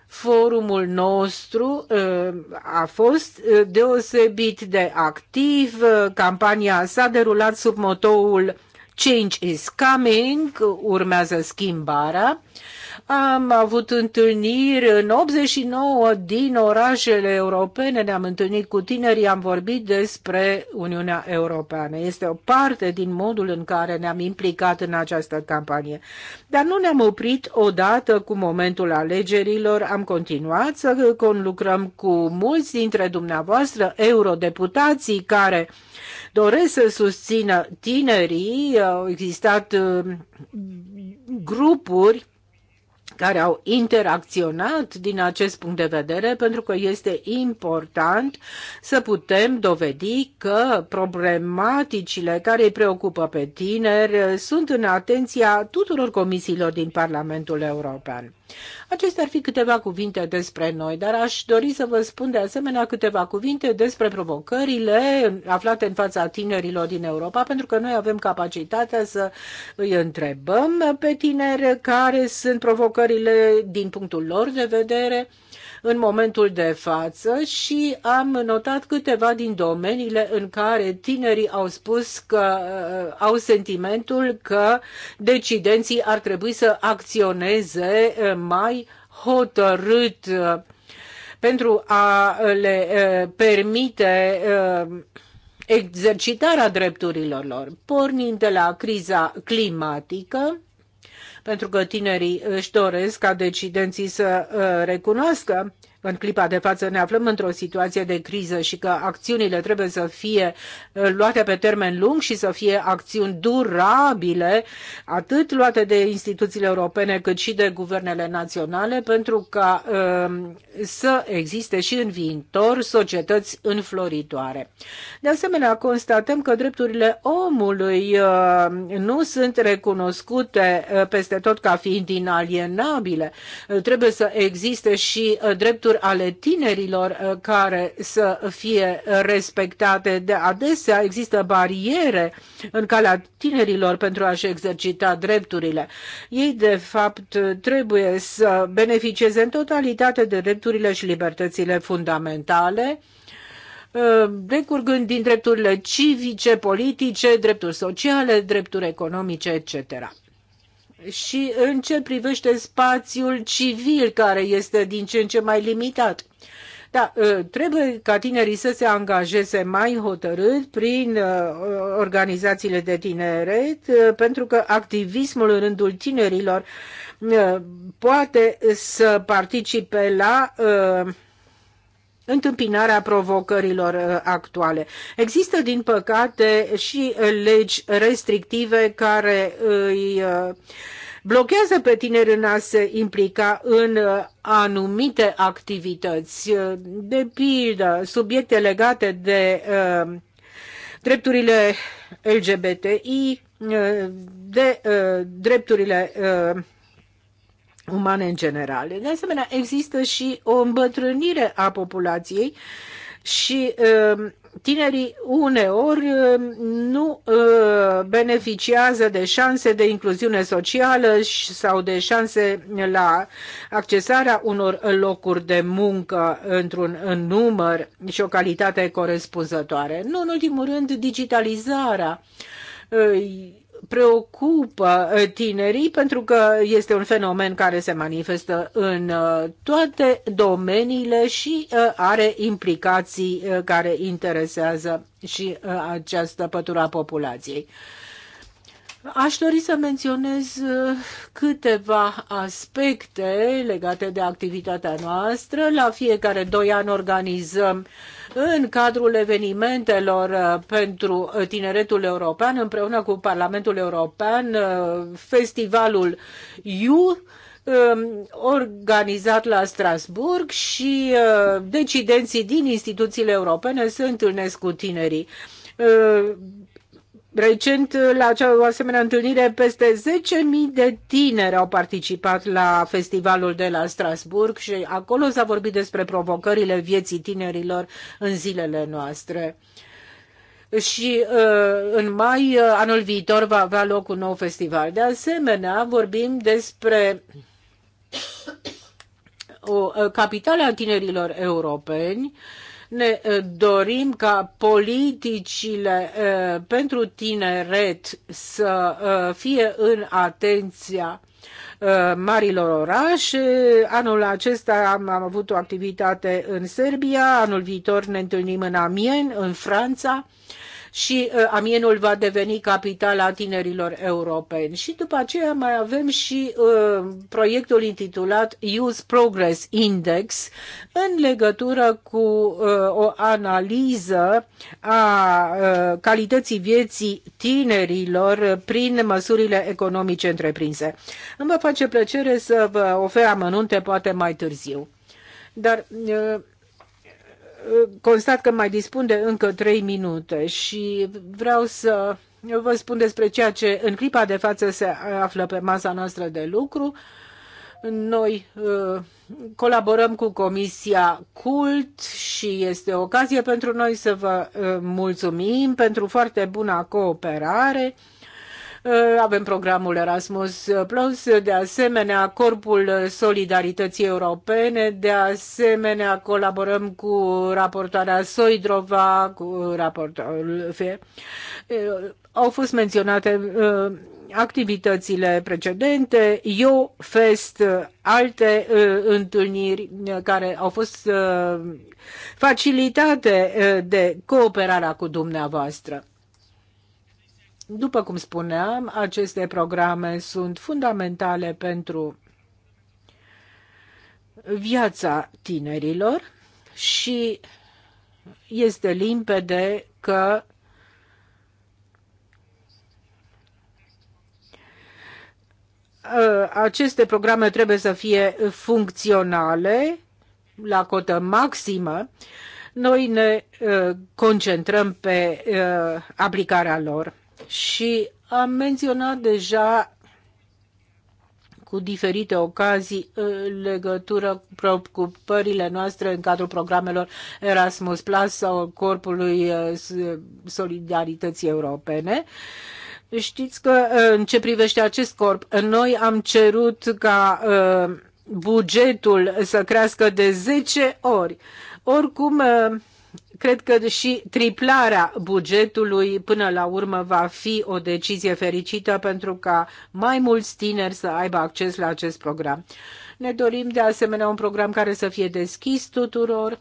forumul nostru a fost deosebit de activ. Campania s-a derulat sub motoul Change is coming, urmează schimbarea am avut întâlniri în 89 din orașele europene, ne-am întâlnit cu tinerii, am vorbit despre Uniunea Europeană. Este o parte din modul în care ne-am implicat în această campanie. Dar nu ne-am oprit odată cu momentul alegerilor, am continuat să conlucrăm cu mulți dintre dumneavoastră, eurodeputații care doresc să susțină tinerii, au existat uh, grupuri care au interacționat din acest punct de vedere, pentru că este important să putem dovedi că problematicile care îi preocupă pe tineri sunt în atenția tuturor comisiilor din Parlamentul European. Acestea ar fi câteva cuvinte despre noi, dar aș dori să vă spun de asemenea câteva cuvinte despre provocările aflate în fața tinerilor din Europa, pentru că noi avem capacitatea să îi întrebăm pe tineri care sunt provocările din punctul lor de vedere în momentul de față și am notat câteva din domeniile în care tinerii au spus că uh, au sentimentul că decidenții ar trebui să acționeze uh, mai hotărât uh, pentru a le permite exercitarea drepturilor lor, pornind de la criza climatică, pentru că tinerii își doresc ca decidenții să uh, recunoască în clipa de față ne aflăm într-o situație de criză și că acțiunile trebuie să fie uh, luate pe termen lung și să fie acțiuni durabile, atât luate de instituțiile europene cât și de guvernele naționale, pentru ca uh, să existe și în viitor societăți înfloritoare. De asemenea, constatăm că drepturile omului uh, nu sunt recunoscute peste tot ca fiind inalienabile. Trebuie să existe și drepturi drepturi ale tinerilor uh, care să fie respectate. De adesea există bariere în calea tinerilor pentru a-și exercita drepturile. Ei, de fapt, trebuie să beneficieze în totalitate de drepturile și libertățile fundamentale uh, decurgând din drepturile civice, politice, drepturi sociale, drepturi economice, etc și în ce privește spațiul civil, care este din ce în ce mai limitat. Da, ă, trebuie ca tinerii să se angajeze mai hotărât prin ă, organizațiile de tineret, ă, pentru că activismul în rândul tinerilor poate să participe la uh, întâmpinarea provocărilor uh, actuale. Există, din păcate, și uh, legi restrictive care îi uh, blochează pe tineri în a se implica în anumite activități, de pildă subiecte legate de drepturile LGBTI, de drepturile umane în general. De asemenea, există și o îmbătrânire a populației și um, tinerii uneori um, nu uh, beneficiază de șanse de incluziune socială sau de șanse la accesarea unor locuri de muncă într-un număr și o calitate corespunzătoare. Nu în ultimul rând, digitalizarea uh, preocupă uh, tinerii pentru că este un fenomen care se manifestă în uh, toate domeniile și uh, are implicații care interesează și această pătură populației. Aș dori să menționez câteva aspecte legate de activitatea noastră. La fiecare doi ani organizăm uh, în cadrul evenimentelor uh, pentru uh, tineretul european împreună cu Parlamentul European, uh, festivalul You um, organizat la Strasburg și decidenții din instituțiile europene se întâlnesc cu tinerii Recent, la acea, o asemenea întâlnire, peste 10.000 de tineri au participat la festivalul de la Strasburg și acolo s-a vorbit despre provocările vieții tinerilor în zilele noastre. Și uh, în mai uh, anul viitor va avea loc un nou festival. De asemenea, vorbim despre o uh, capitală a tinerilor europeni uh, ne eh, dorim ca politicile eh, pentru tineret să eh, fie în atenția marilor orașe. Anul acesta am, am avut o activitate în Serbia, anul viitor ne întâlnim în Amien, în Franța și uh, Amienul va deveni capitala tinerilor europeni. Și după aceea mai avem și uh, proiectul intitulat Youth Progress Index în legătură cu uh, o analiză a calității vieții tinerilor prin măsurile economice întreprinse. Îmi va face plăcere să vă ofer amănunte poate mai târziu. Dar constat că mai dispun de încă trei minute și vreau să vă spun despre ceea ce în clipa de față se află pe masa noastră de lucru. Noi uh, colaborăm cu Comisia Cult și este o ocazie pentru noi să vă uh, mulțumim pentru foarte buna cooperare. Uh, avem programul Erasmus uh, Plus, de asemenea Corpul Solidarității Europene, de asemenea colaborăm cu raportoarea Soidrova, cu raportorul Fe. Uh, au fost menționate activitățile precedente, eu fest, alte întâlniri care au fost facilitate de cooperarea cu dumneavoastră. După cum spuneam, aceste programe sunt fundamentale pentru viața tinerilor și este limpede că ă, aceste programe trebuie să fie funcționale la cotă maximă. Noi ne ă, concentrăm pe ă, aplicarea lor și am menționat deja cu diferite ocazii în uh, legătură cu preocupările noastre în cadrul programelor Erasmus Plus sau Corpului uh, Solidarității Europene. Știți că uh, în ce privește acest corp, noi am cerut ca bugetul să crească de 10 ori. Oricum, cred că și triplarea bugetului până la urmă va fi o decizie fericită pentru ca mai mulți tineri să aibă acces la acest program. Ne dorim de asemenea un program care să fie deschis tuturor,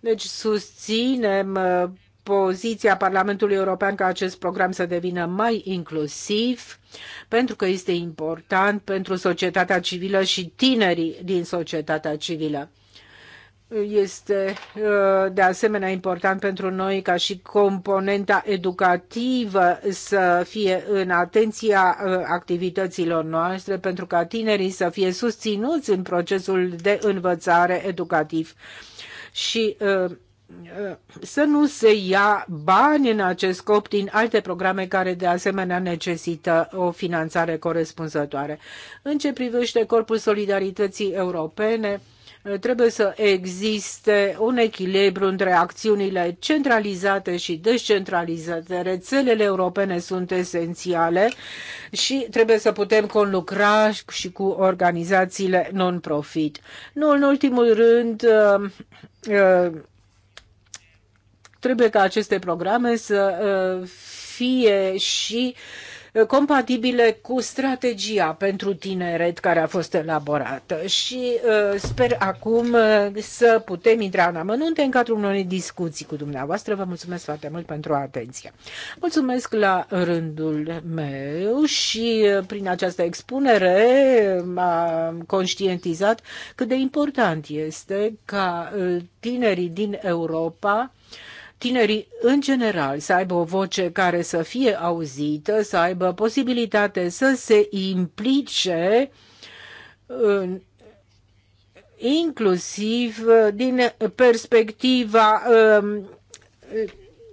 deci susținem uh, poziția Parlamentului European ca acest program să devină mai inclusiv, pentru că este important pentru societatea civilă și tinerii din societatea civilă este uh, de asemenea important pentru noi ca și componenta educativă să fie în atenția uh, activităților noastre pentru ca tinerii să fie susținuți în procesul de învățare educativ și uh, să nu se ia bani în acest scop din alte programe care de asemenea necesită o finanțare corespunzătoare. În ce privește Corpul Solidarității Europene, Eh, trebuie să existe un echilibru între acțiunile centralizate și descentralizate. Rețelele europene sunt esențiale și trebuie să putem conlucra și cu organizațiile non-profit. Nu în ultimul rând, eh, eh, trebuie ca aceste programe să fie și uh, Uh, compatibile cu strategia pentru tineret care a fost elaborată și uh, sper acum uh, să putem intra în amănunte în cadrul unei discuții cu dumneavoastră. Vă mulțumesc foarte mult pentru atenție. Mulțumesc la rândul meu și prin această expunere m am conștientizat cât de important este ca tinerii din Europa tinerii în general să aibă o voce care să fie auzită, să aibă posibilitate să se implice în inclusiv din perspectiva um,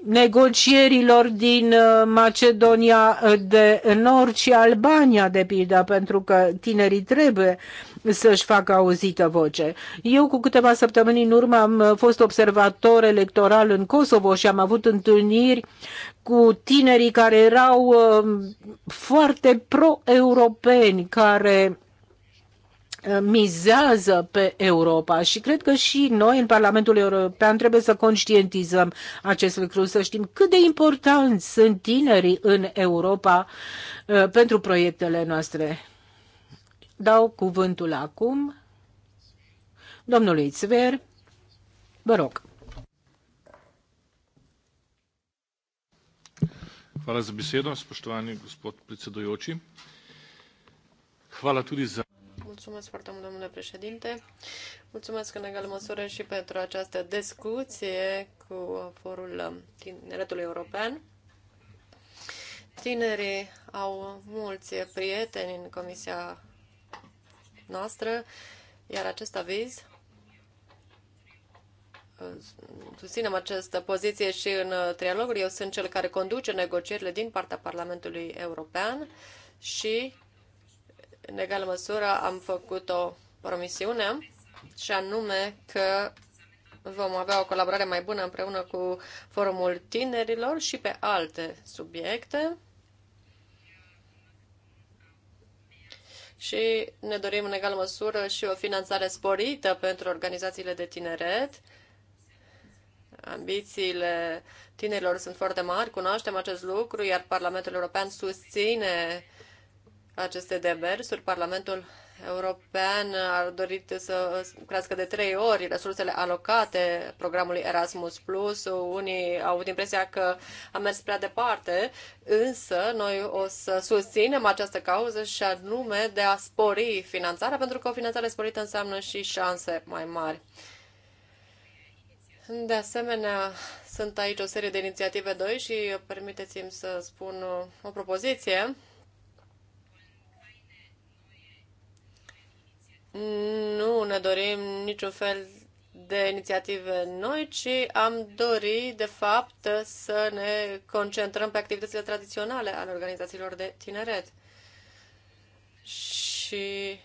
negocierilor din uh, Macedonia de Nord și Albania, de pildă, pentru că tinerii trebuie să-și facă auzită voce. Eu cu câteva săptămâni în urmă am uh, fost observator electoral în Kosovo și am avut întâlniri cu tinerii care erau uh, foarte pro-europeni, care uh, mizează pe Europa și cred că și noi în Parlamentul European trebuie să conștientizăm acest lucru, să știm cât de importanți sunt tinerii în Europa pentru proiectele noastre. Dau cuvântul acum domnului Țver. Vă rog. Hvala za besedo, spoštovani gospod predsedujoči. Hvala tudi za. Mulțumesc foarte mult, domnule președinte. Mulțumesc în egală măsură și pentru această discuție cu forul um, Tineretului European. Tinerii au mulți prieteni în Comisia noastră, iar acest aviz susținem această poziție și în trialoguri. Eu sunt cel care conduce negocierile din partea Parlamentului European și, în egală măsură, am făcut o promisiune și anume că vom avea o colaborare mai bună împreună cu Forumul Tinerilor și pe alte subiecte. și ne dorim în egală măsură și o finanțare sporită pentru organizațiile de tineret. Ambițiile tinerilor sunt foarte mari, cunoaștem acest lucru, iar Parlamentul European susține aceste demersuri. Parlamentul European ar dorit să crească de trei ori resursele alocate programului Erasmus+. plus, Unii au avut impresia că a mers prea departe, însă noi o să susținem această cauză și anume de a spori finanțarea, pentru că o finanțare sporită înseamnă și șanse mai mari. De asemenea, sunt aici o serie de inițiative doi și permiteți-mi să spun o propoziție nu ne dorim niciun fel de inițiative noi, ci am dori, de fapt, să ne concentrăm pe activitățile tradiționale ale organizațiilor de tineret. Și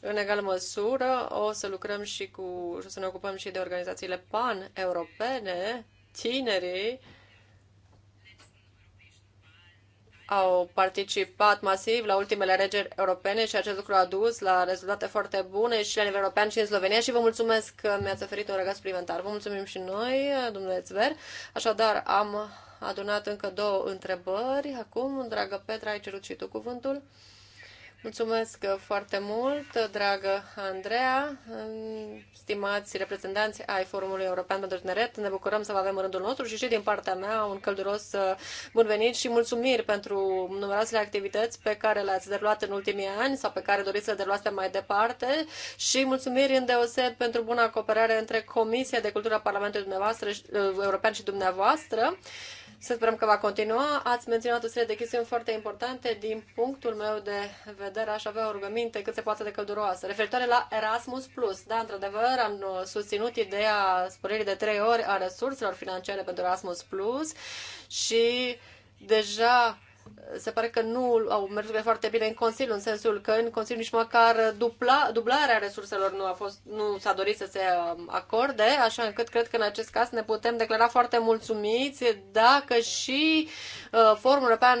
în egală măsură o să lucrăm și cu, o să ne ocupăm și de organizațiile pan-europene, tinerii, au participat masiv la ultimele regeri europene și acest lucru a dus la rezultate foarte bune și la nivel european și în Slovenia și vă mulțumesc că mi-ați oferit un regat suplimentar. Vă mulțumim și noi, domnule Zver. Așadar, am adunat încă două întrebări. Acum, dragă Petra, ai cerut și tu cuvântul. Mulțumesc uh, foarte mult, uh, dragă Andreea, um, stimați reprezentanți ai Forumului European pentru Tineret. Ne bucurăm să vă avem în rândul nostru și și din partea mea un călduros uh, bun venit și mulțumiri pentru numeroasele activități pe care le-ați derulat în ultimii ani sau pe care doriți să le derulați mai departe și mulțumiri îndeoseb pentru buna cooperare între Comisia de Cultură a Parlamentului dumneavoastră, European și dumneavoastră să sperăm că va continua. Ați menționat o serie de chestiuni foarte importante. Din punctul meu de vedere, aș avea o rugăminte cât se poate de călduroasă. Referitoare la Erasmus+, Plus, da, într-adevăr, am uh, susținut ideea sporirii de trei ori a resurselor financiare pentru Erasmus+, Plus și deja se pare că nu au mers foarte bine în Consiliu, în sensul că în Consiliu nici măcar dupla, dublarea resurselor nu, a fost, nu s-a dorit să se um, acorde, așa încât cred că în acest caz ne putem declara foarte mulțumiți dacă și uh, Forumul European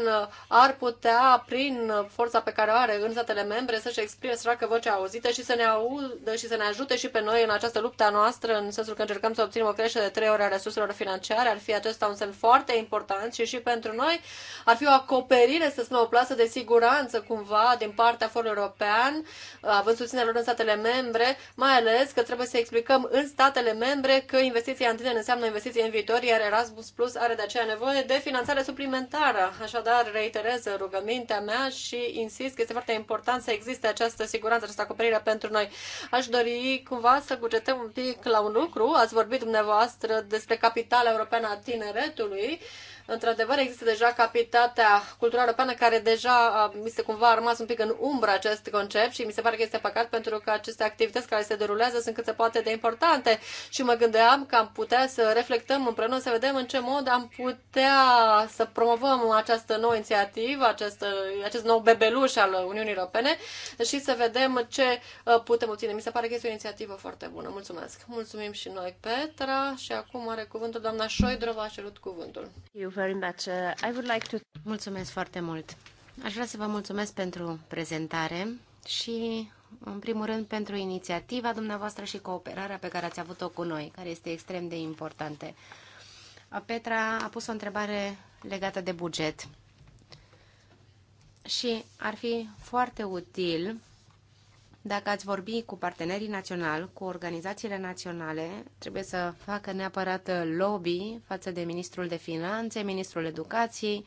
ar putea, prin forța pe care o are în statele membre, să-și exprime săracă vocea auzită și să ne audă și să ne ajute și pe noi în această luptă a noastră, în sensul că încercăm să obținem o creștere de trei ore a resurselor financiare. Ar fi acesta un semn foarte important și și pentru noi ar fi o acord acoperire, să spunem, o plasă de siguranță cumva din partea Forului European, având lor în statele membre, mai ales că trebuie să explicăm în statele membre că investiția în tine înseamnă investiție în viitor, iar Erasmus Plus are de aceea nevoie de finanțare suplimentară. Așadar, reiterez rugămintea mea și insist că este foarte important să existe această siguranță, această acoperire pentru noi. Aș dori cumva să cugetăm un pic la un lucru. Ați vorbit dumneavoastră despre capitala europeană a tineretului. Într-adevăr, există deja capitatea culturală europeană care deja mi se cumva a rămas un pic în umbră acest concept și mi se pare că este păcat pentru că aceste activități care se derulează sunt cât se poate de importante și mă gândeam că am putea să reflectăm împreună, să vedem în ce mod am putea să promovăm această nouă inițiativă, acest, acest nou bebeluș al Uniunii Europene și să vedem ce putem obține. Mi se pare că este o inițiativă foarte bună. Mulțumesc! Mulțumim și noi, Petra, și acum are cuvântul doamna Șoidrova, a cerut cuvântul. Eu very much. Uh, I would like to... Mulțumesc foarte mult. Aș vrea să vă mulțumesc pentru prezentare și, în primul rând, pentru inițiativa dumneavoastră și cooperarea pe care ați avut-o cu noi, care este extrem de importantă. Petra a pus o întrebare legată de buget și ar fi foarte util dacă ați vorbi cu partenerii naționali, cu organizațiile naționale, trebuie să facă neapărat uh, lobby față de Ministrul de Finanțe, Ministrul Educației,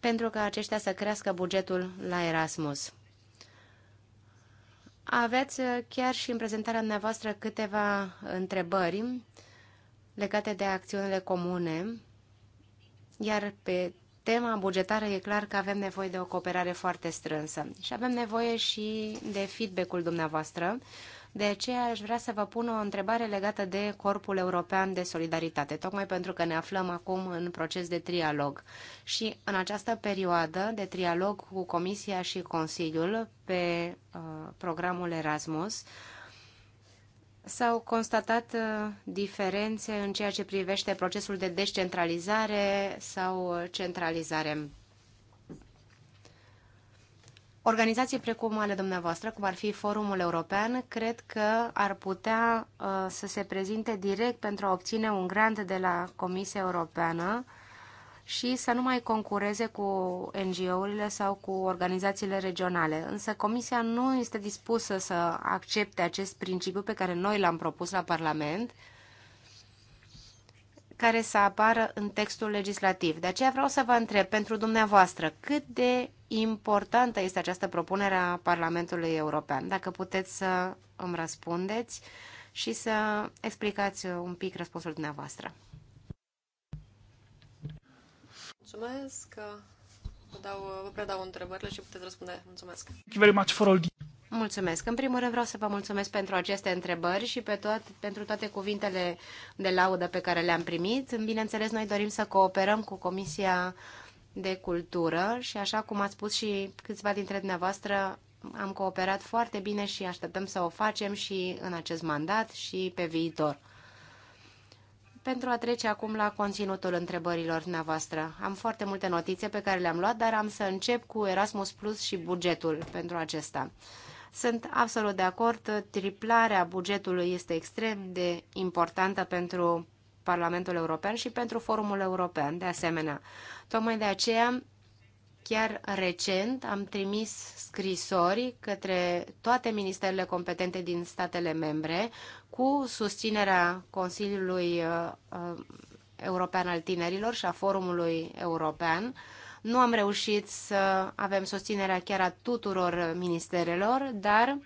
pentru ca aceștia să crească bugetul la Erasmus. Aveți uh, chiar și în prezentarea dumneavoastră câteva întrebări legate de acțiunile comune, iar pe tema bugetară e clar că avem nevoie de o cooperare foarte strânsă și avem nevoie și de feedback-ul dumneavoastră. De aceea aș vrea să vă pun o întrebare legată de Corpul European de Solidaritate, tocmai pentru că ne aflăm acum în proces de trialog. Și în această perioadă de trialog cu Comisia și Consiliul pe uh, programul Erasmus, uh, S-au constatat uh, diferențe în ceea ce privește procesul de descentralizare sau uh, centralizare. Organizații precum ale dumneavoastră, cum ar fi Forumul European, cred că ar putea uh, să se prezinte direct pentru a obține un grant de la Comisia Europeană și să nu mai concureze cu NGO-urile sau cu organizațiile regionale. Însă Comisia nu este dispusă să accepte acest principiu pe care noi l-am propus la Parlament, care să apară în textul legislativ. De aceea vreau să vă întreb pentru dumneavoastră cât de importantă este această propunere a Parlamentului European. Dacă puteți să îmi răspundeți și să explicați un pic răspunsul dumneavoastră. Mulțumesc. Vă, dau, vă predau întrebările și puteți răspunde. Mulțumesc. Thank you very much for all Mulțumesc. În primul rând vreau să vă mulțumesc pentru aceste întrebări și pe toat, pentru toate cuvintele de laudă pe care le-am primit. Bineînțeles, noi dorim să cooperăm cu Comisia de Cultură și așa cum ați spus și câțiva dintre dumneavoastră, am cooperat foarte bine și așteptăm să o facem și în acest mandat și pe viitor pentru a trece acum la conținutul întrebărilor dumneavoastră. Am foarte multe notițe pe care le-am luat, dar am să încep cu Erasmus Plus și bugetul pentru acesta. Sunt absolut de acord, triplarea bugetului este extrem de importantă pentru Parlamentul European și pentru Forumul European, de asemenea. Tocmai de aceea Chiar recent am trimis scrisori către toate ministerele competente din statele membre cu susținerea Consiliului uh, uh, European al Tinerilor și a Forumului European. Nu am reușit să avem susținerea chiar a tuturor ministerelor, dar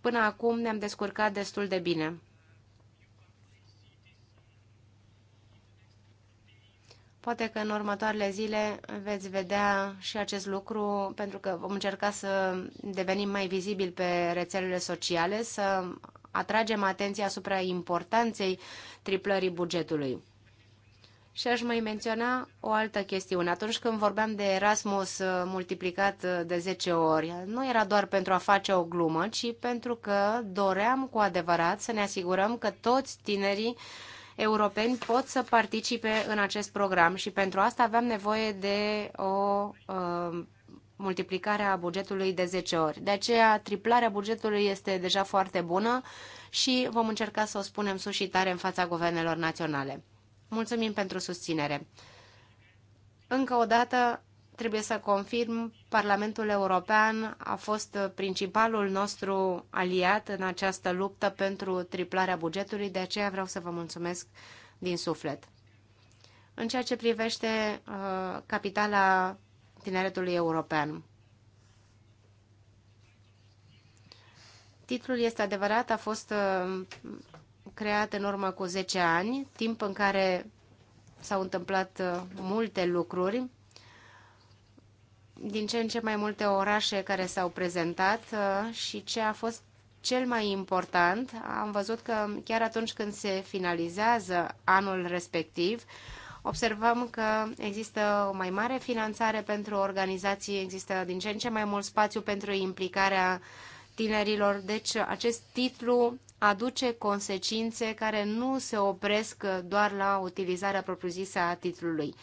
până acum ne-am descurcat destul de bine. Poate că în următoarele zile veți vedea și acest lucru, pentru că vom încerca să devenim mai vizibili pe rețelele sociale, să atragem atenția asupra importanței triplării bugetului. Și aș mai menționa o altă chestiune. Atunci când vorbeam de Erasmus multiplicat de 10 ori, nu era doar pentru a face o glumă, ci pentru că doream cu adevărat să ne asigurăm că toți tinerii europeni pot să participe în acest program și pentru asta aveam nevoie de o uh, multiplicare a bugetului de 10 ori. De aceea, triplarea bugetului este deja foarte bună și vom încerca să o spunem sus și tare în fața guvernelor naționale. Mulțumim pentru susținere. Încă o dată, trebuie să confirm, Parlamentul European a fost principalul nostru aliat în această luptă pentru triplarea bugetului, de aceea vreau să vă mulțumesc din suflet. În ceea ce privește uh, capitala tineretului european. Titlul este adevărat, a fost uh, creat în urmă cu 10 ani, timp în care s-au întâmplat uh, multe lucruri din ce în ce mai multe orașe care s-au prezentat uh, și ce a fost cel mai important, am văzut că chiar atunci când se finalizează anul respectiv, observăm că există o mai mare finanțare pentru organizații, există din ce în ce mai mult spațiu pentru implicarea tinerilor. Deci acest titlu aduce consecințe care nu se opresc doar la utilizarea propriu-zisă a titlului.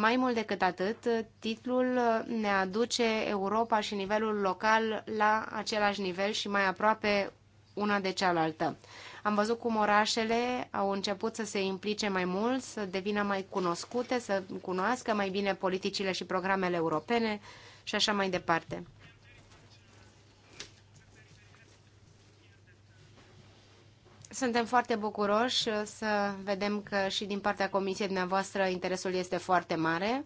Mai mult decât atât, titlul ne aduce Europa și nivelul local la același nivel și mai aproape una de cealaltă. Am văzut cum orașele au început să se implice mai mult, să devină mai cunoscute, să cunoască mai bine politicile și programele europene și așa mai departe. Suntem foarte bucuroși să vedem că și din partea comisiei dumneavoastră interesul este foarte mare.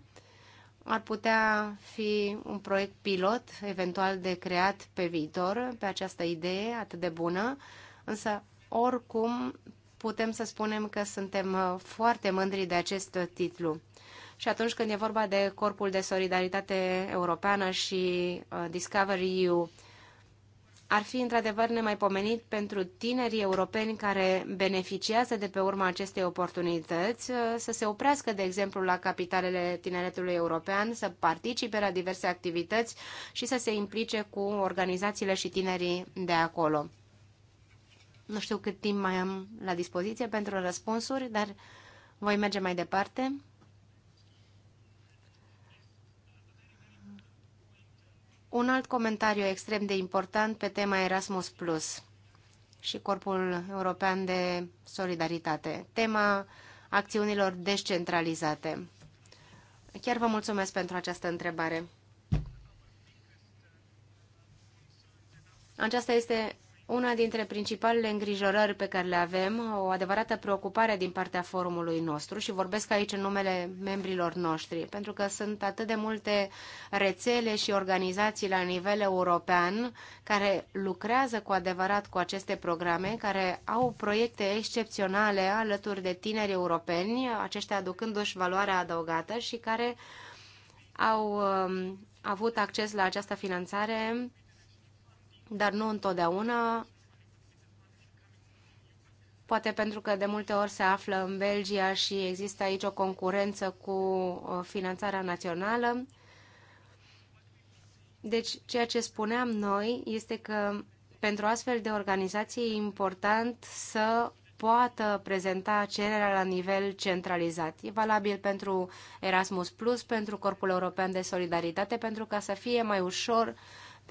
Ar putea fi un proiect pilot, eventual de creat pe viitor, pe această idee atât de bună, însă oricum putem să spunem că suntem uh, foarte mândri de acest titlu. Și atunci când e vorba de Corpul de Solidaritate Europeană și uh, Discovery EU, ar fi într-adevăr nemaipomenit pentru tinerii europeni care beneficiază de pe urma acestei oportunități uh, să se oprească, de exemplu, la capitalele tineretului european, să participe la diverse activități și să se implice cu organizațiile și tinerii de acolo. Nu știu cât timp mai am la dispoziție pentru răspunsuri, dar voi merge mai departe. Un alt comentariu extrem de important pe tema Erasmus Plus și Corpul European de Solidaritate, tema acțiunilor descentralizate. Chiar vă mulțumesc pentru această întrebare. Aceasta este una dintre principalele îngrijorări pe care le avem, o adevărată preocupare din partea forumului nostru și vorbesc aici în numele membrilor noștri, pentru că sunt atât de multe rețele și organizații la nivel european care lucrează cu adevărat cu aceste programe, care au proiecte excepționale alături de tineri europeni, aceștia aducându-și valoarea adăugată și care au um, avut acces la această finanțare dar nu întotdeauna. Poate pentru că de multe ori se află în Belgia și există aici o concurență cu uh, finanțarea națională. Deci, ceea ce spuneam noi este că pentru astfel de organizații e important să poată prezenta cererea la nivel centralizat. E valabil pentru Erasmus+, pentru Corpul European de Solidaritate, pentru ca să fie mai ușor uh,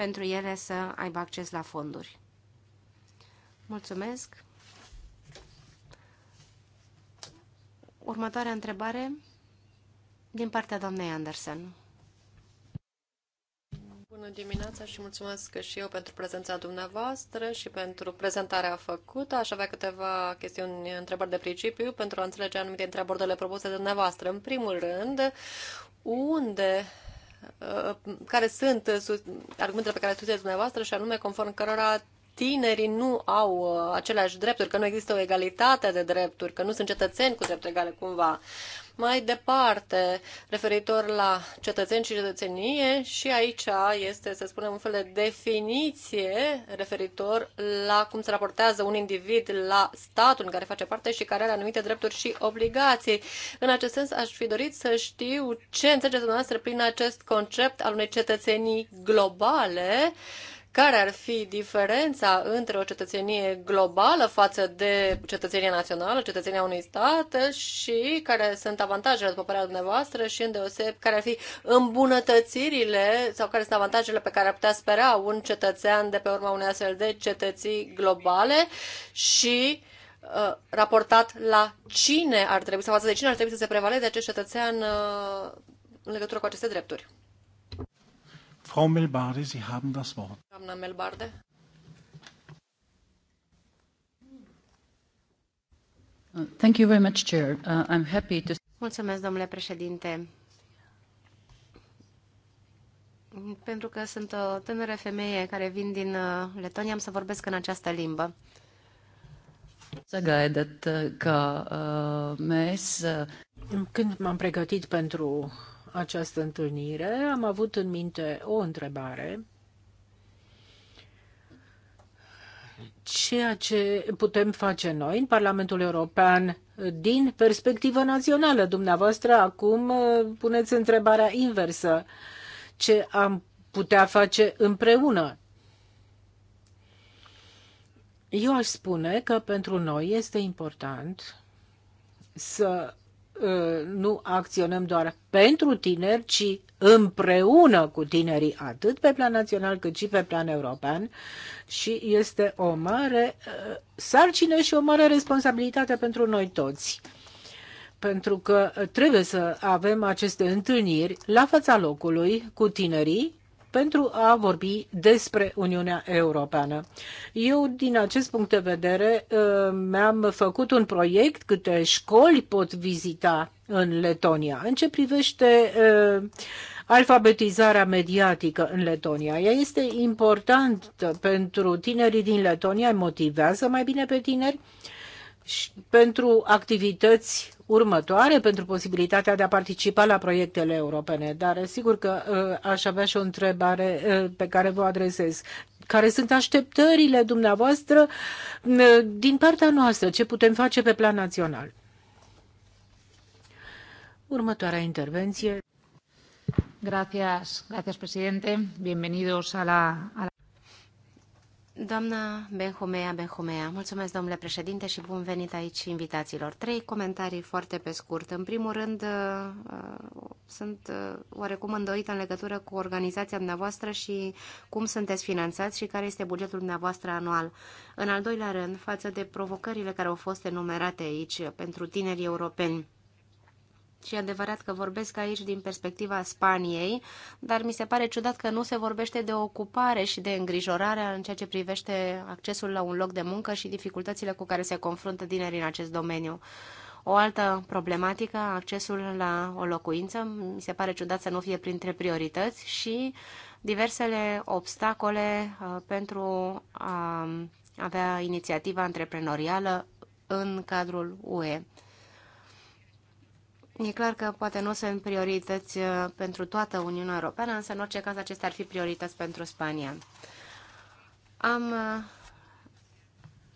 pentru ele să aibă acces la fonduri. Mulțumesc! Următoarea întrebare din partea doamnei Anderson. Bună dimineața și mulțumesc și eu pentru prezența dumneavoastră și pentru prezentarea făcută. Aș avea câteva chestiuni, întrebări de principiu pentru a înțelege anumite dintre propuse de dumneavoastră. În primul rând, unde care sunt uh, argumentele pe care le susțineți dumneavoastră și anume conform cărora tinerii nu au uh, aceleași drepturi, că nu există o egalitate de drepturi, că nu sunt cetățeni cu drepturi egale cumva mai departe, referitor la cetățeni și cetățenie, și aici este, să spunem, un fel de definiție referitor la cum se raportează un individ la statul în care face parte și care are anumite drepturi și obligații. În acest sens, aș fi dorit să știu ce înțelegeți dumneavoastră prin acest concept al unei cetățenii globale, care ar fi diferența între o cetățenie globală față de cetățenia națională, cetățenia unui stat și care sunt avantajele, după părerea dumneavoastră, și îndeoseb care ar fi îmbunătățirile sau care sunt avantajele pe care ar putea spera un cetățean de pe urma unei astfel de cetății globale și uh, raportat la cine ar trebui sau față de cine ar trebui să se prevaleze acest cetățean uh, în legătură cu aceste drepturi. Frau Melbarde, Sie haben das Wort. Doamna Melbarde. Thank you very much, Chair. Uh, I'm happy to... Mulțumesc, domnule președinte. Pentru că sunt o uh, tânără femeie care vin din uh, Letonia, am să vorbesc în această limbă. Uh, Când m-am pregătit pentru această întâlnire, am avut în minte o întrebare. Ceea ce putem face noi în Parlamentul European din perspectivă națională. Dumneavoastră acum uh, puneți întrebarea inversă. Ce am putea face împreună? Eu aș spune că pentru noi este important să nu acționăm doar pentru tineri, ci împreună cu tinerii, atât pe plan național cât și pe plan european. Și este o mare uh, sarcină și o mare responsabilitate pentru noi toți. Pentru că trebuie să avem aceste întâlniri la fața locului cu tinerii pentru a vorbi despre Uniunea Europeană. Eu, din acest punct de vedere, uh, mi-am făcut un proiect câte școli pot vizita în Letonia. În ce privește uh, alfabetizarea mediatică în Letonia. Ea este importantă pentru tinerii din Letonia, motivează mai bine pe tineri pentru activități următoare, pentru posibilitatea de a participa la proiectele europene. Dar sigur că uh, aș avea și o întrebare uh, pe care vă adresez. Care sunt așteptările dumneavoastră uh, din partea noastră? Ce putem face pe plan național? Următoarea intervenție. Gracias, gracias, presidente. Bienvenidos a la, a la... Doamna Benhumea, Benhumea, mulțumesc, domnule președinte, și bun venit aici invitațiilor. Trei comentarii foarte pe scurt. În primul rând, uh, uh, sunt uh, oarecum îndoită în legătură cu organizația dumneavoastră și cum sunteți finanțați și care este bugetul dumneavoastră anual. În al doilea rând, față de provocările care au fost enumerate aici pentru tinerii europeni, și adevărat că vorbesc aici din perspectiva Spaniei, dar mi se pare ciudat că nu se vorbește de ocupare și de îngrijorare în ceea ce privește accesul la un loc de muncă și dificultățile cu care se confruntă tinerii în acest domeniu. O altă problematică, accesul la o locuință, mi se pare ciudat să nu fie printre priorități și diversele obstacole uh, pentru a avea inițiativa antreprenorială în cadrul UE. E clar că poate nu sunt priorități uh, pentru toată Uniunea Europeană, însă în orice caz acestea ar fi priorități pentru Spania. Am uh,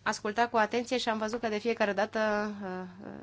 ascultat cu atenție și am văzut că de fiecare dată uh,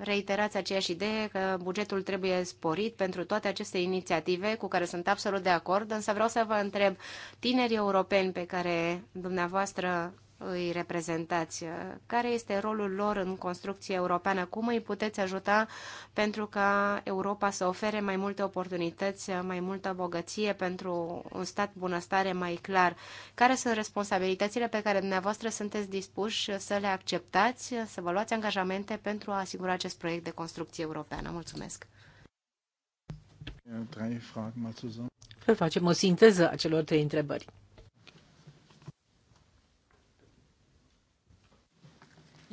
reiterați aceeași idee că bugetul trebuie sporit pentru toate aceste inițiative cu care sunt absolut de acord, însă vreau să vă întreb, tinerii europeni pe care dumneavoastră îi reprezentați, care este rolul lor în construcția europeană, cum îi puteți ajuta pentru ca Europa să ofere mai multe oportunități, mai multă bogăție pentru un stat bunăstare mai clar, care sunt responsabilitățile pe care dumneavoastră sunteți dispuși să le acceptați, să vă luați angajamente pentru a asigura acest proiect de construcție europeană. Mulțumesc! Vă facem o sinteză a celor trei întrebări.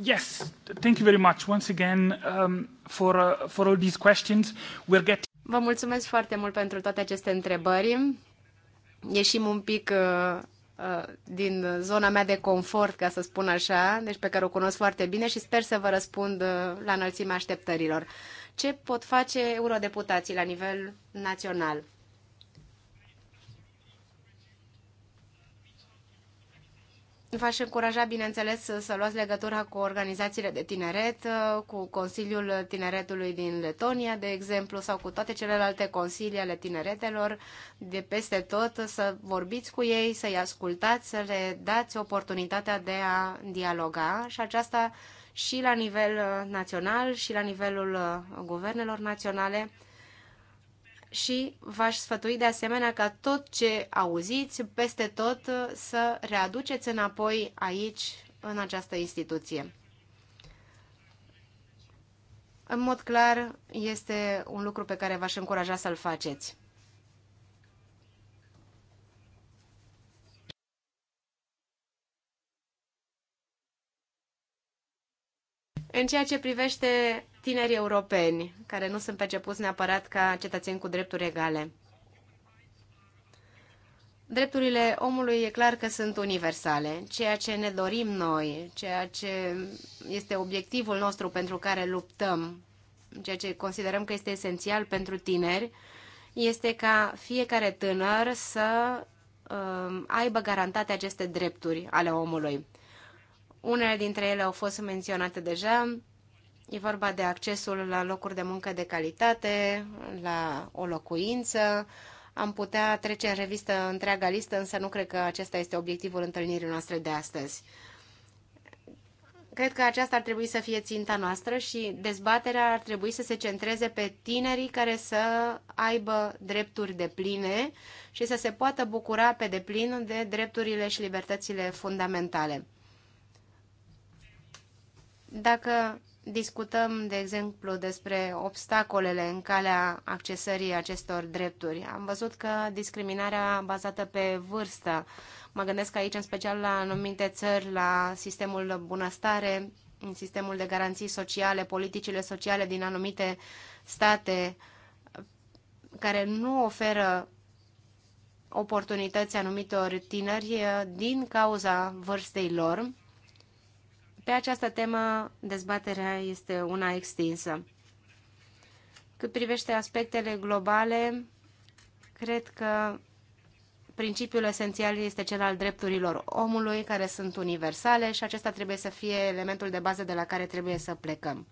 Yes, thank you very much once again um, for, uh, for all these questions. We're getting... Vă mulțumesc foarte mult pentru toate aceste întrebări. Ieșim un pic uh, uh, din zona mea de confort, ca să spun așa, deci pe care o cunosc foarte bine și sper să vă răspund uh, la înălțimea așteptărilor. Ce pot face eurodeputații la nivel național? V-aș încuraja, bineînțeles, să luați legătura cu organizațiile de tineret, uh, cu Consiliul Tineretului din Letonia, de exemplu, sau cu toate celelalte consilii ale tineretelor de peste tot, să vorbiți cu ei, să-i ascultați, să le dați oportunitatea de a dialoga și aceasta și la nivel uh, național și la nivelul uh, guvernelor naționale și v-aș sfătui de asemenea ca tot ce auziți peste tot să readuceți înapoi aici, în această instituție. În mod clar, este un lucru pe care v-aș încuraja să-l faceți. În ceea ce privește tineri europeni, care nu sunt percepuți neapărat ca cetățeni cu drepturi egale. Drepturile omului e clar că sunt universale. Ceea ce ne dorim noi, ceea ce este obiectivul nostru pentru care luptăm, ceea ce considerăm că este esențial pentru tineri, este ca fiecare tânăr să uh, aibă garantate aceste drepturi ale omului. Unele dintre ele au fost menționate deja, E vorba de accesul la locuri de muncă de calitate, la o locuință. Am putea trece în revistă întreaga listă, însă nu cred că acesta este obiectivul întâlnirii noastre de astăzi. Cred că aceasta ar trebui să fie ținta noastră și dezbaterea ar trebui să se centreze pe tinerii care să aibă drepturi de pline și să se poată bucura pe deplin de drepturile și libertățile fundamentale. Dacă discutăm, de exemplu, despre obstacolele în calea accesării acestor drepturi. Am văzut că discriminarea bazată pe vârstă, mă gândesc aici în special la anumite țări, la sistemul bunăstare, sistemul de garanții sociale, politicile sociale din anumite state care nu oferă oportunități anumitor tineri eh, din cauza vârstei lor, pe această temă, dezbaterea este una extinsă. Cât privește aspectele globale, cred că principiul esențial este cel al drepturilor omului, care sunt universale și acesta trebuie să fie elementul de bază de la care trebuie să plecăm.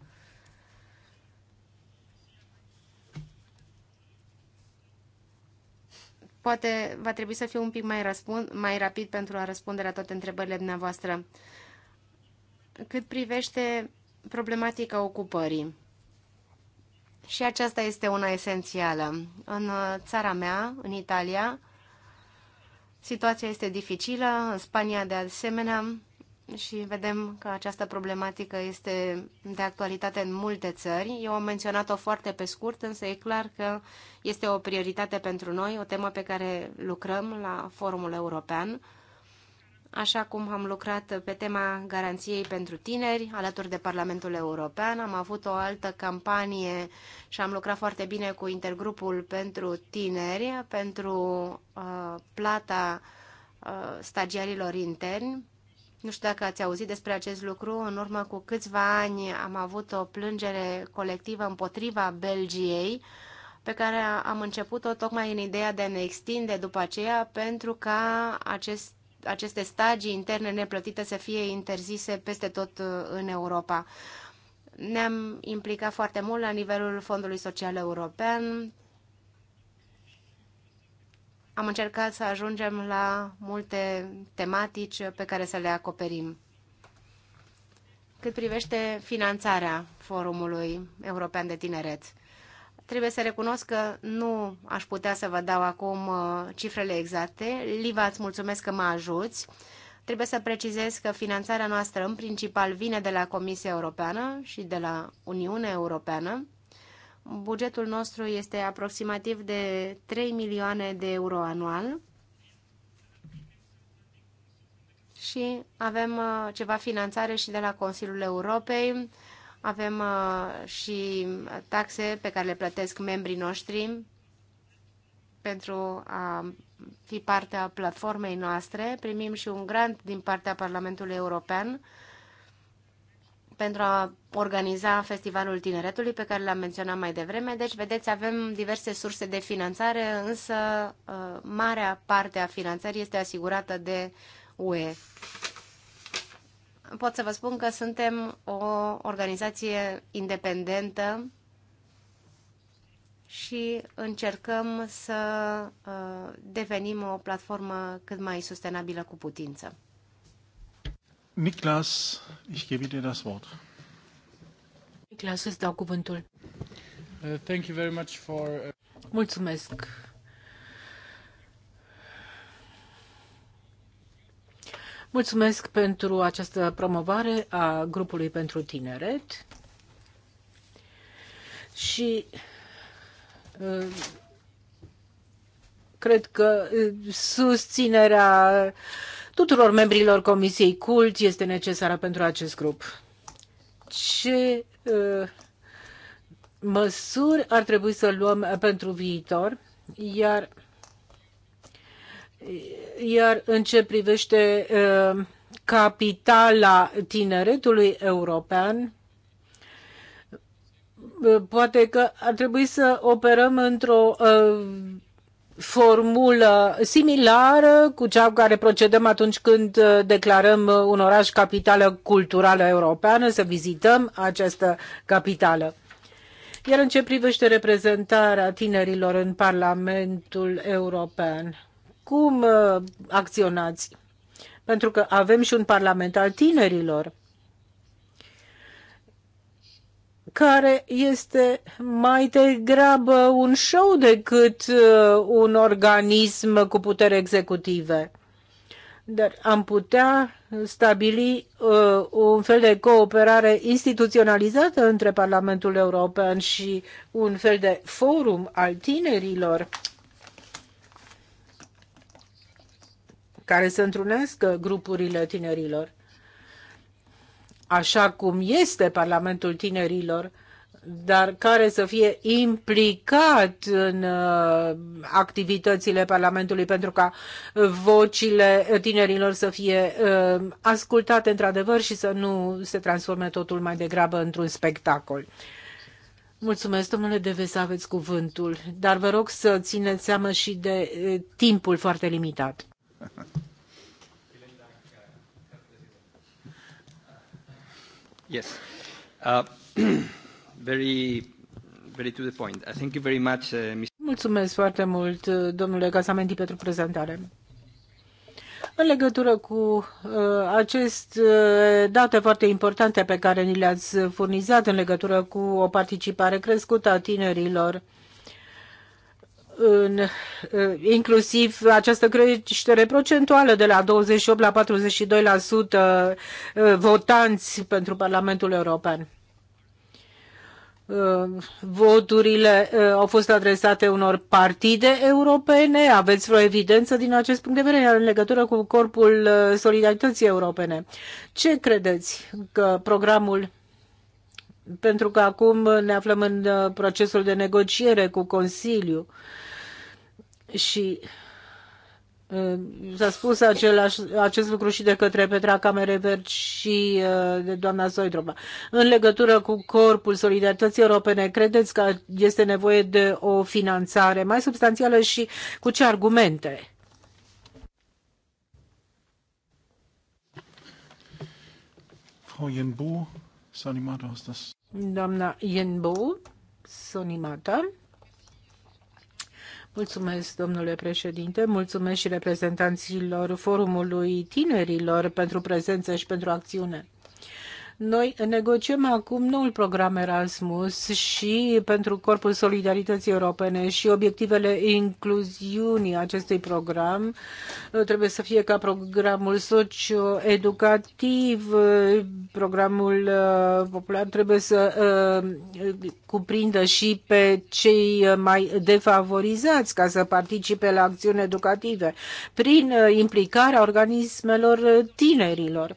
Poate va trebui să fiu un pic mai, răspund, mai rapid pentru a răspunde la toate întrebările dumneavoastră cât privește problematica ocupării. Și aceasta este una esențială. În uh, țara mea, în Italia, situația este dificilă, în Spania de asemenea, și vedem că această problematică este de actualitate în multe țări. Eu am menționat-o foarte pe scurt, însă e clar că este o prioritate pentru noi, o temă pe care lucrăm la Forumul European așa cum am lucrat pe tema garanției pentru tineri alături de Parlamentul European. Am avut o altă campanie și am lucrat foarte bine cu intergrupul pentru tineri, pentru uh, plata uh, stagiarilor interni. Nu știu dacă ați auzit despre acest lucru. În urmă cu câțiva ani am avut o plângere colectivă împotriva Belgiei pe care am început-o tocmai în ideea de a ne extinde după aceea pentru ca acest aceste stagii interne neplătite să fie interzise peste tot uh, în Europa. Ne-am implicat foarte mult la nivelul Fondului Social European. Am încercat să ajungem la multe tematici pe care să le acoperim. Cât privește finanțarea Forumului European de Tineret, Trebuie să recunosc că nu aș putea să vă dau acum uh, cifrele exacte. Liva, îți mulțumesc că mă ajuți. Trebuie să precizez că finanțarea noastră în principal vine de la Comisia Europeană și de la Uniunea Europeană. Bugetul nostru este aproximativ de 3 milioane de euro anual și avem uh, ceva finanțare și de la Consiliul Europei, avem uh, și taxe pe care le plătesc membrii noștri pentru a fi parte a platformei noastre. Primim și un grant din partea Parlamentului European pentru a organiza Festivalul Tineretului pe care l-am menționat mai devreme. Deci, vedeți, avem diverse surse de finanțare, însă uh, marea parte a finanțării este asigurată de UE pot să vă spun că suntem o organizație independentă și încercăm să uh, devenim o platformă cât mai sustenabilă cu putință. Niklas, ich gebe dir das Wort. Niklas, îți dau cuvântul. Uh, thank you very much for... Uh, Mulțumesc Mulțumesc pentru această promovare a grupului pentru tineret și uh, cred că uh, susținerea tuturor membrilor Comisiei Cult este necesară pentru acest grup. Ce uh, măsuri ar trebui să luăm pentru viitor? Iar iar în ce privește uh, capitala tineretului european, uh, poate că ar trebui să operăm într-o uh, formulă similară cu cea cu care procedăm atunci când declarăm un oraș capitală culturală europeană, să vizităm această capitală. Iar în ce privește reprezentarea tinerilor în Parlamentul European, cum uh, acționați? Pentru că avem și un parlament al tinerilor care este mai degrabă un show decât uh, un organism cu putere executive. Dar am putea stabili uh, un fel de cooperare instituționalizată între Parlamentul European și un fel de forum al tinerilor care să întrunească grupurile tinerilor. Așa cum este Parlamentul Tinerilor, dar care să fie implicat în uh, activitățile Parlamentului pentru ca vocile tinerilor să fie uh, ascultate într-adevăr și să nu se transforme totul mai degrabă într-un spectacol. Mulțumesc, domnule să aveți cuvântul, dar vă rog să țineți seama și de uh, timpul foarte limitat yes. Uh, (clears throat) very, very to the point. I thank you very much, uh, Mr. Mulțumesc foarte mult, domnule Casamenti, pentru prezentare. În legătură cu uh, aceste uh, date foarte importante pe care ni le-ați furnizat în legătură cu o participare crescută a tinerilor, uh, în, inclusiv această creștere procentuală de la 28 la 42% uh, votanți pentru Parlamentul European. Uh, voturile uh, au fost adresate unor partide europene. Aveți vreo evidență din acest punct de vedere în legătură cu Corpul Solidarității Europene? Ce credeți că programul pentru că acum ne aflăm în procesul de negociere cu Consiliu. Uh, și uh, S-a spus același, acest lucru și de către Petra Camerevert și uh, de doamna Zoidrova În legătură cu Corpul Solidarității Europene, credeți că este nevoie de o finanțare mai substanțială și cu ce argumente? Frau Jenbu, Sonimata, Doamna Jenbu, Sonimata. Mulțumesc, domnule președinte, mulțumesc și reprezentanților Forumului Tinerilor pentru prezență și pentru acțiune. Noi negociem acum noul program Erasmus și pentru Corpul Solidarității Europene și obiectivele incluziunii acestui program uh, trebuie să fie ca programul socio-educativ, uh, programul uh, popular trebuie să cuprindă și pe cei mai defavorizați ca să participe la acțiuni educative prin implicarea organismelor tinerilor.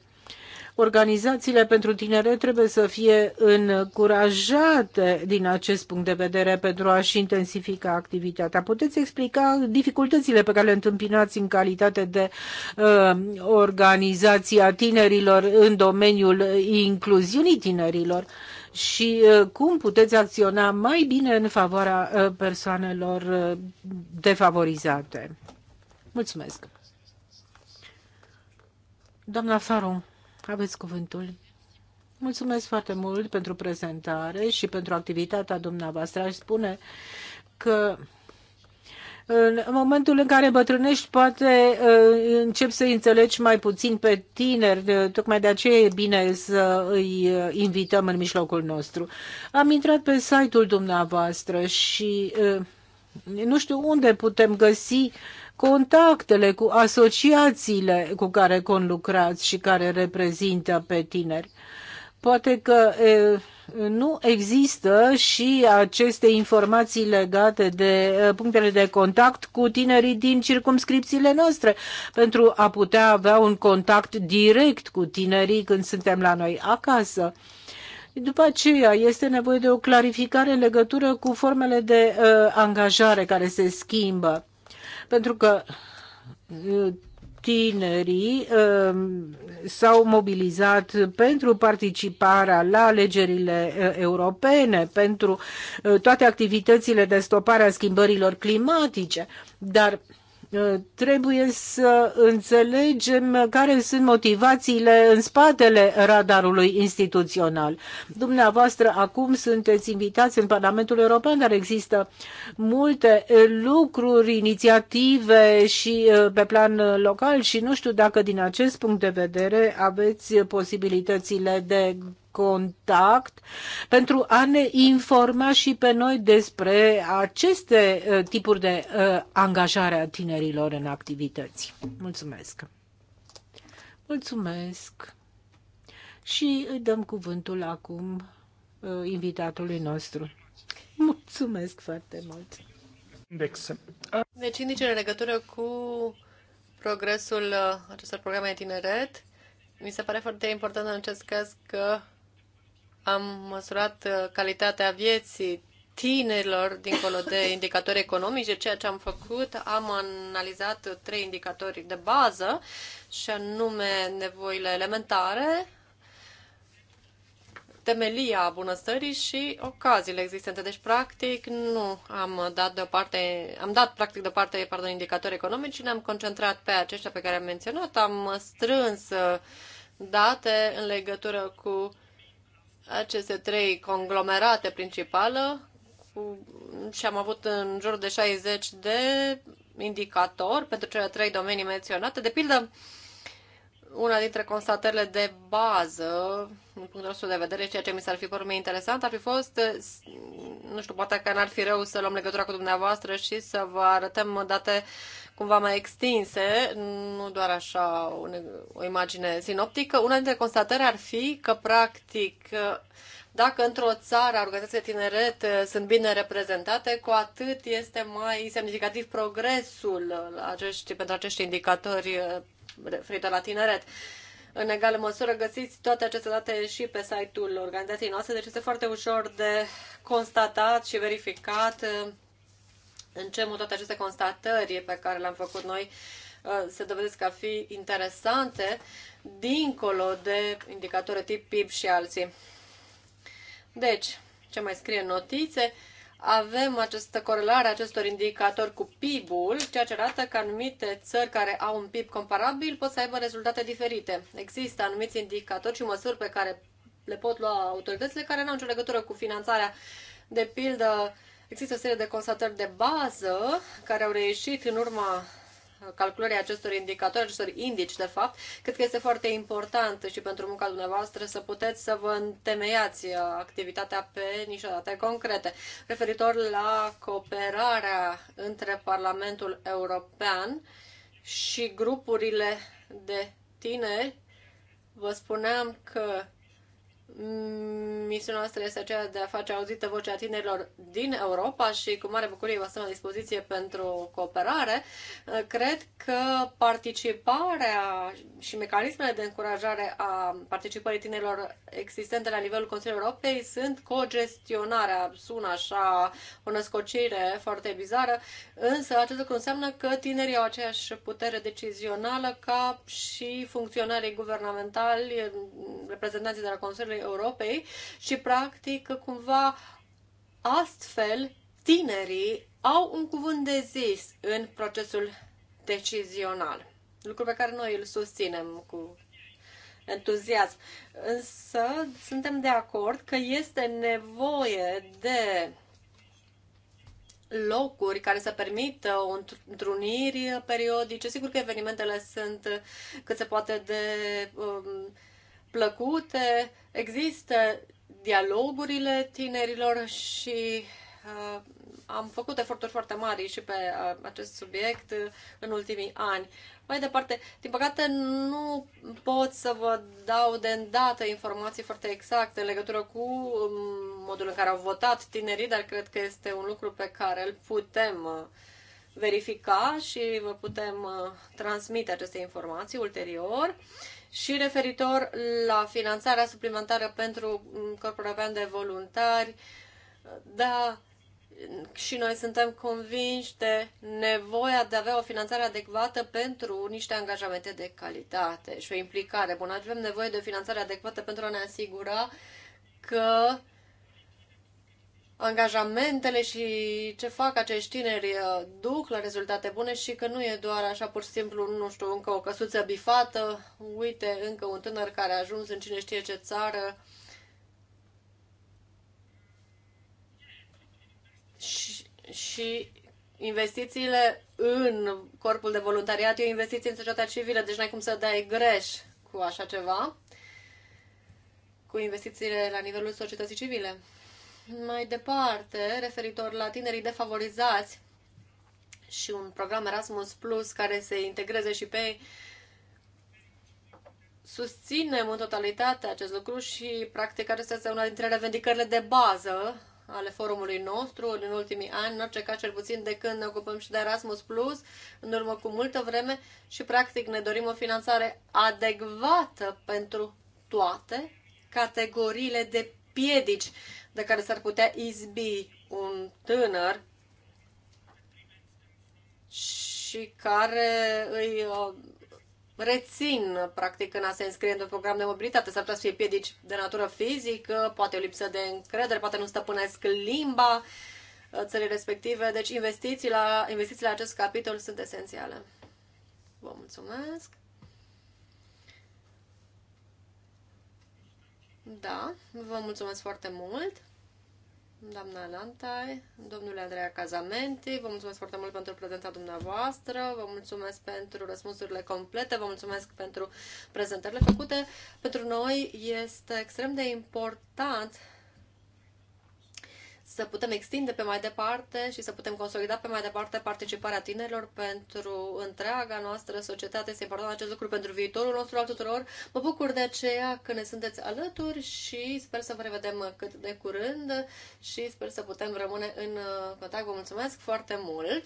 Organizațiile pentru tinere trebuie să fie încurajate din acest punct de vedere pentru a-și intensifica activitatea. Puteți explica dificultățile pe care le întâmpinați în calitate de uh, organizația tinerilor în domeniul incluziunii tinerilor și uh, cum puteți acționa mai bine în favoarea uh, persoanelor uh, defavorizate. Mulțumesc. Doamna Faru. Aveți cuvântul. Mulțumesc foarte mult pentru prezentare și pentru activitatea dumneavoastră. Aș spune că în momentul în care bătrânești, poate uh, încep să înțelegi mai puțin pe tineri, uh, tocmai de aceea e bine să îi uh, invităm în mijlocul nostru. Am intrat pe site-ul dumneavoastră și nu știu unde putem găsi uh, contactele cu asociațiile cu care conlucrați și care reprezintă pe tineri. Poate că e, nu există și aceste informații legate de punctele de contact cu tinerii din circumscripțiile noastre pentru a putea avea un contact direct cu tinerii când suntem la noi acasă. După aceea, este nevoie de o clarificare în legătură cu formele de uh, angajare care se schimbă pentru că tinerii s-au mobilizat pentru participarea la alegerile europene, pentru toate activitățile de stopare a schimbărilor climatice, dar Eh, trebuie să înțelegem care sunt motivațiile în spatele radarului instituțional. Dumneavoastră acum sunteți invitați în Parlamentul European, dar există multe lucruri, inițiative și eh, pe plan local și nu știu dacă din acest punct de vedere aveți posibilitățile de contact pentru a ne informa și pe noi despre aceste uh, tipuri de uh, angajare a tinerilor în activități. Mulțumesc! Mulțumesc! Și îi dăm cuvântul acum uh, invitatului nostru. Mulțumesc foarte mult! Deci, indicele în legătură cu progresul acestor programe de tineret, mi se pare foarte important în acest caz că am măsurat uh, calitatea vieții tinerilor dincolo de (laughs) indicatori economici, Ceea ce am făcut, am analizat trei indicatori de bază și anume nevoile elementare, temelia bunăstării și ocaziile existente. Deci, practic, nu am dat deoparte, am dat practic deoparte, pardon, indicatori economici ne-am concentrat pe aceștia pe care am menționat. Am strâns uh, date în legătură cu aceste trei conglomerate principale cu, și am avut în jur de 60 de indicatori pentru cele trei domenii menționate. De pildă, una dintre constatările de bază, din punctul nostru de vedere, ceea ce mi s-ar fi părut mai interesant, ar fi fost, nu știu, poate că n-ar fi rău să luăm legătura cu dumneavoastră și să vă arătăm date cumva mai extinse, nu doar așa o imagine sinoptică, una dintre constatări ar fi că, practic, dacă într-o țară organizațiile tineret uh, sunt bine reprezentate, cu atât este mai semnificativ progresul acești, pentru acești indicatori uh, referitor la tineret. În egală măsură găsiți toate aceste date și pe site-ul organizației noastre, deci este foarte ușor de constatat și verificat uh, în ce mod toate aceste constatări pe care le-am făcut noi uh, se dovedesc a fi interesante dincolo de indicatori tip PIB și alții. Deci, ce mai scrie în notițe, avem această corelare a acestor indicatori cu PIB-ul, ceea ce arată că anumite țări care au un PIB comparabil pot să aibă rezultate diferite. Există anumiți indicatori și măsuri pe care le pot lua autoritățile care nu au nicio legătură cu finanțarea, de pildă Există o serie de constatări de bază care au reieșit în urma calculării acestor indicatori, acestor indici, de fapt, cred că este foarte important și pentru munca dumneavoastră să puteți să vă întemeiați activitatea pe niște date concrete. Referitor la cooperarea între Parlamentul European și grupurile de tineri, vă spuneam că Misiunea noastră este aceea de a face auzită vocea tinerilor din Europa și cu mare bucurie vă stăm la dispoziție pentru cooperare. Cred că participarea și mecanismele de încurajare a participării tinerilor existente la nivelul Consiliului Europei sunt cogestionarea, sună așa o născocire foarte bizară, însă acest lucru înseamnă că tinerii au aceeași putere decizională ca și funcționarii guvernamentali, reprezentanții de la Consiliul Europei și, practic, cumva astfel tinerii au un cuvânt de zis în procesul decizional. Lucru pe care noi îl susținem cu entuziasm. Însă suntem de acord că este nevoie de locuri care să permită o întruniri periodice. Sigur că evenimentele sunt cât se poate de um, plăcute, există dialogurile tinerilor și uh, am făcut eforturi foarte mari și pe uh, acest subiect uh, în ultimii ani. Mai departe, din păcate nu pot să vă dau de îndată informații foarte exacte în legătură cu um, modul în care au votat tinerii, dar cred că este un lucru pe care îl putem uh, verifica și vă putem uh, transmite aceste informații ulterior. Uh, și referitor la finanțarea suplimentară pentru Corpul European de Voluntari, da, și noi suntem convinși de nevoia de a avea o finanțare adecvată pentru niște angajamente de calitate și o implicare bună. Avem nevoie de o finanțare adecvată pentru a ne asigura că uh, angajamentele și ce fac acești tineri uh, duc la rezultate bune și că nu e doar așa pur și simplu, nu știu, încă o căsuță bifată, uite, încă un tânăr care a ajuns în cine știe ce țară. Și, și investițiile în corpul de voluntariat e o investiție în societatea civilă, deci n-ai cum să dai greș cu așa ceva, cu investițiile la nivelul societății civile. Mai departe, referitor la tinerii defavorizați și un program Erasmus Plus care se integreze și pe ei, susținem în totalitate acest lucru și practic acesta este una dintre revendicările de bază ale forumului nostru în ultimii ani, în orice caz cel puțin de când ne ocupăm și de Erasmus Plus, în urmă cu multă vreme și practic ne dorim o finanțare adecvată pentru toate categoriile de piedici de care s-ar putea izbi un tânăr și care îi uh, rețin, practic, în a se înscrie într-un program de mobilitate. S-ar putea să fie piedici de natură fizică, poate o lipsă de încredere, poate nu stăpânesc limba uh, țării respective. Deci investiții la, investiții la acest capitol sunt esențiale. Vă mulțumesc! Da, vă mulțumesc foarte mult, doamna Lantai, domnule Andreea Cazamenti, vă mulțumesc foarte mult pentru prezența dumneavoastră, vă mulțumesc pentru răspunsurile complete, vă mulțumesc pentru prezentările făcute. Pentru noi este extrem de important să putem extinde pe mai departe și să putem consolida pe mai departe participarea tinerilor pentru întreaga noastră societate. Este important acest lucru pentru viitorul nostru al tuturor. Mă bucur de aceea că ne sunteți alături și sper să vă revedem cât de curând și sper să putem rămâne în uh, contact. Vă mulțumesc foarte mult!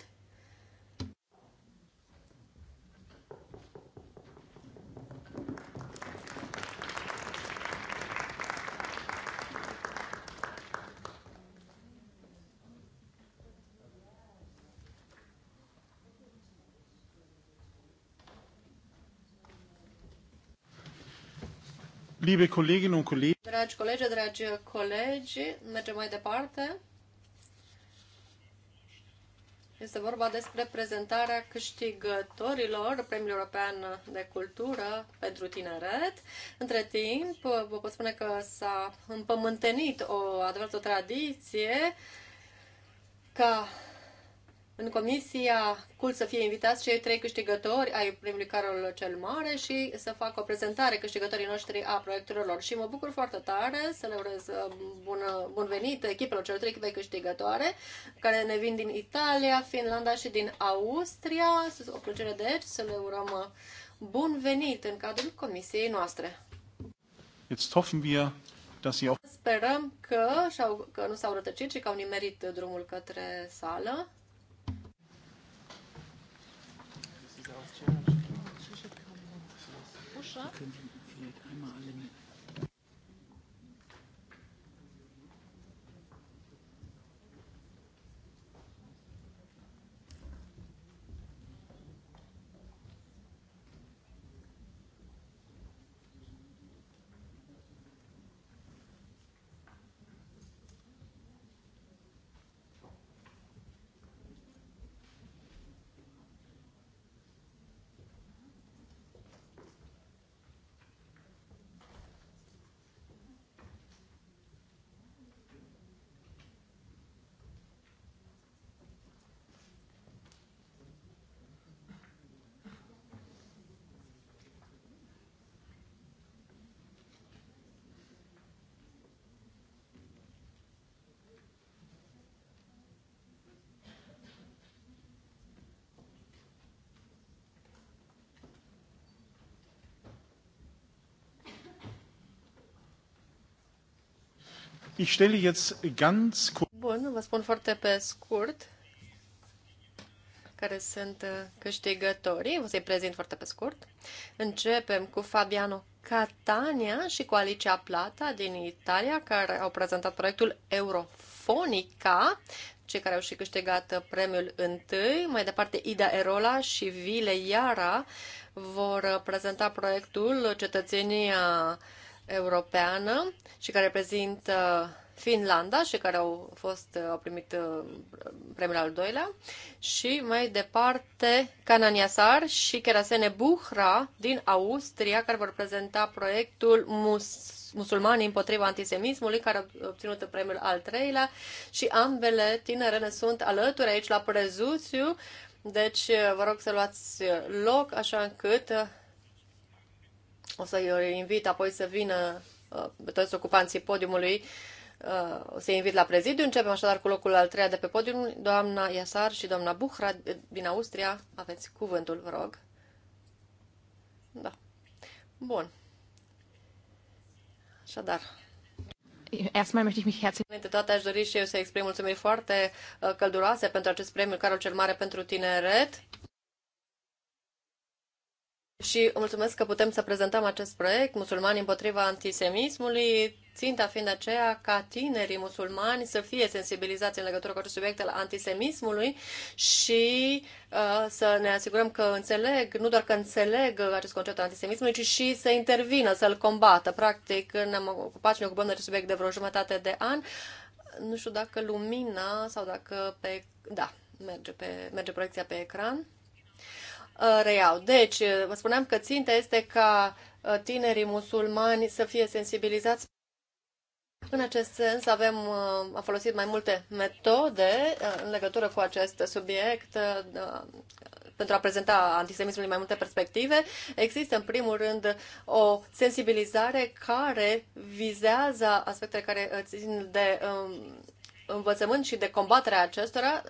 Liebe Kolleginnen und Kollegen. Dragi colegi, dragi colegi, mergem mai departe. Este vorba despre prezentarea câștigătorilor Premiului European de Cultură pentru Tineret. Între timp, vă pot spune că s-a împământenit o adevărată tradiție ca în comisia cult să fie invitați cei trei câștigători ai primului Carol cel Mare și să facă o prezentare câștigătorii noștri a proiectelor lor. Și mă bucur foarte tare să le urez uh, bună, bun venit echipelor celor trei câștigătoare care ne vin din Italia, Finlanda și din Austria. Sunt o plăcere aici deci, să le urăm uh, bun venit în cadrul comisiei noastre. Jetzt hoffen wir, dass Sie auch Sperăm că, că nu s-au rătăcit și că au nimerit drumul către sală. ça Ich stelle jetzt ganz kurz. Bun, vă spun foarte pe scurt care sunt uh, câștigătorii. Vă să-i prezint foarte pe scurt. Începem cu Fabiano Catania și cu Alicia Plata din Italia, care au prezentat proiectul Eurofonica, cei care au și câștigat uh, premiul întâi. Mai departe, Ida Erola și Vile Iara vor uh, prezenta proiectul Cetățenia europeană și care reprezintă Finlanda și care au fost au primit uh, premiul al doilea și mai departe Cananiasar și Kerasene Buhra din Austria care vor prezenta proiectul Mus musulmani împotriva antisemismului, care a obținut premiul al treilea și ambele tinere ne sunt alături aici la Prezuțiu, deci vă rog să luați loc așa încât o să-i invit apoi să vină uh, toți ocupanții podiumului uh, o să i invit la prezidiu. Începem așadar cu locul al treia de pe podium. Doamna Iasar și doamna Buhra uh, din Austria, aveți cuvântul, vă rog. Da. Bun. Așadar. Erstmal möchte ich mich herzlich... Înainte toate aș dori și eu să exprim mulțumiri foarte călduroase pentru acest premiu Carol cel Mare pentru tineret și mulțumesc că putem să prezentăm acest proiect, Musulmani împotriva antisemismului, ținta fiind aceea ca tinerii musulmani să fie sensibilizați în legătură cu acest subiect al antisemismului și uh, să ne asigurăm că înțeleg, nu doar că înțeleg acest concept al antisemismului, ci și să intervină, să-l combată. Practic, ne-am ocupat și ne ocupăm de acest subiect de vreo jumătate de an. Nu știu dacă lumina sau dacă pe... Da, merge, pe, merge proiecția pe ecran. Uh, reiau. Deci, uh, vă spuneam că ținta este ca uh, tinerii musulmani să fie sensibilizați. În acest sens avem, a folosit mai multe metode în legătură cu acest subiect pentru a prezenta antisemitismul din mai multe perspective. Există, în primul rând, o sensibilizare care vizează aspectele care țin de um, învățământ și de combaterea acestora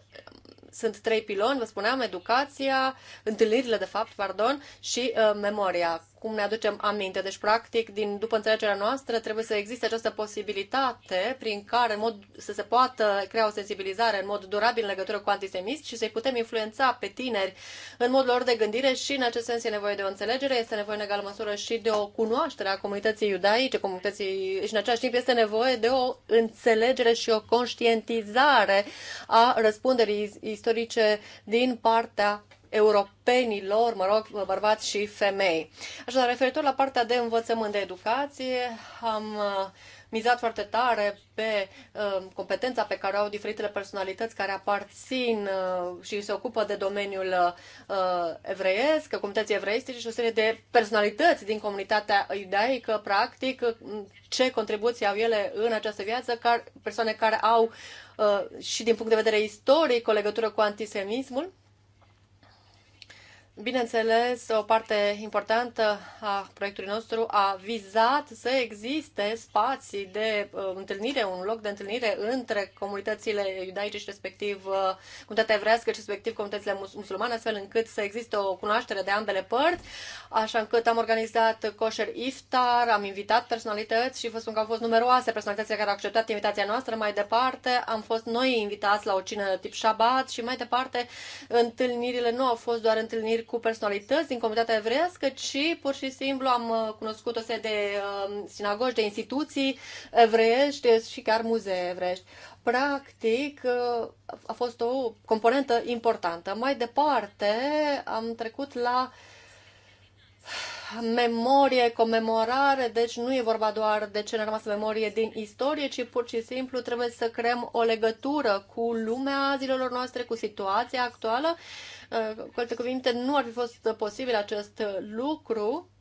sunt trei piloni, vă spuneam, educația, întâlnirile, de fapt, pardon, și uh, memoria cum ne aducem aminte. Deci, practic, din, după înțelegerea noastră, trebuie să existe această posibilitate prin care în mod, să se poată crea o sensibilizare în mod durabil în legătură cu antisemism și să-i putem influența pe tineri în modul lor de gândire și, în acest sens, e nevoie de o înțelegere, este nevoie, în egală măsură, și de o cunoaștere a comunității iudaice, comunității și, în același timp, este nevoie de o înțelegere și o conștientizare a răspunderii istorice din partea europenilor, mă rog, bărbați și femei. Așadar, referitor la partea de învățământ de educație, am uh, mizat foarte tare pe uh, competența pe care o au diferitele personalități care aparțin uh, și se ocupă de domeniul evreiesc, comunității evreiste și o serie de personalități din comunitatea iudaică, practic, ce contribuții au ele în această viață, persoane care au și din punct de vedere istoric o legătură cu antisemismul Bineînțeles, o parte importantă a proiectului nostru a vizat să existe spații de uh, întâlnire, un loc de întâlnire între comunitățile iudaice și respectiv uh, comunitatea evrească și respectiv comunitățile mus- musulmane, astfel încât să existe o cunoaștere de ambele părți, așa încât am organizat kosher iftar, am invitat personalități și vă spun că au fost numeroase personalitățile care au acceptat invitația noastră. Mai departe, am fost noi invitați la o cină tip Shabbat și mai departe, întâlnirile nu au fost doar întâlniri întâlniri cu personalități din comunitatea evrească, ci pur și simplu am uh, cunoscut o serie de um, sinagogi, de instituții evreiești și chiar muzee evreiești. Practic, uh, a fost o componentă importantă. Mai departe, am trecut la memorie, comemorare, deci nu e vorba doar de ce ne-a rămas memorie din istorie, ci pur și simplu trebuie să creăm o legătură cu lumea zilelor noastre, cu situația actuală. Cu alte cuvinte, nu ar fi fost posibil acest lucru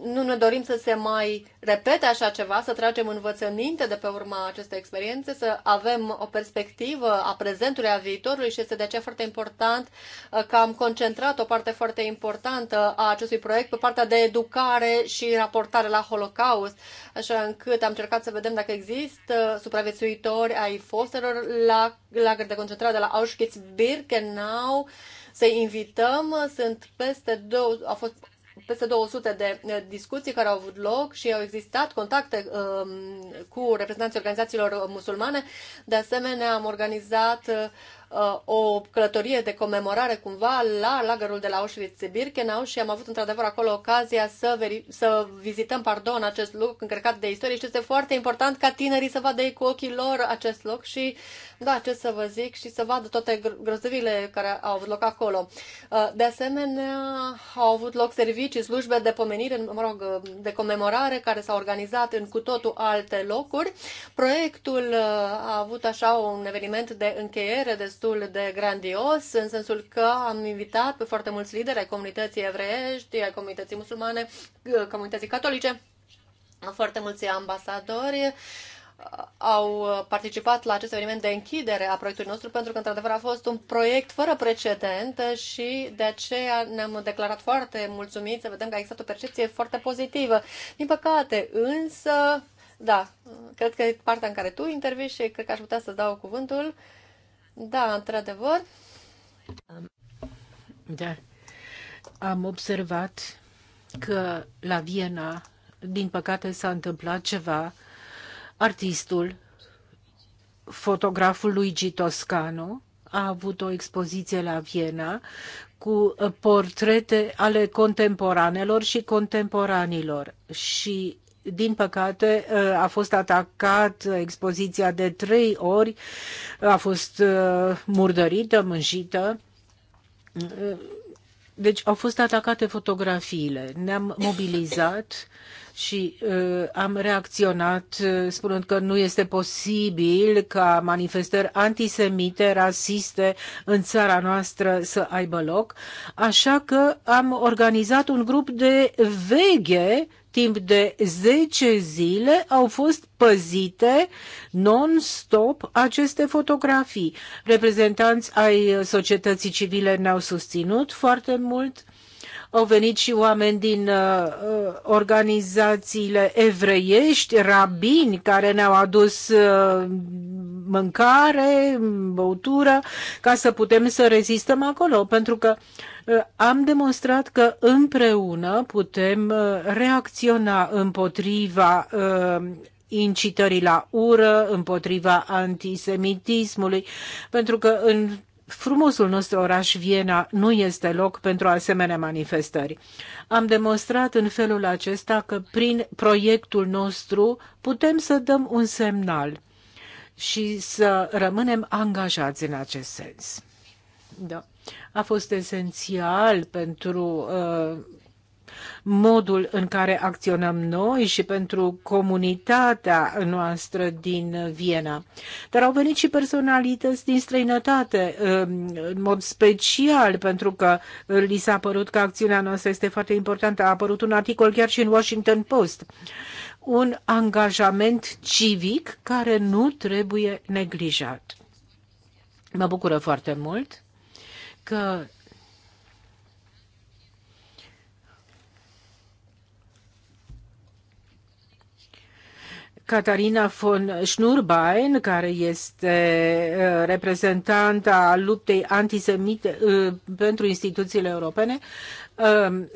nu ne dorim să se mai repete așa ceva, să tragem învățăminte de pe urma acestei experiențe, să avem o perspectivă a prezentului, a viitorului și este de aceea foarte important uh, că am concentrat o parte foarte importantă a acestui proiect pe partea de educare și raportare la Holocaust, așa încât am încercat să vedem dacă există supraviețuitori ai fostelor la lagări de concentrare de la Auschwitz-Birkenau, să invităm. Sunt peste, două, au fost peste 200 de eh, discuții care au avut loc și au existat contacte ehm, cu reprezentanții organizațiilor musulmane. De asemenea, am organizat eh, o călătorie de comemorare cumva la lagărul de la Auschwitz-Birkenau și am avut într-adevăr acolo ocazia să, veri, să vizităm pardon, acest loc încărcat de istorie și este foarte important ca tinerii să vadă ei cu ochii lor acest loc și da, ce să vă zic și să vadă toate grozăvile care au avut loc acolo. Uh, de asemenea, au avut loc servicii, slujbe de pomenire, mă rog, de comemorare care s-au organizat în cu totul alte locuri. Proiectul uh, a avut așa un eveniment de încheiere de destul de grandios, în sensul că am invitat pe foarte mulți lideri ai comunității evreiești, ai comunității musulmane, comunității catolice, foarte mulți ambasadori uh, au participat la acest eveniment de închidere a proiectului nostru pentru că, într-adevăr, a fost un proiect fără precedent și de aceea ne-am declarat foarte mulțumiți să vedem că a existat o percepție foarte pozitivă. Din păcate, însă, da, cred că e partea în care tu intervii și cred că aș putea să dau cuvântul. Uh, da, într-adevăr. Da. Am observat că la Viena, din păcate, s-a întâmplat ceva. Artistul, fotograful Luigi Toscano, a avut o expoziție la Viena cu portrete ale contemporanelor și contemporanilor și din păcate, a fost atacat expoziția de trei ori, a fost uh, murdărită, mânjită. Deci au fost atacate fotografiile. Ne-am mobilizat și uh, am reacționat uh, spunând că nu este posibil ca manifestări antisemite, rasiste în țara noastră să aibă loc, așa că am organizat un grup de veghe timp de 10 zile au fost păzite non-stop aceste fotografii. Reprezentanți ai societății civile ne-au susținut foarte mult. Au venit și oameni din uh, uh organizațiile evreiești, rabini, care ne-au adus uh, mâncare, băutură, ca să putem să rezistăm acolo, pentru că uh, am demonstrat că împreună putem uh, reacționa împotriva uh, incitării la ură, împotriva antisemitismului, pentru că în frumosul nostru oraș Viena nu este loc pentru asemenea manifestări. Am demonstrat în felul acesta că prin proiectul nostru putem să dăm un semnal și să rămânem angajați în acest sens. Da. A fost esențial pentru uh, modul în care acționăm noi și pentru comunitatea noastră din Viena. Dar au venit și personalități din străinătate, um, în mod special pentru că li s-a părut că acțiunea noastră este foarte importantă. A apărut un articol chiar și în Washington Post un angajament civic care nu trebuie neglijat. Mă bucură foarte mult că Catarina von Schnurbein, care este uh, reprezentanta luptei antisemite uh, pentru instituțiile europene,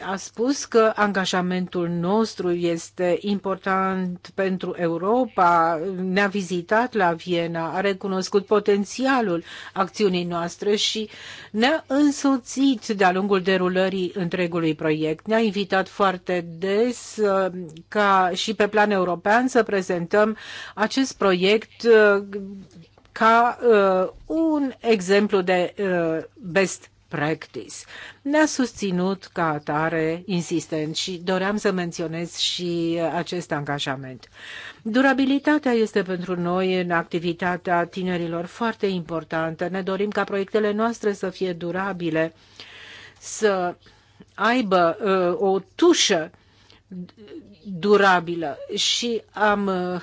a spus că angajamentul nostru este important pentru Europa, ne-a vizitat la Viena, a recunoscut potențialul acțiunii noastre și ne-a însoțit de-a lungul derulării întregului proiect. Ne-a invitat foarte des uh, ca și pe plan european să prezentăm acest proiect uh, ca uh, un exemplu de uh, best practice. Ne-a susținut ca atare insistent și doream să menționez și acest angajament. Durabilitatea este pentru noi în activitatea tinerilor foarte importantă. Ne dorim ca proiectele noastre să fie durabile, să aibă uh, o tușă durabilă și am uh,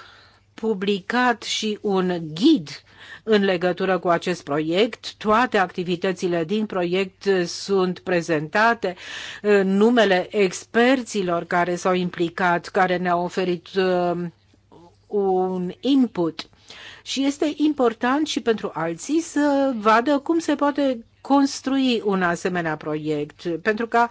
publicat și un ghid în legătură cu acest proiect. Toate activitățile din proiect sunt prezentate, numele experților care s-au implicat, care ne-au oferit uh, un input. Și este important și pentru alții să vadă cum se poate construi un asemenea proiect, pentru ca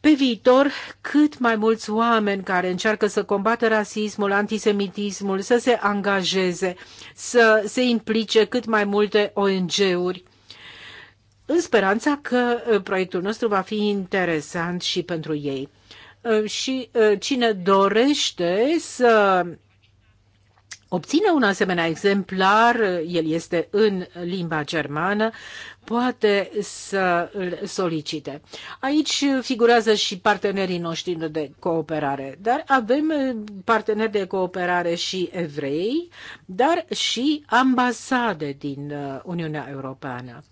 pe viitor cât mai mulți oameni care încearcă să combată rasismul, antisemitismul, să se angajeze, să se implice cât mai multe ONG-uri în speranța că uh, proiectul nostru va fi interesant și pentru ei. Uh, și uh, cine dorește să obține un asemenea exemplar, el este în limba germană, poate să îl solicite. Aici figurează și partenerii noștri de cooperare, dar avem eh, parteneri de cooperare și evrei, dar și ambasade din eh, Uniunea Europeană.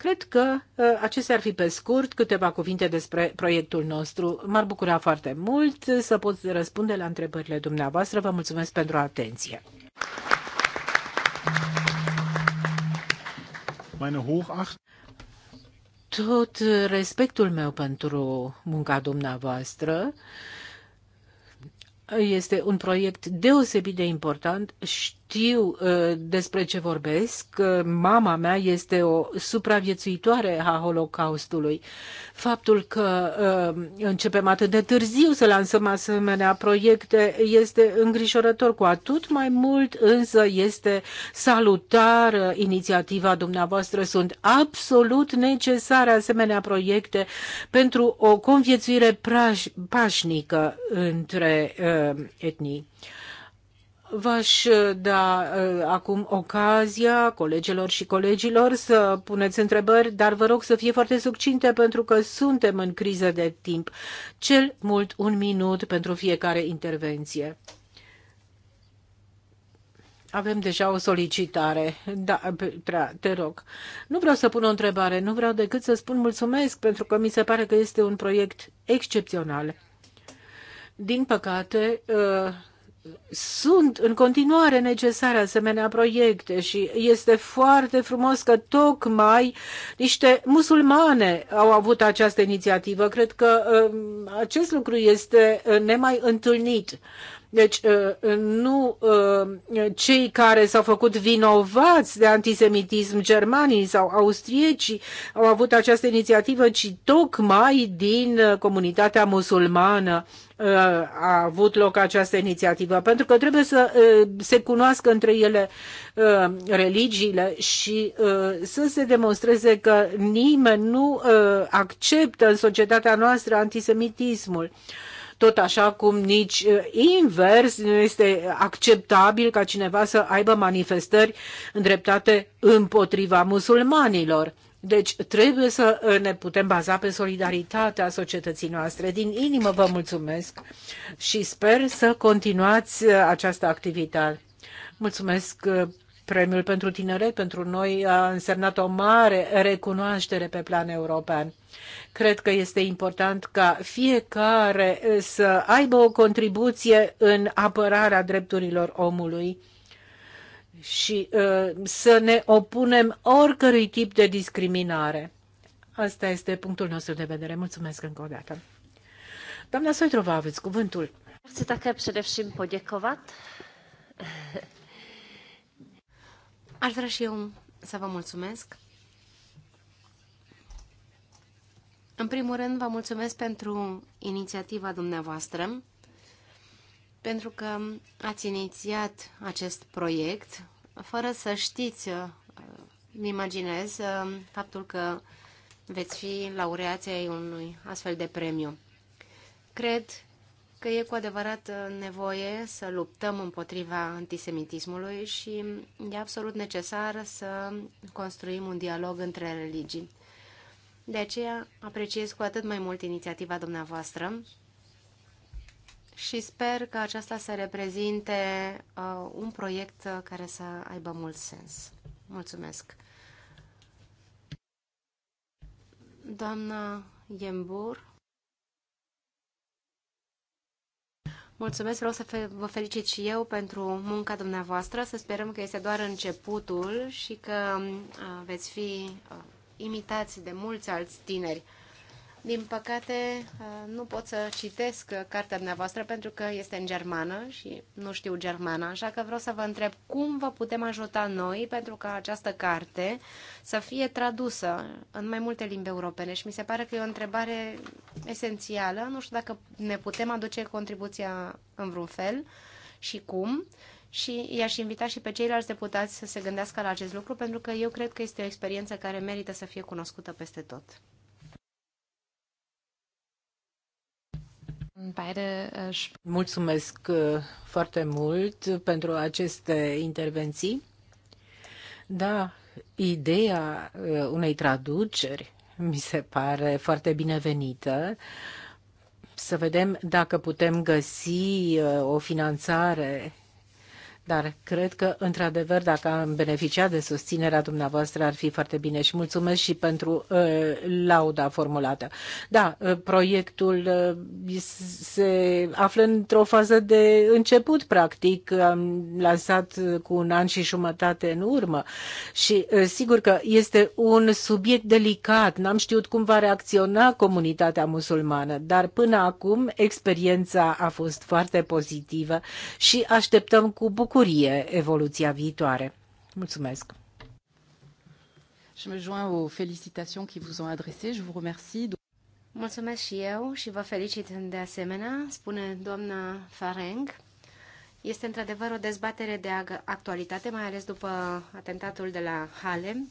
Cred că uh, acestea ar fi pe scurt câteva cuvinte despre proiectul nostru. M-ar bucura foarte mult uh, să pot răspunde la întrebările dumneavoastră. Vă mulțumesc pentru atenție. Meine Hochacht tot respectul meu pentru munca dumneavoastră. Este un proiect deosebit de important știu uh, despre ce vorbesc. Uh, mama mea este o supraviețuitoare a Holocaustului. Faptul că uh, începem atât de târziu să lansăm asemenea proiecte este îngrijorător cu atât mai mult, însă este salutar inițiativa dumneavoastră. Sunt absolut necesare asemenea proiecte pentru o conviețuire pașnică între etnii. V-aș uh, da uh, acum ocazia colegilor și colegilor să puneți întrebări, dar vă rog să fie foarte succinte pentru că suntem în criză de timp. Cel mult un minut pentru fiecare intervenție. Avem deja o solicitare. Da, te rog. Nu vreau să pun o întrebare, nu vreau decât să spun mulțumesc pentru că mi se pare că este un proiect excepțional. Din păcate, uh, sunt în continuare necesare asemenea proiecte și este foarte frumos că tocmai niște musulmane au avut această inițiativă. Cred că um, acest lucru este uh, nemai întâlnit. Deci uh, nu uh, cei care s-au făcut vinovați de antisemitism, germanii sau austriecii, au avut această inițiativă, ci tocmai din uh, comunitatea musulmană a avut loc această inițiativă, pentru că trebuie să se cunoască între ele religiile și să se demonstreze că nimeni nu acceptă în societatea noastră antisemitismul tot așa cum nici invers nu este acceptabil ca cineva să aibă manifestări îndreptate împotriva musulmanilor. Deci trebuie să ne putem baza pe solidaritatea societății noastre. Din inimă vă mulțumesc și sper să continuați această activitate. Mulțumesc Premiul pentru Tineret pentru noi a însemnat o mare recunoaștere pe plan european. Cred că este important ca fiecare să aibă o contribuție în apărarea drepturilor omului și uh, să ne opunem oricărui tip de discriminare. Asta este punctul nostru de vedere. Mulțumesc încă o dată. Doamna Soitrova, aveți cuvântul. Chcę také především poděkovat Aș vrea și eu să vă mulțumesc. În primul rând, vă mulțumesc pentru inițiativa dumneavoastră, pentru că ați inițiat acest proiect fără să știți, uh, îmi imaginez, uh, faptul că veți fi laureații unui astfel de premiu. Cred că e cu adevărat uh, nevoie să luptăm împotriva antisemitismului și e absolut necesar să construim un dialog între religii. De aceea apreciez cu atât mai mult inițiativa dumneavoastră și sper că aceasta să reprezinte uh, un proiect care să aibă mult sens. Mulțumesc! Doamna Iembur, Mulțumesc, vreau să vă felicit și eu pentru munca dumneavoastră, să sperăm că este doar începutul și că uh, veți fi uh, imitați de mulți alți tineri. Din păcate, uh, nu pot să citesc uh, cartea dumneavoastră pentru că este în germană și nu știu germana, așa că vreau să vă întreb cum vă putem ajuta noi pentru ca această carte să fie tradusă în mai multe limbi europene și mi se pare că e o întrebare esențială. Nu știu dacă ne putem aduce contribuția în vreun fel și cum și i-aș invita și pe ceilalți deputați să se gândească la acest lucru pentru că eu cred că este o experiență care merită să fie cunoscută peste tot. Uh, Mulțumesc uh, foarte mult pentru aceste intervenții. Da, ideea uh, unei traduceri mi se pare foarte binevenită. Să vedem dacă putem găsi o finanțare dar cred că, într-adevăr, dacă am beneficiat de susținerea dumneavoastră, ar fi foarte bine și mulțumesc și pentru uh, lauda formulată. Da, uh, proiectul uh, se află într-o fază de început, practic. Am lansat uh, cu un an și jumătate în urmă și uh, sigur că este un subiect delicat. N-am știut cum va reacționa comunitatea musulmană, dar până acum experiența a fost foarte pozitivă și așteptăm cu bucurie bucurie evoluția viitoare. Mulțumesc! Je me joins aux félicitations qui vous ont adressées. Je vous remercie. Mulțumesc și eu și vă felicit de asemenea, spune doamna Fareng. Este într-adevăr o dezbatere de actualitate, mai ales după atentatul de la Halem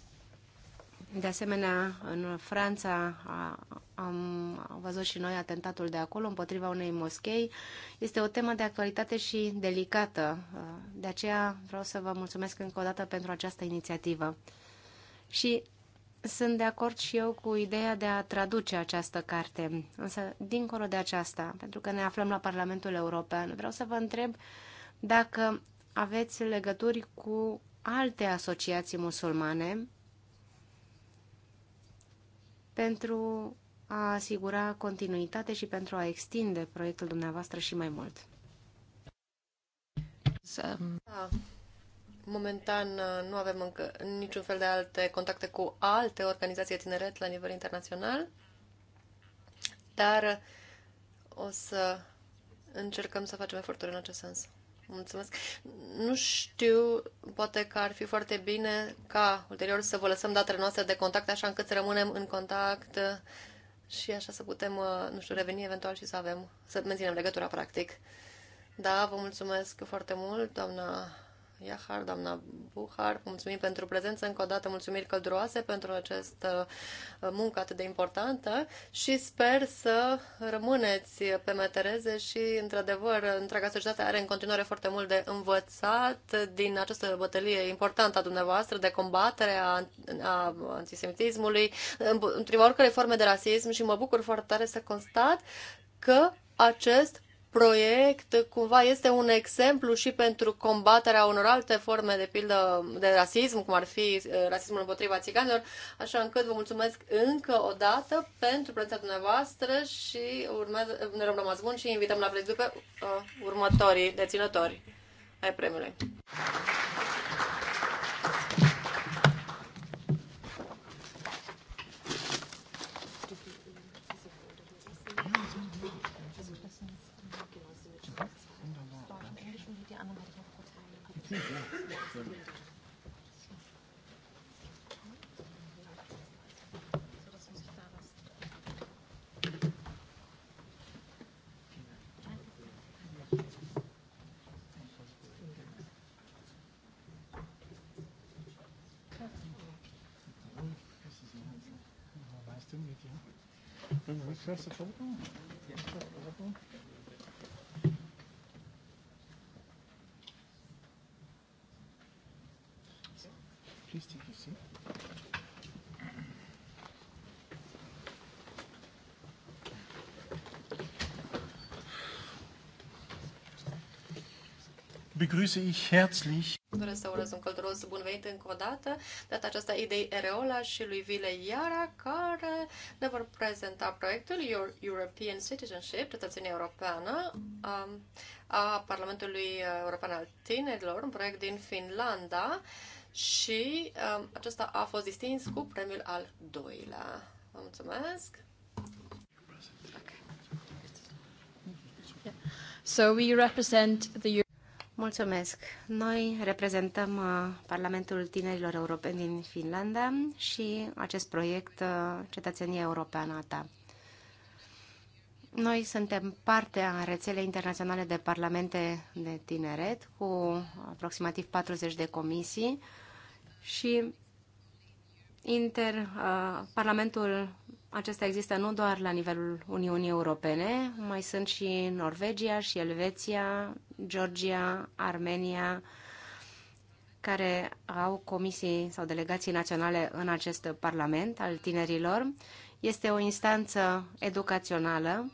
de asemenea, în Franța am văzut și noi atentatul de acolo împotriva unei moschei. Este o temă de actualitate și delicată. De aceea vreau să vă mulțumesc încă o dată pentru această inițiativă. Și sunt de acord și eu cu ideea de a traduce această carte. Însă, dincolo de aceasta, pentru că ne aflăm la Parlamentul European, vreau să vă întreb dacă aveți legături cu alte asociații musulmane pentru a asigura continuitate și pentru a extinde proiectul dumneavoastră și mai mult? Da. Momentan uh, nu avem încă niciun fel de alte contacte cu alte organizații de tineret la nivel internațional, dar o să încercăm să facem eforturi în acest sens. Mulțumesc. Nu știu, poate că ar fi foarte bine ca ulterior să vă lăsăm datele noastre de contact, așa încât să rămânem în contact și așa să putem, uh, nu știu, reveni eventual și să avem, să menținem legătura practic. Da, vă mulțumesc foarte mult, doamna Iahar, doamna Buhar, mulțumim pentru prezență, încă o dată mulțumiri călduroase pentru această uh, muncă atât de importantă și sper să rămâneți pe metereze și, într-adevăr, întreaga societate are în continuare foarte mult de învățat din această bătălie importantă a dumneavoastră de combatere a, a antisemitismului, împotriva oricărei forme de rasism și mă bucur foarte tare să constat că acest proiect cumva este un exemplu și pentru combaterea unor alte forme, de pildă, de rasism, cum ar fi eh, rasismul împotriva țiganilor, așa încât vă mulțumesc încă o dată pentru prezența dumneavoastră și urmează, ne rămas bun și invităm la prezidiu pe uh, următorii deținători ai premiului. Vamos ver se essa foto. Essa foto. begrüße ich herzlich. Doresc să urez un călduros bun venit încă o dată, data aceasta idei Ereola și lui Vile Iara, care ne vor prezenta proiectul Your European Citizenship, cetățenie europeană, um, a Parlamentului European al Tinerilor, un proiect din Finlanda și um, acesta a fost distins cu premiul al doilea. Vă mulțumesc! So we represent the Mulțumesc. Noi reprezentăm uh, Parlamentul Tinerilor Europeni din Finlanda și acest proiect uh, Cetățenia Europeană a ta. Noi suntem parte a rețelei internaționale de parlamente de tineret cu aproximativ 40 de comisii și inter, uh, Parlamentul acesta există nu doar la nivelul Uniunii Europene, mai sunt și Norvegia și Elveția, Georgia, Armenia, care au comisii sau delegații naționale în acest Parlament al tinerilor. Este o instanță educațională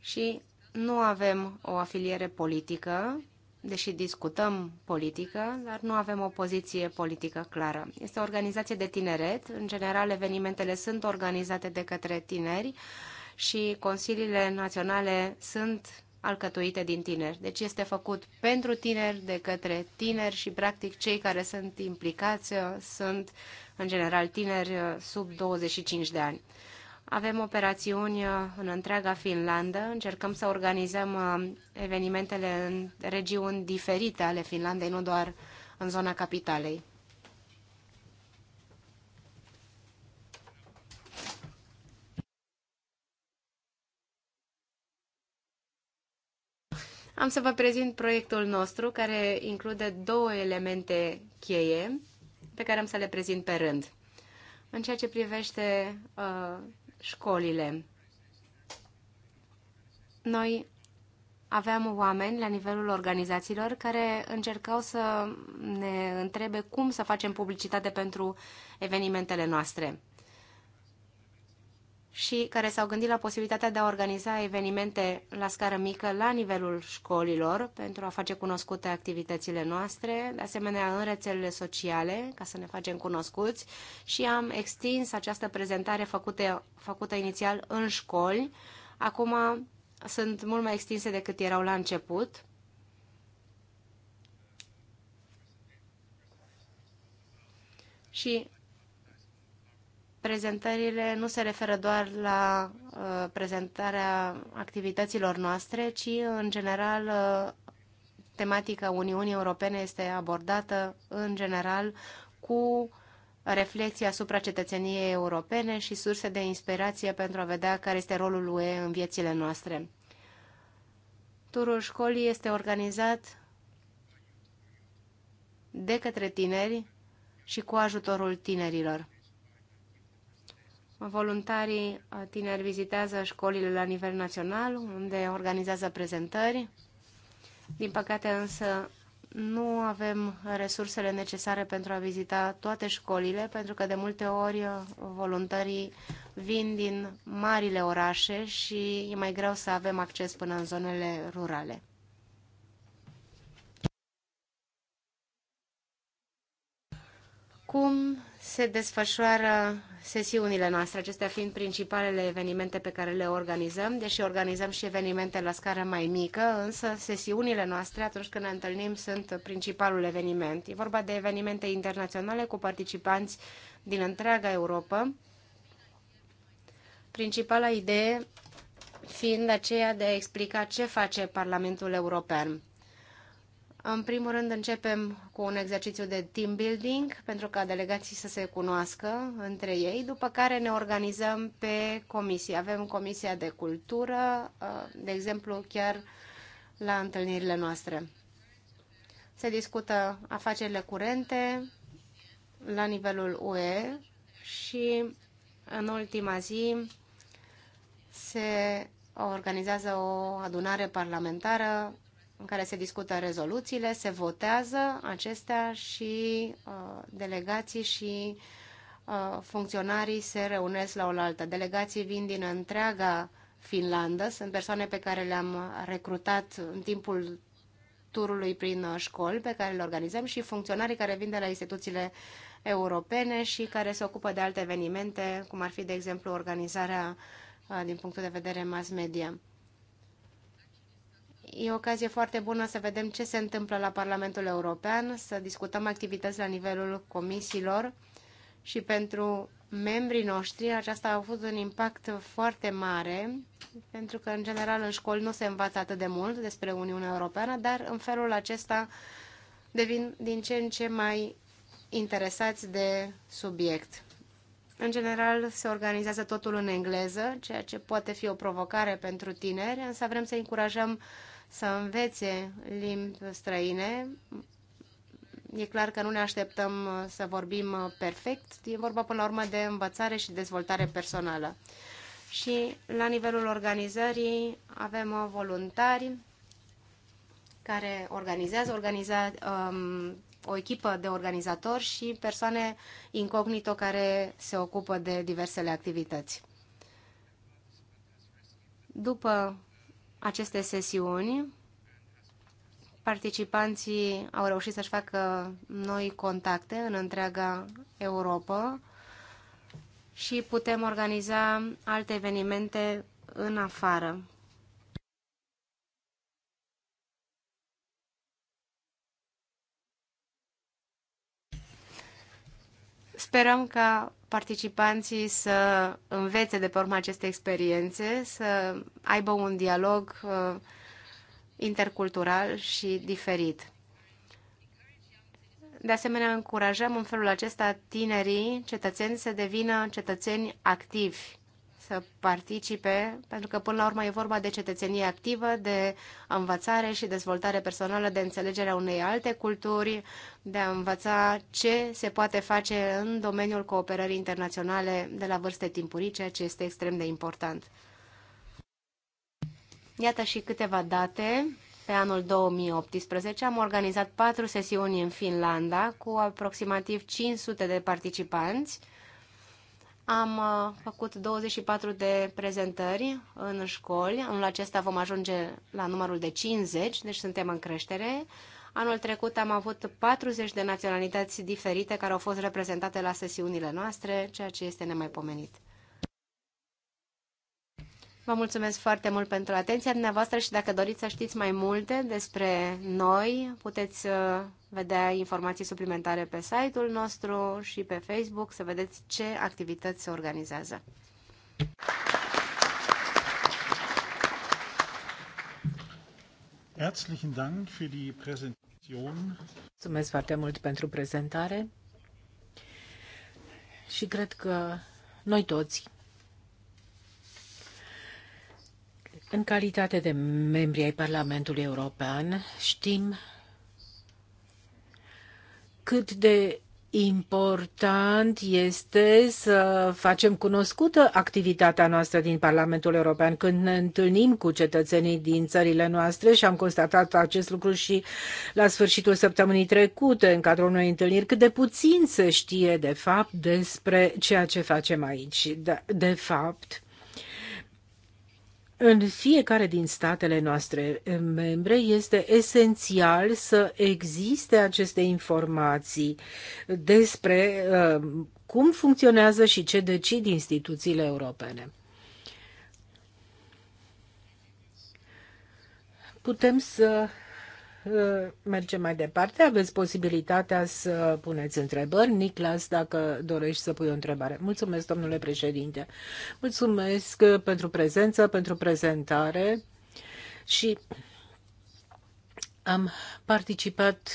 și nu avem o afiliere politică, deși discutăm politică, dar nu avem o poziție politică clară. Este o organizație de tineret. În general, evenimentele sunt organizate de către tineri și consiliile naționale sunt alcătuite din tineri. Deci este făcut pentru tineri, de către tineri și, practic, cei care sunt implicați sunt, în general, tineri sub 25 de ani. Avem operațiuni uh, în întreaga Finlandă, încercăm să organizăm uh, evenimentele în regiuni diferite ale Finlandei, nu doar în zona capitalei. Am să vă prezint proiectul nostru, care include două elemente cheie, pe care am să le prezint pe rând. În ceea ce privește uh, școlile. Noi aveam oameni la nivelul organizațiilor care încercau să ne întrebe cum să facem publicitate pentru evenimentele noastre și care s-au gândit la posibilitatea de a organiza evenimente la scară mică la nivelul școlilor pentru a face cunoscute activitățile noastre, de asemenea în rețelele sociale, ca să ne facem cunoscuți și am extins această prezentare făcută, făcută inițial în școli. Acum sunt mult mai extinse decât erau la început. Și prezentările nu se referă doar la uh, prezentarea activităților noastre, ci în general uh, tematica Uniunii Europene este abordată în general cu reflexia asupra cetățeniei europene și surse de inspirație pentru a vedea care este rolul UE în viețile noastre. Turul școlii este organizat de către tineri și cu ajutorul tinerilor. Voluntarii uh, tineri vizitează școlile la nivel național, unde organizează prezentări. Din păcate însă nu avem resursele necesare pentru a vizita toate școlile, pentru că de multe ori uh, voluntarii vin din marile orașe și e mai greu să avem acces până în zonele rurale. Cum se desfășoară sesiunile noastre, acestea fiind principalele evenimente pe care le organizăm, deși organizăm și evenimente la scară mai mică, însă sesiunile noastre, atunci când ne întâlnim, sunt principalul eveniment. E vorba de evenimente internaționale cu participanți din întreaga Europa. Principala idee fiind aceea de a explica ce face Parlamentul European. În primul rând începem cu un exercițiu de team building pentru ca delegații să se cunoască între ei, după care ne organizăm pe comisii. Avem comisia de cultură, uh, de exemplu, chiar la întâlnirile noastre. Se discută afacerile curente la nivelul UE și în ultima zi se organizează o adunare parlamentară în care se discută rezoluțiile, se votează acestea și uh, delegații și uh, funcționarii se reunesc la oaltă. Delegații vin din întreaga Finlandă, sunt persoane pe care le-am recrutat în timpul turului prin uh, școli pe care le organizăm și funcționarii care vin de la instituțiile europene și care se ocupă de alte evenimente, cum ar fi, de exemplu, organizarea uh, din punctul de vedere mass media. E o ocazie foarte bună să vedem ce se întâmplă la Parlamentul European, să discutăm activități la nivelul comisiilor și pentru membrii noștri aceasta a avut un impact foarte mare, pentru că, în general, în școli nu se învață atât de mult despre Uniunea Europeană, dar în felul acesta devin din ce în ce mai interesați de subiect. În general, se organizează totul în engleză, ceea ce poate fi o provocare pentru tineri, însă vrem să încurajăm uh, să învețe limbi străine. E clar că nu ne așteptăm uh, să vorbim uh, perfect, e vorba până la urmă de învățare și dezvoltare personală. Și la nivelul organizării avem uh, voluntari care organizează organiza, um, o echipă de organizatori și persoane incognito care se ocupă de diversele activități. După aceste sesiuni, participanții au reușit să-și facă noi contacte în întreaga Europa și putem organiza alte evenimente în afară. Sperăm ca participanții să învețe de pe urma aceste experiențe, să aibă un dialog uh, intercultural și diferit. De asemenea, încurajăm în felul acesta tinerii cetățeni să devină cetățeni activi să participe, pentru că până la urmă e vorba de cetățenie activă, de învățare și dezvoltare personală, de înțelegerea unei alte culturi, de a învăța ce se poate face în domeniul cooperării internaționale de la vârste timpurii, ceea ce este extrem de important. Iată și câteva date. Pe anul 2018 am organizat patru sesiuni în Finlanda cu aproximativ 500 de participanți am uh, făcut 24 de prezentări în școli. Anul acesta vom ajunge la numărul de 50, deci suntem în creștere. Anul trecut am avut 40 de naționalități diferite care au fost reprezentate la sesiunile noastre, ceea ce este nemaipomenit. Vă mulțumesc foarte mult pentru atenția dumneavoastră și dacă doriți să știți mai multe despre noi, puteți uh, vedea informații suplimentare pe site-ul nostru și pe Facebook să vedeți ce activități se organizează. Herzlichen Dank für die Präsentation. Mulțumesc foarte mult pentru prezentare și cred că noi toți În calitate de membri ai Parlamentului European, știm cât de important este să facem cunoscută activitatea noastră din Parlamentul European când ne întâlnim cu cetățenii din țările noastre și am constatat acest lucru și la sfârșitul săptămânii trecute în cadrul unei întâlniri cât de puțin se știe de fapt despre ceea ce facem aici. De, de fapt, în fiecare din statele noastre eh, membre este esențial să existe aceste informații despre eh, cum funcționează și ce decid instituțiile europene. Putem să Eh, mergem mai departe. Aveți posibilitatea să puneți întrebări. Niclas, dacă dorești să pui o întrebare. Mulțumesc, domnule președinte. Mulțumesc eh, pentru prezență, pentru prezentare și am participat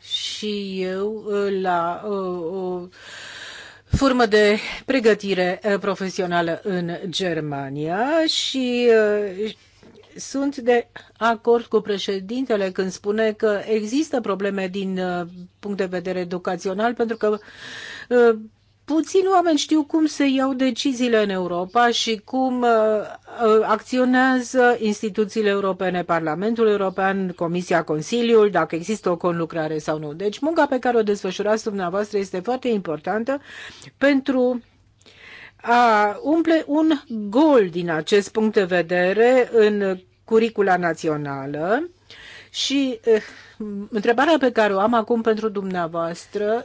și eu eh, la o formă de pregătire profesională în Germania și sunt de acord cu președintele când spune că există probleme din uh, punct de vedere educațional, pentru că uh, puțini oameni știu cum se iau deciziile în Europa și cum uh, acționează instituțiile europene, Parlamentul European, Comisia, Consiliul, dacă există o conlucrare sau nu. Deci munca pe care o desfășurați dumneavoastră este foarte importantă pentru a umple un gol din acest punct de vedere în curicula națională și eh, întrebarea pe care o am acum pentru dumneavoastră,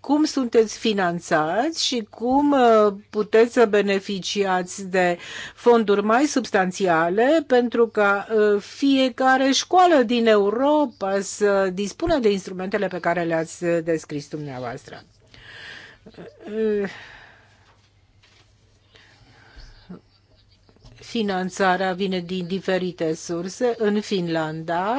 cum sunteți finanțați și cum eh, puteți să beneficiați de fonduri mai substanțiale pentru ca eh, fiecare școală din Europa să dispună de instrumentele pe care le-ați descris dumneavoastră? Finanțarea vine din diferite surse. În Finlanda,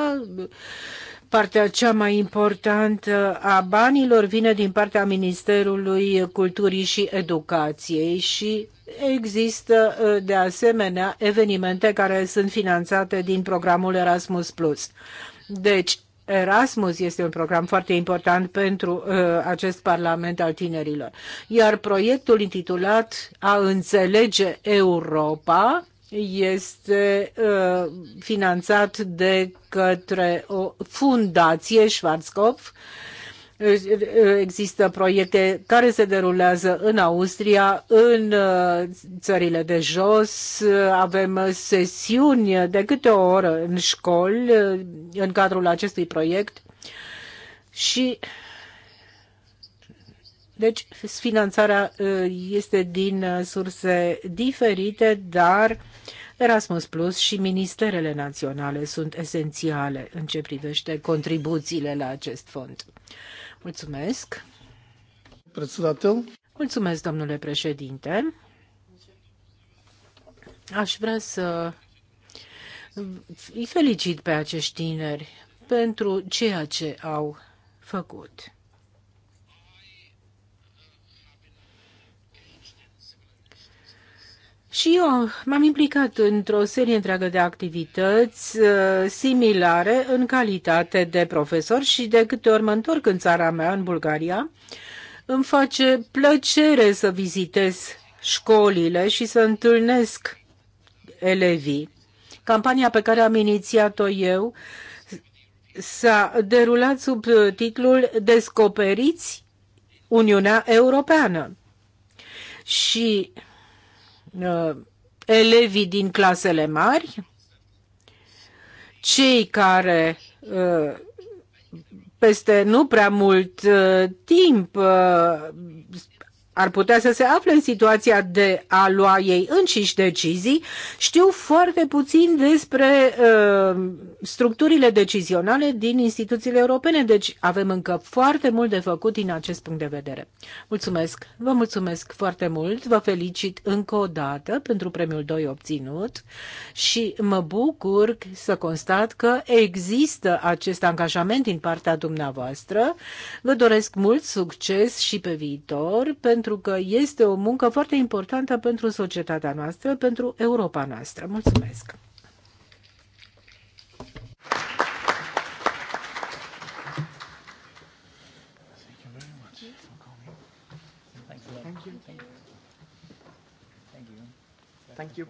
partea cea mai importantă a banilor vine din partea Ministerului Culturii și Educației și există uh, de asemenea evenimente care sunt finanțate din programul Erasmus+. Deci, Erasmus este un program foarte important pentru uh, acest Parlament al tinerilor. Iar proiectul intitulat A înțelege Europa este uh, finanțat de către o fundație Schwarzkopf. Uh, există proiecte care se derulează în Austria, în uh, țările de jos. Uh, avem sesiuni de câte o oră în școli în cadrul acestui proiect și deci, finanțarea uh, este din uh, surse diferite, dar Erasmus Plus și ministerele naționale sunt esențiale în ce privește contribuțiile la acest fond. Mulțumesc! Prețudatel. Mulțumesc, domnule președinte! Aș vrea să îi felicit pe acești tineri pentru ceea ce au făcut. Și eu m-am implicat într-o serie întreagă de activități uh, similare în calitate de profesor și de câte ori mă întorc în țara mea, în Bulgaria, îmi face plăcere să vizitez școlile și să întâlnesc elevii. Campania pe care am inițiat-o eu s-a derulat sub titlul Descoperiți Uniunea Europeană. Și Uh, elevii din clasele mari, cei care uh, peste nu prea mult uh, timp ar putea să se afle în situația de a lua ei înșiși decizii, știu foarte puțin despre uh, structurile decizionale din instituțiile europene, deci avem încă foarte mult de făcut din acest punct de vedere. Mulțumesc, vă mulțumesc foarte mult, vă felicit încă o dată pentru premiul 2 obținut și mă bucur să constat că există acest angajament din partea dumneavoastră. Vă doresc mult succes și pe viitor pentru pentru că este o muncă foarte importantă pentru societatea noastră, pentru Europa noastră. Mulțumesc! Thank you. Thank you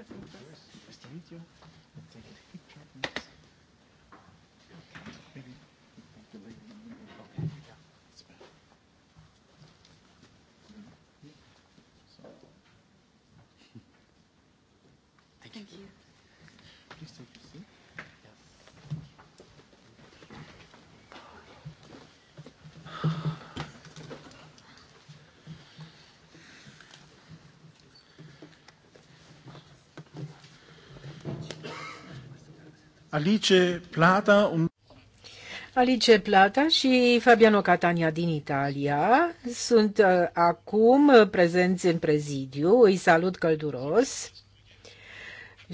the photos. Nice to meet you. I'll take a picture of this. Okay. Maybe. Thank you. Alice Plata un... Alice Plata și Fabiano Catania din Italia sunt uh, acum uh, prezenți în prezidiu. Îi salut călduros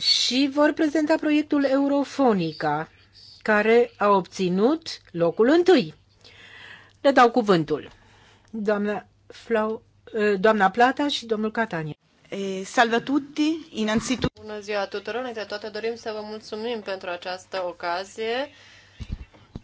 și vor prezenta proiectul Eurofonica, care a obținut locul întâi. Le dau cuvântul. Doamna, Flau, uh, doamna Plata și domnul Catania. E, tutti, innanzitutto. Bună ziua tuturor, înainte de toate dorim să vă mulțumim pentru această ocazie.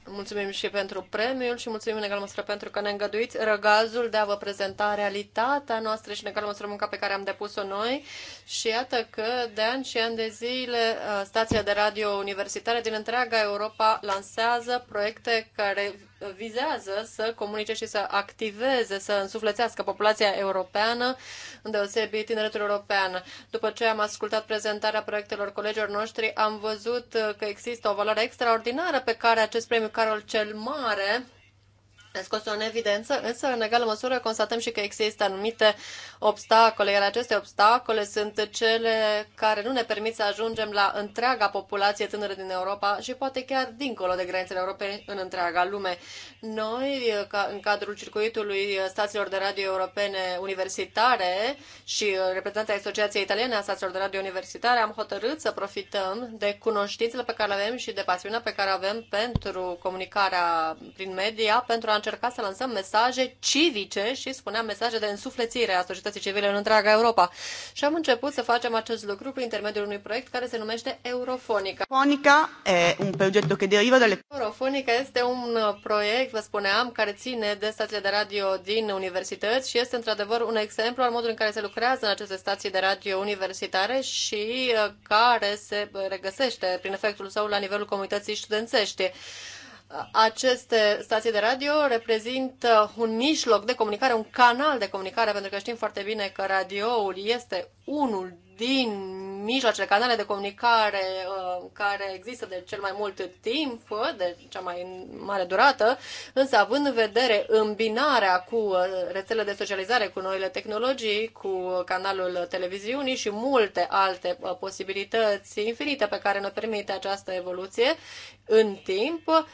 Mulțumim și pentru premiul și mulțumim în egală măsură pentru că ne îngăduiți răgazul de a vă prezenta realitatea noastră și în egală măsură munca pe care am depus-o noi. Și iată că de ani și ani de zile uh, stația de radio universitară din întreaga Europa lansează proiecte care vizează să comunice și să activeze, să însuflețească populația europeană, îndeosebi tineretul european. După ce am ascultat prezentarea proiectelor colegilor noștri, am văzut că există o valoare extraordinară pe care acest premiu Carol cel Mare scos-o în evidență, însă în egală măsură constatăm și că există anumite obstacole, iar aceste obstacole sunt cele care nu ne permit să ajungem la întreaga populație tânără din Europa și poate chiar dincolo de granițele europene în întreaga lume. Noi, ca în cadrul circuitului stațiilor de radio europene universitare și reprezentanții Asociației Italiene a Stațiilor de Radio Universitare, am hotărât să profităm de cunoștințele pe care le avem și de pasiunea pe care avem pentru comunicarea prin media, pentru a încercat să lansăm mesaje civice și spuneam mesaje de însuflețire a societății civile în întreaga Europa. Și am început să facem acest lucru prin intermediul unui proiect care se numește Eurofonica. Eurofonica e un proiect care derivă de... Eurofonica este un proiect, vă spuneam, care ține de stațiile de radio din universități și este într-adevăr un exemplu al modului în care se lucrează în aceste stații de radio universitare și uh, care se regăsește prin efectul său la nivelul comunității studențești aceste stații de radio reprezintă un mijloc de comunicare, un canal de comunicare, pentru că știm foarte bine că radioul este unul din mijloacele, canale de comunicare uh, care există de cel mai mult timp, de cea mai mare durată, însă având în vedere îmbinarea cu uh, rețelele de socializare, cu noile tehnologii, cu canalul televiziunii și multe alte uh, posibilități infinite pe care ne permite această evoluție în timp, uh,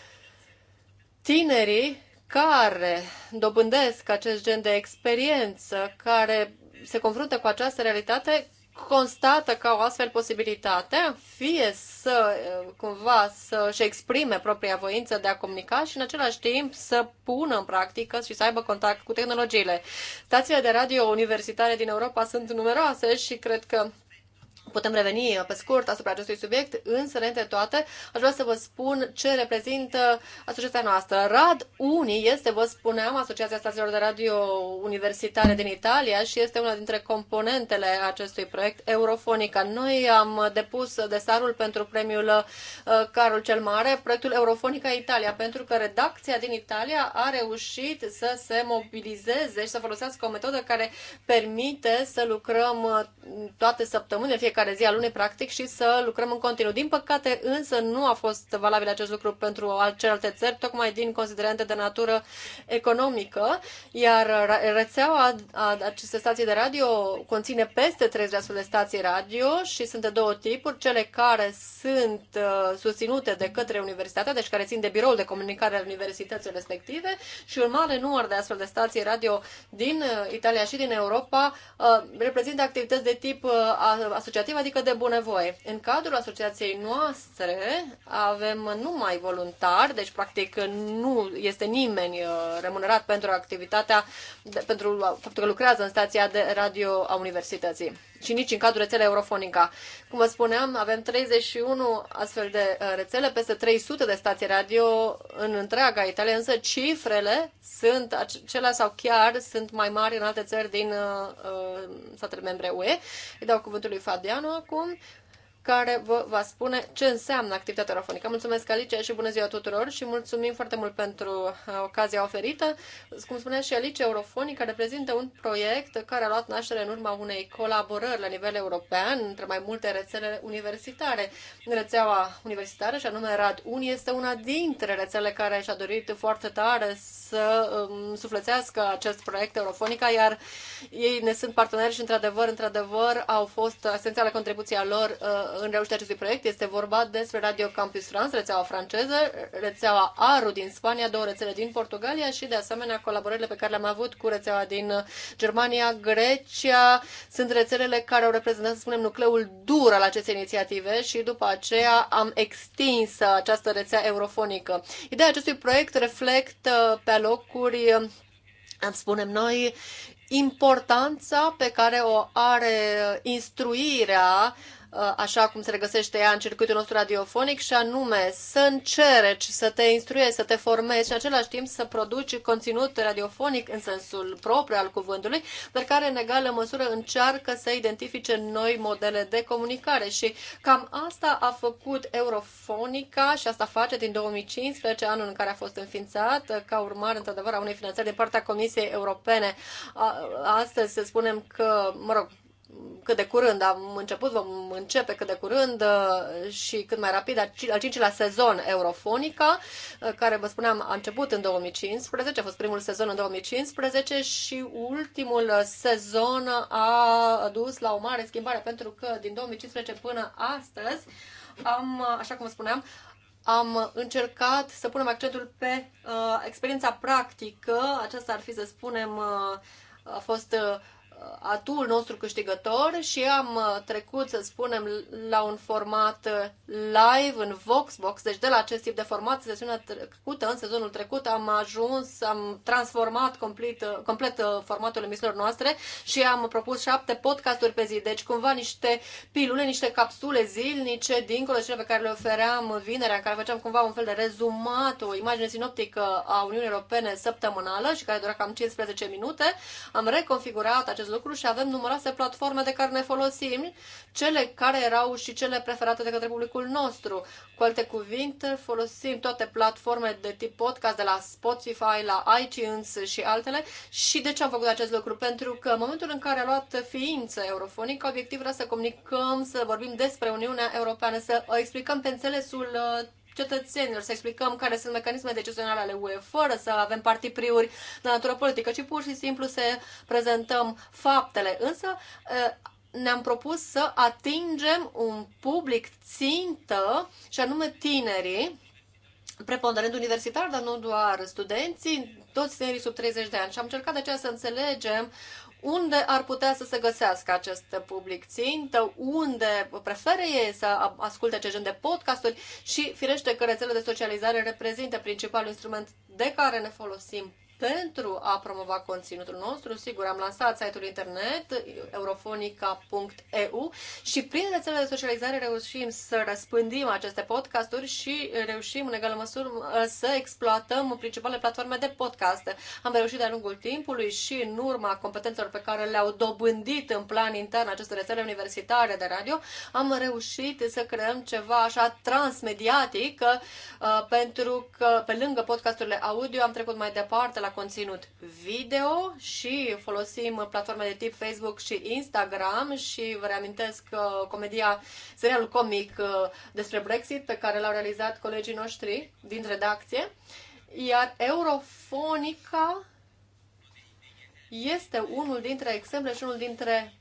tinerii care dobândesc acest gen de experiență, care se confruntă cu această realitate, constată că o astfel posibilitate, fie să uh, cumva să-și exprime propria voință de a comunica și în același timp să pună în practică și să aibă contact cu tehnologiile. Stațiile de radio universitare din Europa sunt numeroase și cred că Putem reveni uh, pe scurt asupra acestui subiect, însă, înainte toate, aș vrea să vă spun ce reprezintă asociația noastră. Rad Uni este, vă spuneam, Asociația Stațiilor de Radio Universitare din Italia și este una dintre componentele acestui proiect Eurofonica. Noi am depus desarul pentru premiul uh, Carol cel Mare, proiectul Eurofonica Italia, pentru că redacția din Italia a reușit să se mobilizeze și să folosească o metodă care permite să lucrăm uh, toate săptămânile, fiecare fiecare zi a lunii, practic, și să lucrăm în continuu. Din păcate, însă, nu a fost valabil acest lucru pentru celelalte țări, tocmai din considerente de natură economică, iar rețeaua a acestei stații de radio conține peste 30 de stații radio și sunt de două tipuri, cele care sunt uh, susținute de către universitatea, deci care țin de biroul de comunicare al universității respective și un mare număr de astfel de stații radio din uh, Italia și din Europa uh, reprezintă activități de tip asociativ inițiativă, adică de bunăvoie. În cadrul asociației noastre avem numai voluntari, deci practic nu este nimeni uh, remunerat pentru activitatea, pentru faptul că lucrează în stația de radio a universității și nici în cadrul rețelei Eurofonica. Cum vă spuneam, avem 31 astfel de uh, rețele, peste 300 de stații radio în întreaga Italia, însă cifrele sunt acelea sau chiar sunt mai mari în alte țări din uh, uh statele membre UE. Îi dau cuvântul lui Fabiano acum care vă va spune ce înseamnă activitatea radiofonică. Mulțumesc, Alice, și bună ziua tuturor și mulțumim foarte mult pentru uh, ocazia oferită. Cum spunea și Alice, Eurofonica reprezintă un proiect care a luat naștere în urma unei colaborări la nivel european între mai multe rețele universitare. Rețeaua universitară, și anume Uni, este una dintre rețele care și-a dorit foarte tare să um, sufletească acest proiect Eurofonica, iar ei ne sunt parteneri și, într-adevăr, într-adevăr, au fost esențială contribuția lor uh, în reușita acestui proiect. Este vorba despre Radio Campus France, rețeaua franceză, rețeaua ARU din Spania, două rețele din Portugalia și, de asemenea, colaborările pe care le-am avut cu rețeaua din uh, Germania, Grecia. Sunt rețelele care au reprezentat, să spunem, nucleul dur al acestei inițiative și după aceea am extins această rețea eurofonică. Ideea acestui proiect reflectă pe locuri am spunem noi, importanța pe care o are instruirea Uh, așa cum se regăsește ea în circuitul nostru radiofonic și anume să încerci să te instruiești, să te formezi și în același timp să produci conținut radiofonic în sensul propriu al cuvântului, dar care în egală măsură încearcă să identifice noi modele de comunicare și cam asta a făcut Eurofonica și asta face din 2015, anul în care a fost înființat, uh, ca urmare într-adevăr a unei finanțări din partea Comisiei Europene. Astăzi să spunem că, mă rog, cât de curând am început, vom începe cât de curând uh, și cât mai rapid al cincilea sezon Eurofonica, uh, care, vă spuneam, a început în 2015, a fost primul sezon în 2015 și ultimul sezon a dus la o mare schimbare, pentru că din 2015 până astăzi am, uh, așa cum spuneam, am încercat să punem accentul pe uh, experiența practică, aceasta ar fi, să spunem, uh, a fost uh, atul nostru câștigător și am uh, trecut, să spunem, la un format uh, live în Voxbox. Deci de la acest tip de format, sesiunea trecută, în sezonul trecut, am ajuns, am transformat uh, complet, complet formatul emisiilor noastre și am propus șapte podcasturi pe zi. Deci cumva niște pilule, niște capsule zilnice, dincolo de cele pe care le ofeream vinerea, în care făceam cumva un fel de rezumat, o imagine sinoptică a Uniunii Europene săptămânală și care dura cam 15 minute. Am reconfigurat acest acest lucru și avem numeroase platforme de care ne folosim, cele care erau și cele preferate de către publicul nostru. Cu alte cuvinte, folosim toate platformele de tip podcast, de la Spotify, la iTunes și altele. Și de ce am făcut acest lucru? Pentru că în momentul în care a luat ființă eurofonică, obiectivul era să comunicăm, să vorbim despre Uniunea Europeană, să explicăm pe înțelesul cetățenilor, să explicăm care sunt mecanismele decizionale ale UE, fără să avem partipriuri de natură politică, ci pur și simplu să prezentăm faptele. Însă eh, ne-am propus să atingem un public țintă, și anume tinerii, preponderent universitar, dar nu doar studenții, toți tinerii sub 30 de ani. Și am încercat de aceea să înțelegem unde ar putea să se găsească acest public țintă, unde preferă ei să asculte acest gen de podcasturi și firește că rețelele de socializare reprezintă principalul instrument de care ne folosim pentru a promova conținutul nostru, sigur, am lansat site-ul internet eurofonica.eu și prin rețelele de socializare reușim să răspândim aceste podcasturi și reușim în egală măsură să exploatăm principalele platforme de podcast. Am reușit de-a lungul timpului și în urma competențelor pe care le-au dobândit în plan intern aceste rețele universitare de radio, am reușit să creăm ceva așa transmediatic uh, pentru că pe lângă podcasturile audio am trecut mai departe la la conținut video și folosim platforme de tip Facebook și Instagram și vă reamintesc uh, comedia, serialul comic uh, despre Brexit pe care l-au realizat colegii noștri din redacție. Iar Eurofonica este unul dintre exemple și unul dintre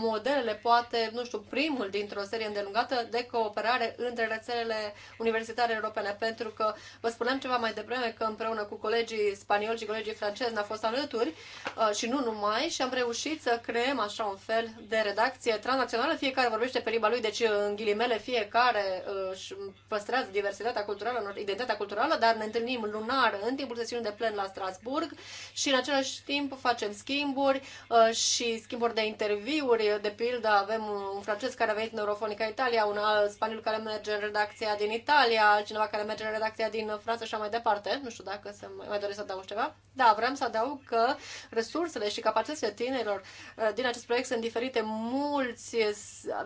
modelele, poate, nu știu, primul dintr-o serie îndelungată de cooperare între rețelele universitare europene, pentru că vă spuneam ceva mai devreme că împreună cu colegii spanioli și colegii francezi ne-a fost alături uh, și nu numai și am reușit să creăm așa un fel de redacție transnațională, fiecare vorbește pe limba lui, deci uh, în ghilimele fiecare uh, își păstrează diversitatea culturală, identitatea culturală, dar ne întâlnim lunar în timpul sesiunii de plen la Strasburg și în același timp face facem schimburi uh, și schimburi de interviuri. De pildă, avem un francez care a venit în Eurofonica Italia, un alt spaniol care merge în redacția din Italia, cineva care merge în redacția din Franța și mai departe. Nu știu dacă se mai doresc să adaug ceva. Da, vreau să adaug că resursele și capacitățile tinerilor uh, din acest proiect sunt diferite. Mulți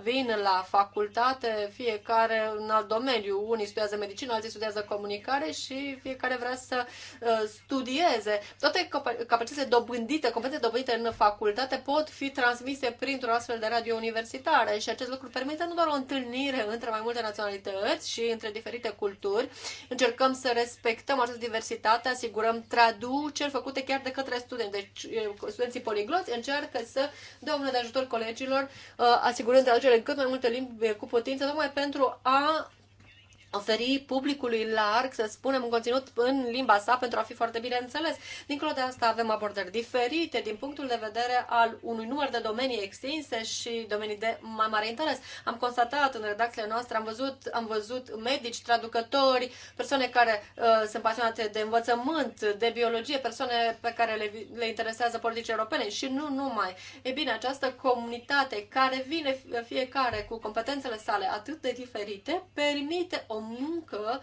vin la facultate, fiecare în alt domeniu. Unii studiază medicină, alții studiază comunicare și fiecare vrea să uh, studieze. Toate capacitățile dobândite multe competențe dobite în facultate pot fi transmise printr-o astfel de radio universitară și acest lucru permite nu doar o întâlnire între mai multe naționalități și între diferite culturi. Încercăm să respectăm această diversitate, asigurăm traduceri făcute chiar de către studenți. Deci studenții poligloți încearcă să dea un de ajutor colegilor, uh, asigurând traducere în cât mai multe limbi cu putință, tocmai pentru a oferi publicului larg, să spunem, un conținut în limba sa pentru a fi foarte bine înțeles. Dincolo de asta avem abordări diferite din punctul de vedere al unui număr de domenii extinse și domenii de mai mare interes. Am constatat în redacțiile noastre, am văzut, am văzut medici, traducători, persoane care uh, sunt pasionate de învățământ, de biologie, persoane pe care le, le interesează politici europene și nu numai. E bine, această comunitate care vine fiecare cu competențele sale atât de diferite, permite o muncă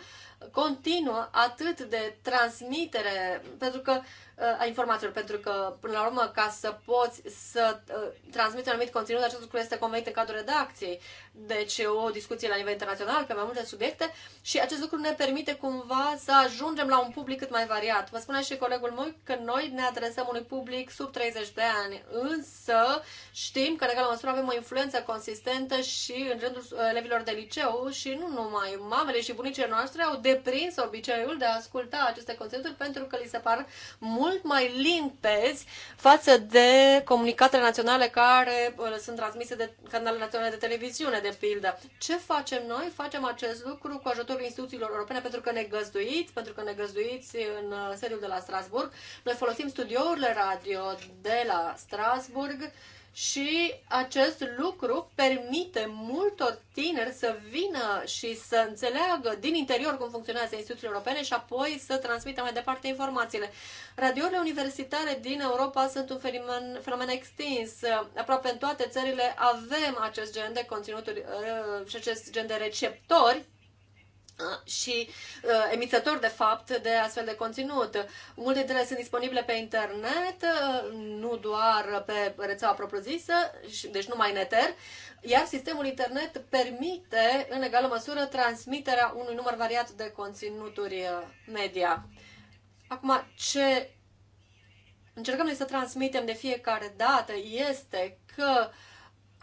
continuă atât de transmitere pentru că, uh, a informațiilor, pentru că, până la urmă, ca să poți să uh, transmiți un anumit conținut, acest lucru este convenit în cadrul redacției. Deci, o discuție la nivel internațional pe mai multe subiecte și acest lucru ne permite cumva să ajungem la un public cât mai variat. Vă spune și colegul meu că noi ne adresăm unui public sub 30 de ani, însă știm că, în egală măsură, avem o influență consistentă și în rândul uh, elevilor de liceu și nu numai. Mamele și bunicile noastre au deprins obiceiul de a asculta aceste conținuturi pentru că li se par mult mai limpezi față de comunicatele naționale care uh, sunt transmise de canalele naționale de televiziune, de pildă. Ce facem noi? Facem acest lucru cu ajutorul instituțiilor europene pentru că ne găzduiți, pentru că ne găzduiți în uh, sediul de la Strasburg. Noi folosim studiourile radio de la Strasburg și acest lucru permite multor tineri să vină și să înțeleagă din interior cum funcționează instituțiile europene și apoi să transmită mai departe informațiile. Radiourile universitare din Europa sunt un fenomen, fenomen extins. Aproape în toate țările avem acest gen de conținuturi uh, și acest gen de receptori și uh, emițători, de fapt, de astfel de conținut. Multe dintre ele sunt disponibile pe internet, uh, nu doar pe rețeaua propriu-zisă, deci numai în eter, iar sistemul internet permite, în egală măsură, transmiterea unui număr variat de conținuturi uh, media. Acum, ce încercăm noi să transmitem de fiecare dată este că uh,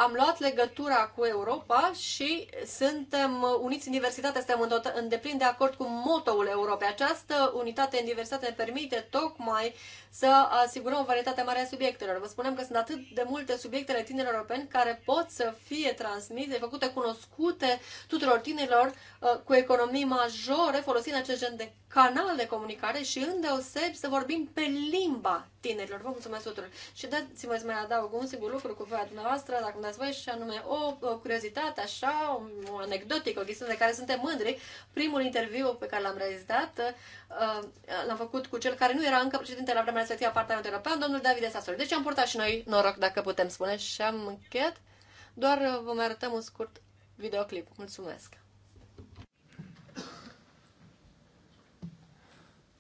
am luat legătura cu Europa și suntem uniți în diversitate, suntem în deplin de acord cu motoul Europei. Această unitate în diversitate ne permite tocmai să asigurăm o varietate mare a subiectelor. Vă spunem că sunt atât de multe subiectele tinerilor europeni care pot să fie transmise, făcute cunoscute tuturor tinerilor uh, cu economii majore, folosind acest gen de canal de comunicare și îndeosebi să vorbim pe limba tinerilor. Vă mulțumesc tuturor. Și dați mi să mai adaug un singur lucru cu voia dumneavoastră, dacă dați voi, și anume o, o curiozitate, așa, o, o anecdotică, o chestiune de care suntem mândri. Primul interviu pe care l-am realizat uh, l-am făcut cu cel care nu era încă președinte la vremea respectivă a Parlamentului European, domnul David Sassoli. Deci am purtat și noi noroc, dacă putem spune, și am încheiat. Doar uh, vă mai arătăm un scurt videoclip. Mulțumesc!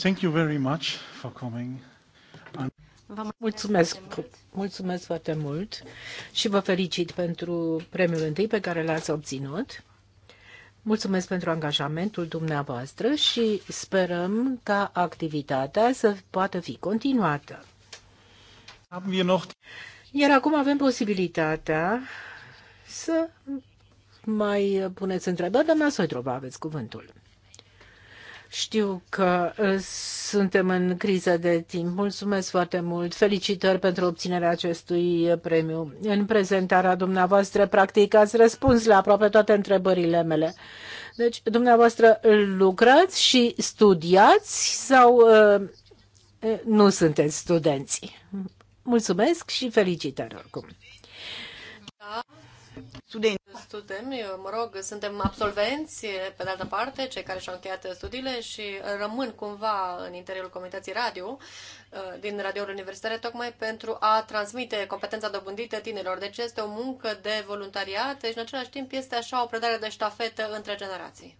Thank you very much for coming. Vă mulțumesc, mulțumesc foarte mult și vă felicit pentru premiul întâi pe care l-ați obținut. Mulțumesc pentru angajamentul dumneavoastră și sperăm ca activitatea să poată fi continuată. Iar acum avem posibilitatea să mai puneți întrebări. Doamna Soitrova, aveți cuvântul. Știu că uh, suntem în criză de timp. Mulțumesc foarte mult. Felicitări pentru obținerea acestui uh, premiu. În prezentarea dumneavoastră, practic, ați răspuns la aproape toate întrebările mele. Deci, dumneavoastră lucrați și studiați sau uh, nu sunteți studenți? Mulțumesc și felicitări oricum. Da studenți. Studemi, mă rog, suntem absolvenți, pe de altă parte, cei care și-au încheiat studiile și rămân cumva în interiorul comunității radio, uh, din radio universitare, tocmai pentru a transmite competența dobândită tinerilor. Deci este o muncă de voluntariat și, în același timp, este așa o predare de ștafetă între generații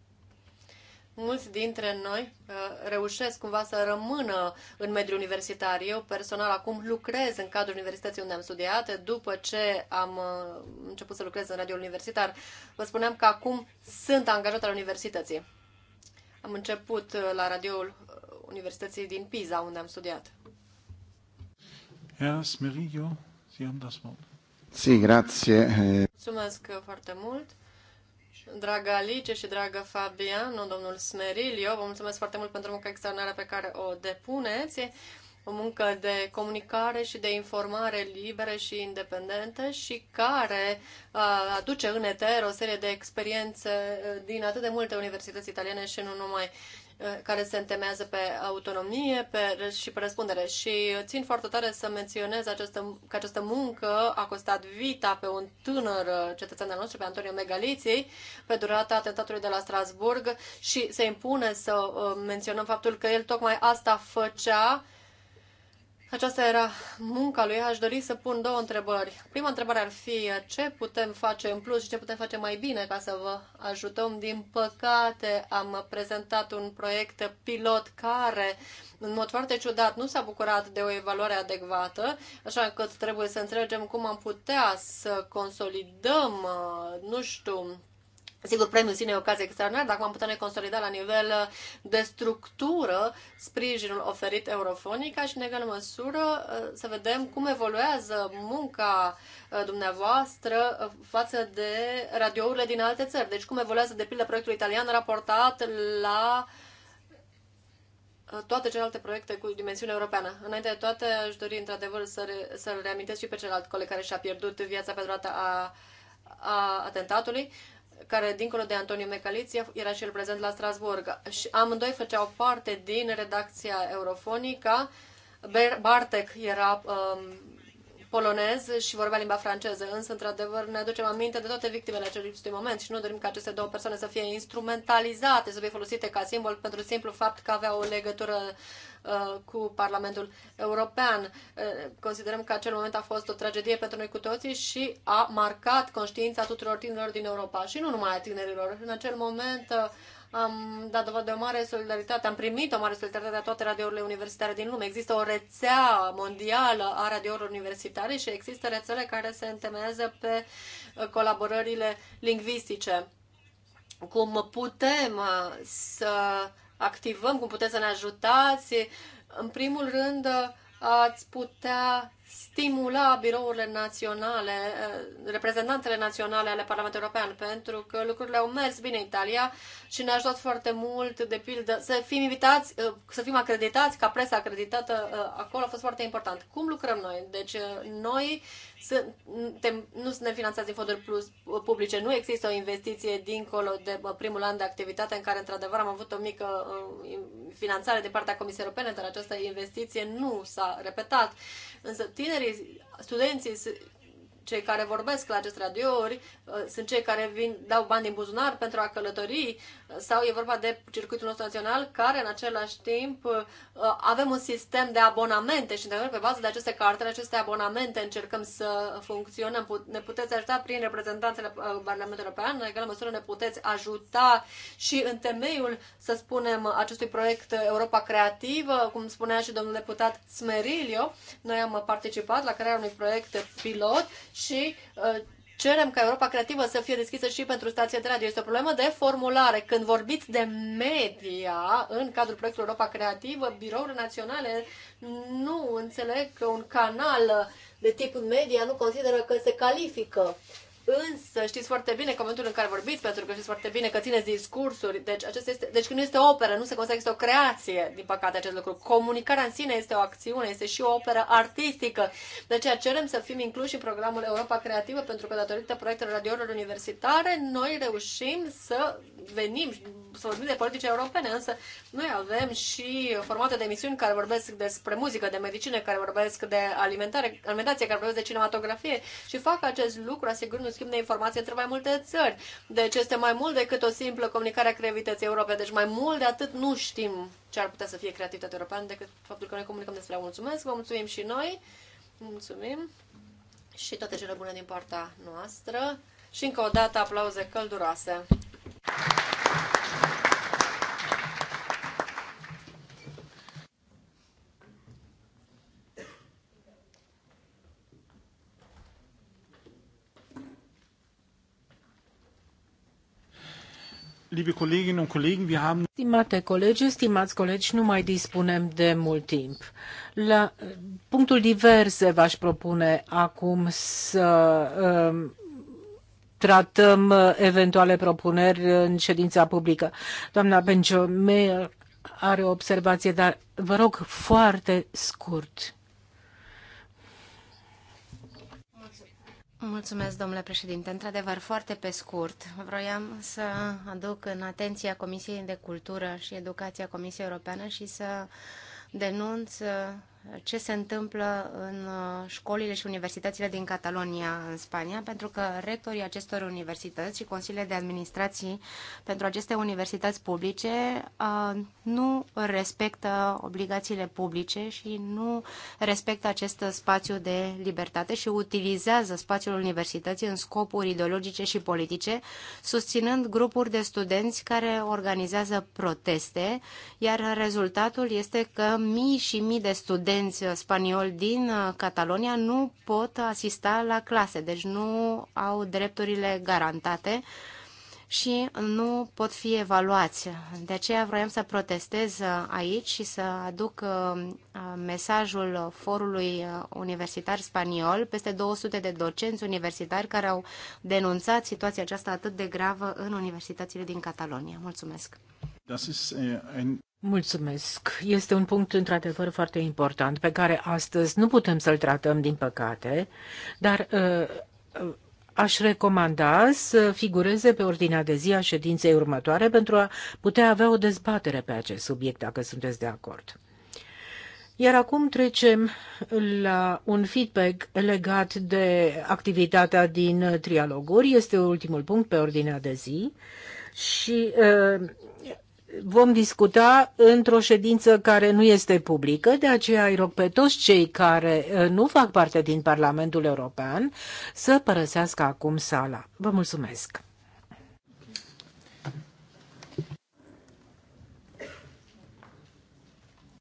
mulți dintre noi uh, reușesc cumva să rămână în mediul universitar. Eu personal acum lucrez în cadrul universității unde am studiat, după ce am uh, început să lucrez în radio universitar. Vă spuneam că acum sunt angajat la universității. Am început uh, la radioul Universității din Pisa, unde am studiat. Herr Smerillo, Sie haben das Wort. Sì, grazie. Mulțumesc foarte mult. Draga Alice și dragă Fabiano, domnul Smerilio, vă mulțumesc foarte mult pentru munca externară pe care o depuneți o muncă de comunicare și de informare libere și independente și care uh, aduce în eter o serie de experiențe uh, din atât de multe universități italiene și nu numai. Uh, care se întemeiază pe autonomie pe, și pe răspundere. Și țin foarte tare să menționez această, că această muncă a costat vita pe un tânăr uh, cetățean al nostru, pe Antonio Megaliții, pe durata atentatului de la Strasburg și se impune să uh, menționăm faptul că el tocmai asta făcea aceasta era munca lui. Aș dori să pun două întrebări. Prima întrebare ar fi ce putem face în plus și ce putem face mai bine ca să vă ajutăm. Din păcate am prezentat un proiect pilot care în mod foarte ciudat nu s-a bucurat de o evaluare adecvată, așa că trebuie să înțelegem cum am putea să consolidăm, uh, nu știu, Sigur, premiul sine e o ocazie extraordinară, dacă am putea ne consolida la nivel uh, de structură sprijinul oferit Eurofonica și, în egală măsură, uh, să vedem cum evoluează munca uh, dumneavoastră față de radiourile din alte țări. Deci, cum evoluează, de pildă, proiectul italian raportat la toate celelalte proiecte cu dimensiune europeană. Înainte de toate, aș dori, într-adevăr, să re- să-l reamintesc și pe celălalt coleg care și-a pierdut viața pe durata a, a atentatului. Uh, care, dincolo de Antonio Mecaliți, era și el prezent la Strasburg. Și amândoi făceau parte din redacția Eurofonica. Bartek era um, polonez și vorbea limba franceză, însă, într-adevăr, ne aducem aminte de toate victimele acestui moment și nu dorim ca aceste două persoane să fie instrumentalizate, să fie folosite ca simbol pentru simplu fapt că aveau o legătură Uh, cu Parlamentul European. Uh, considerăm că acel moment a fost o tragedie pentru noi cu toții și a marcat conștiința tuturor tinerilor din Europa și nu numai a tinerilor. În acel moment uh, am dat dovadă de o mare solidaritate, am primit o mare solidaritate a toate radiourile universitare din lume. Există o rețea mondială a radiourilor universitare și există rețele care se întemeiază pe colaborările lingvistice. Cum putem să activăm, cum puteți să ne ajutați. În primul rând, ați putea stimula birourile naționale, eh, reprezentantele naționale ale Parlamentului European, pentru că lucrurile au mers bine în Italia și ne-a ajutat foarte mult, de pildă, să fim invitați, eh, să fim acreditați, ca presa acreditată eh, acolo a fost foarte important. Cum lucrăm noi? Deci noi suntem, nu suntem finanțați din fonduri plus publice, nu există o investiție dincolo de primul an de activitate în care, într-adevăr, am avut o mică finanțare de partea Comisiei Europene, dar această investiție nu s-a repetat. Însă tinerii, studenții cei care vorbesc la aceste radiouri uh, sunt cei care vin, dau bani din buzunar pentru a călători uh, sau e vorba de circuitul nostru național care în același timp uh, avem un sistem de abonamente și pe bază de aceste cartele, aceste abonamente încercăm să funcționăm. Ne puteți ajuta prin reprezentanțele Parlamentului European, în egală măsură ne puteți ajuta și în temeiul, să spunem, acestui proiect Europa Creativă, cum spunea și domnul deputat Smerilio. Noi am participat la crearea unui proiect pilot și uh, cerem ca Europa Creativă să fie deschisă și pentru stația de radio. Este o problemă de formulare. Când vorbiți de media în cadrul proiectului Europa Creativă, birourile naționale nu înțeleg că un canal de tip media nu consideră că se califică însă știți foarte bine că momentul în care vorbiți, pentru că știți foarte bine că țineți discursuri, deci, acesta este, deci când nu este o operă, nu se consideră că este o creație, din păcate, acest lucru. Comunicarea în sine este o acțiune, este și o operă artistică. De aceea cerem să fim incluși în programul Europa Creativă, pentru că datorită proiectelor radiourilor universitare, noi reușim să venim, să vorbim de politice europene, însă noi avem și formate de emisiuni care vorbesc despre muzică, de medicină, care vorbesc de alimentare, alimentație, care vorbesc de cinematografie și fac acest lucru asigurându-se schimb de informații între mai multe țări. Deci este mai mult decât o simplă comunicare a creativității europene. Deci mai mult de atât nu știm ce ar putea să fie creativitatea europeană decât faptul că noi comunicăm despre ea. Mulțumesc, vă mulțumim și noi. Mulțumim. Și toate cele bune din partea noastră. Și încă o dată aplauze călduroase. Liebe Kolleginnen und Kollegen, wir haben... Stimate colegi, stimați colegi, nu mai dispunem de mult timp. La punctul diverse v-aș propune acum să um, tratăm eventuale propuneri în ședința publică. Doamna Benjo are o observație, dar vă rog foarte scurt. Mulțumesc, domnule președinte. Într-adevăr, foarte pe scurt, vroiam să aduc în atenția Comisiei de Cultură și a Comisiei Europeană și să denunț ce se întâmplă în uh, școlile și universitățile din Catalonia, în Spania, pentru că rectorii acestor universități și consiliile de administrații pentru aceste universități publice uh, nu respectă obligațiile publice și nu respectă acest spațiu de libertate și utilizează spațiul universității în scopuri ideologice și politice, susținând grupuri de studenți care organizează proteste, iar rezultatul este că mii și mii de studenți studenți spanioli din uh, Catalonia nu pot asista la clase, deci nu au drepturile garantate și nu pot fi evaluați. De aceea vroiam să protestez uh, aici și să aduc uh, mesajul forului universitar spaniol, peste 200 de docenți universitari care au denunțat situația aceasta atât de gravă în universitățile din Catalonia. Mulțumesc! Äh, Mulțumesc. Este un punct într-adevăr foarte important pe care astăzi nu putem să-l tratăm, din păcate, dar uh, uh, aș recomanda să figureze pe ordinea de zi a ședinței următoare pentru a putea avea o dezbatere pe acest subiect, dacă sunteți de acord. Iar acum trecem la un feedback legat de activitatea din trialoguri. Este ultimul punct pe ordinea de zi și uh, vom discuta într-o ședință care nu este publică, de aceea îi rog pe toți cei care uh, nu fac parte din Parlamentul European să părăsească acum sala. Vă mulțumesc!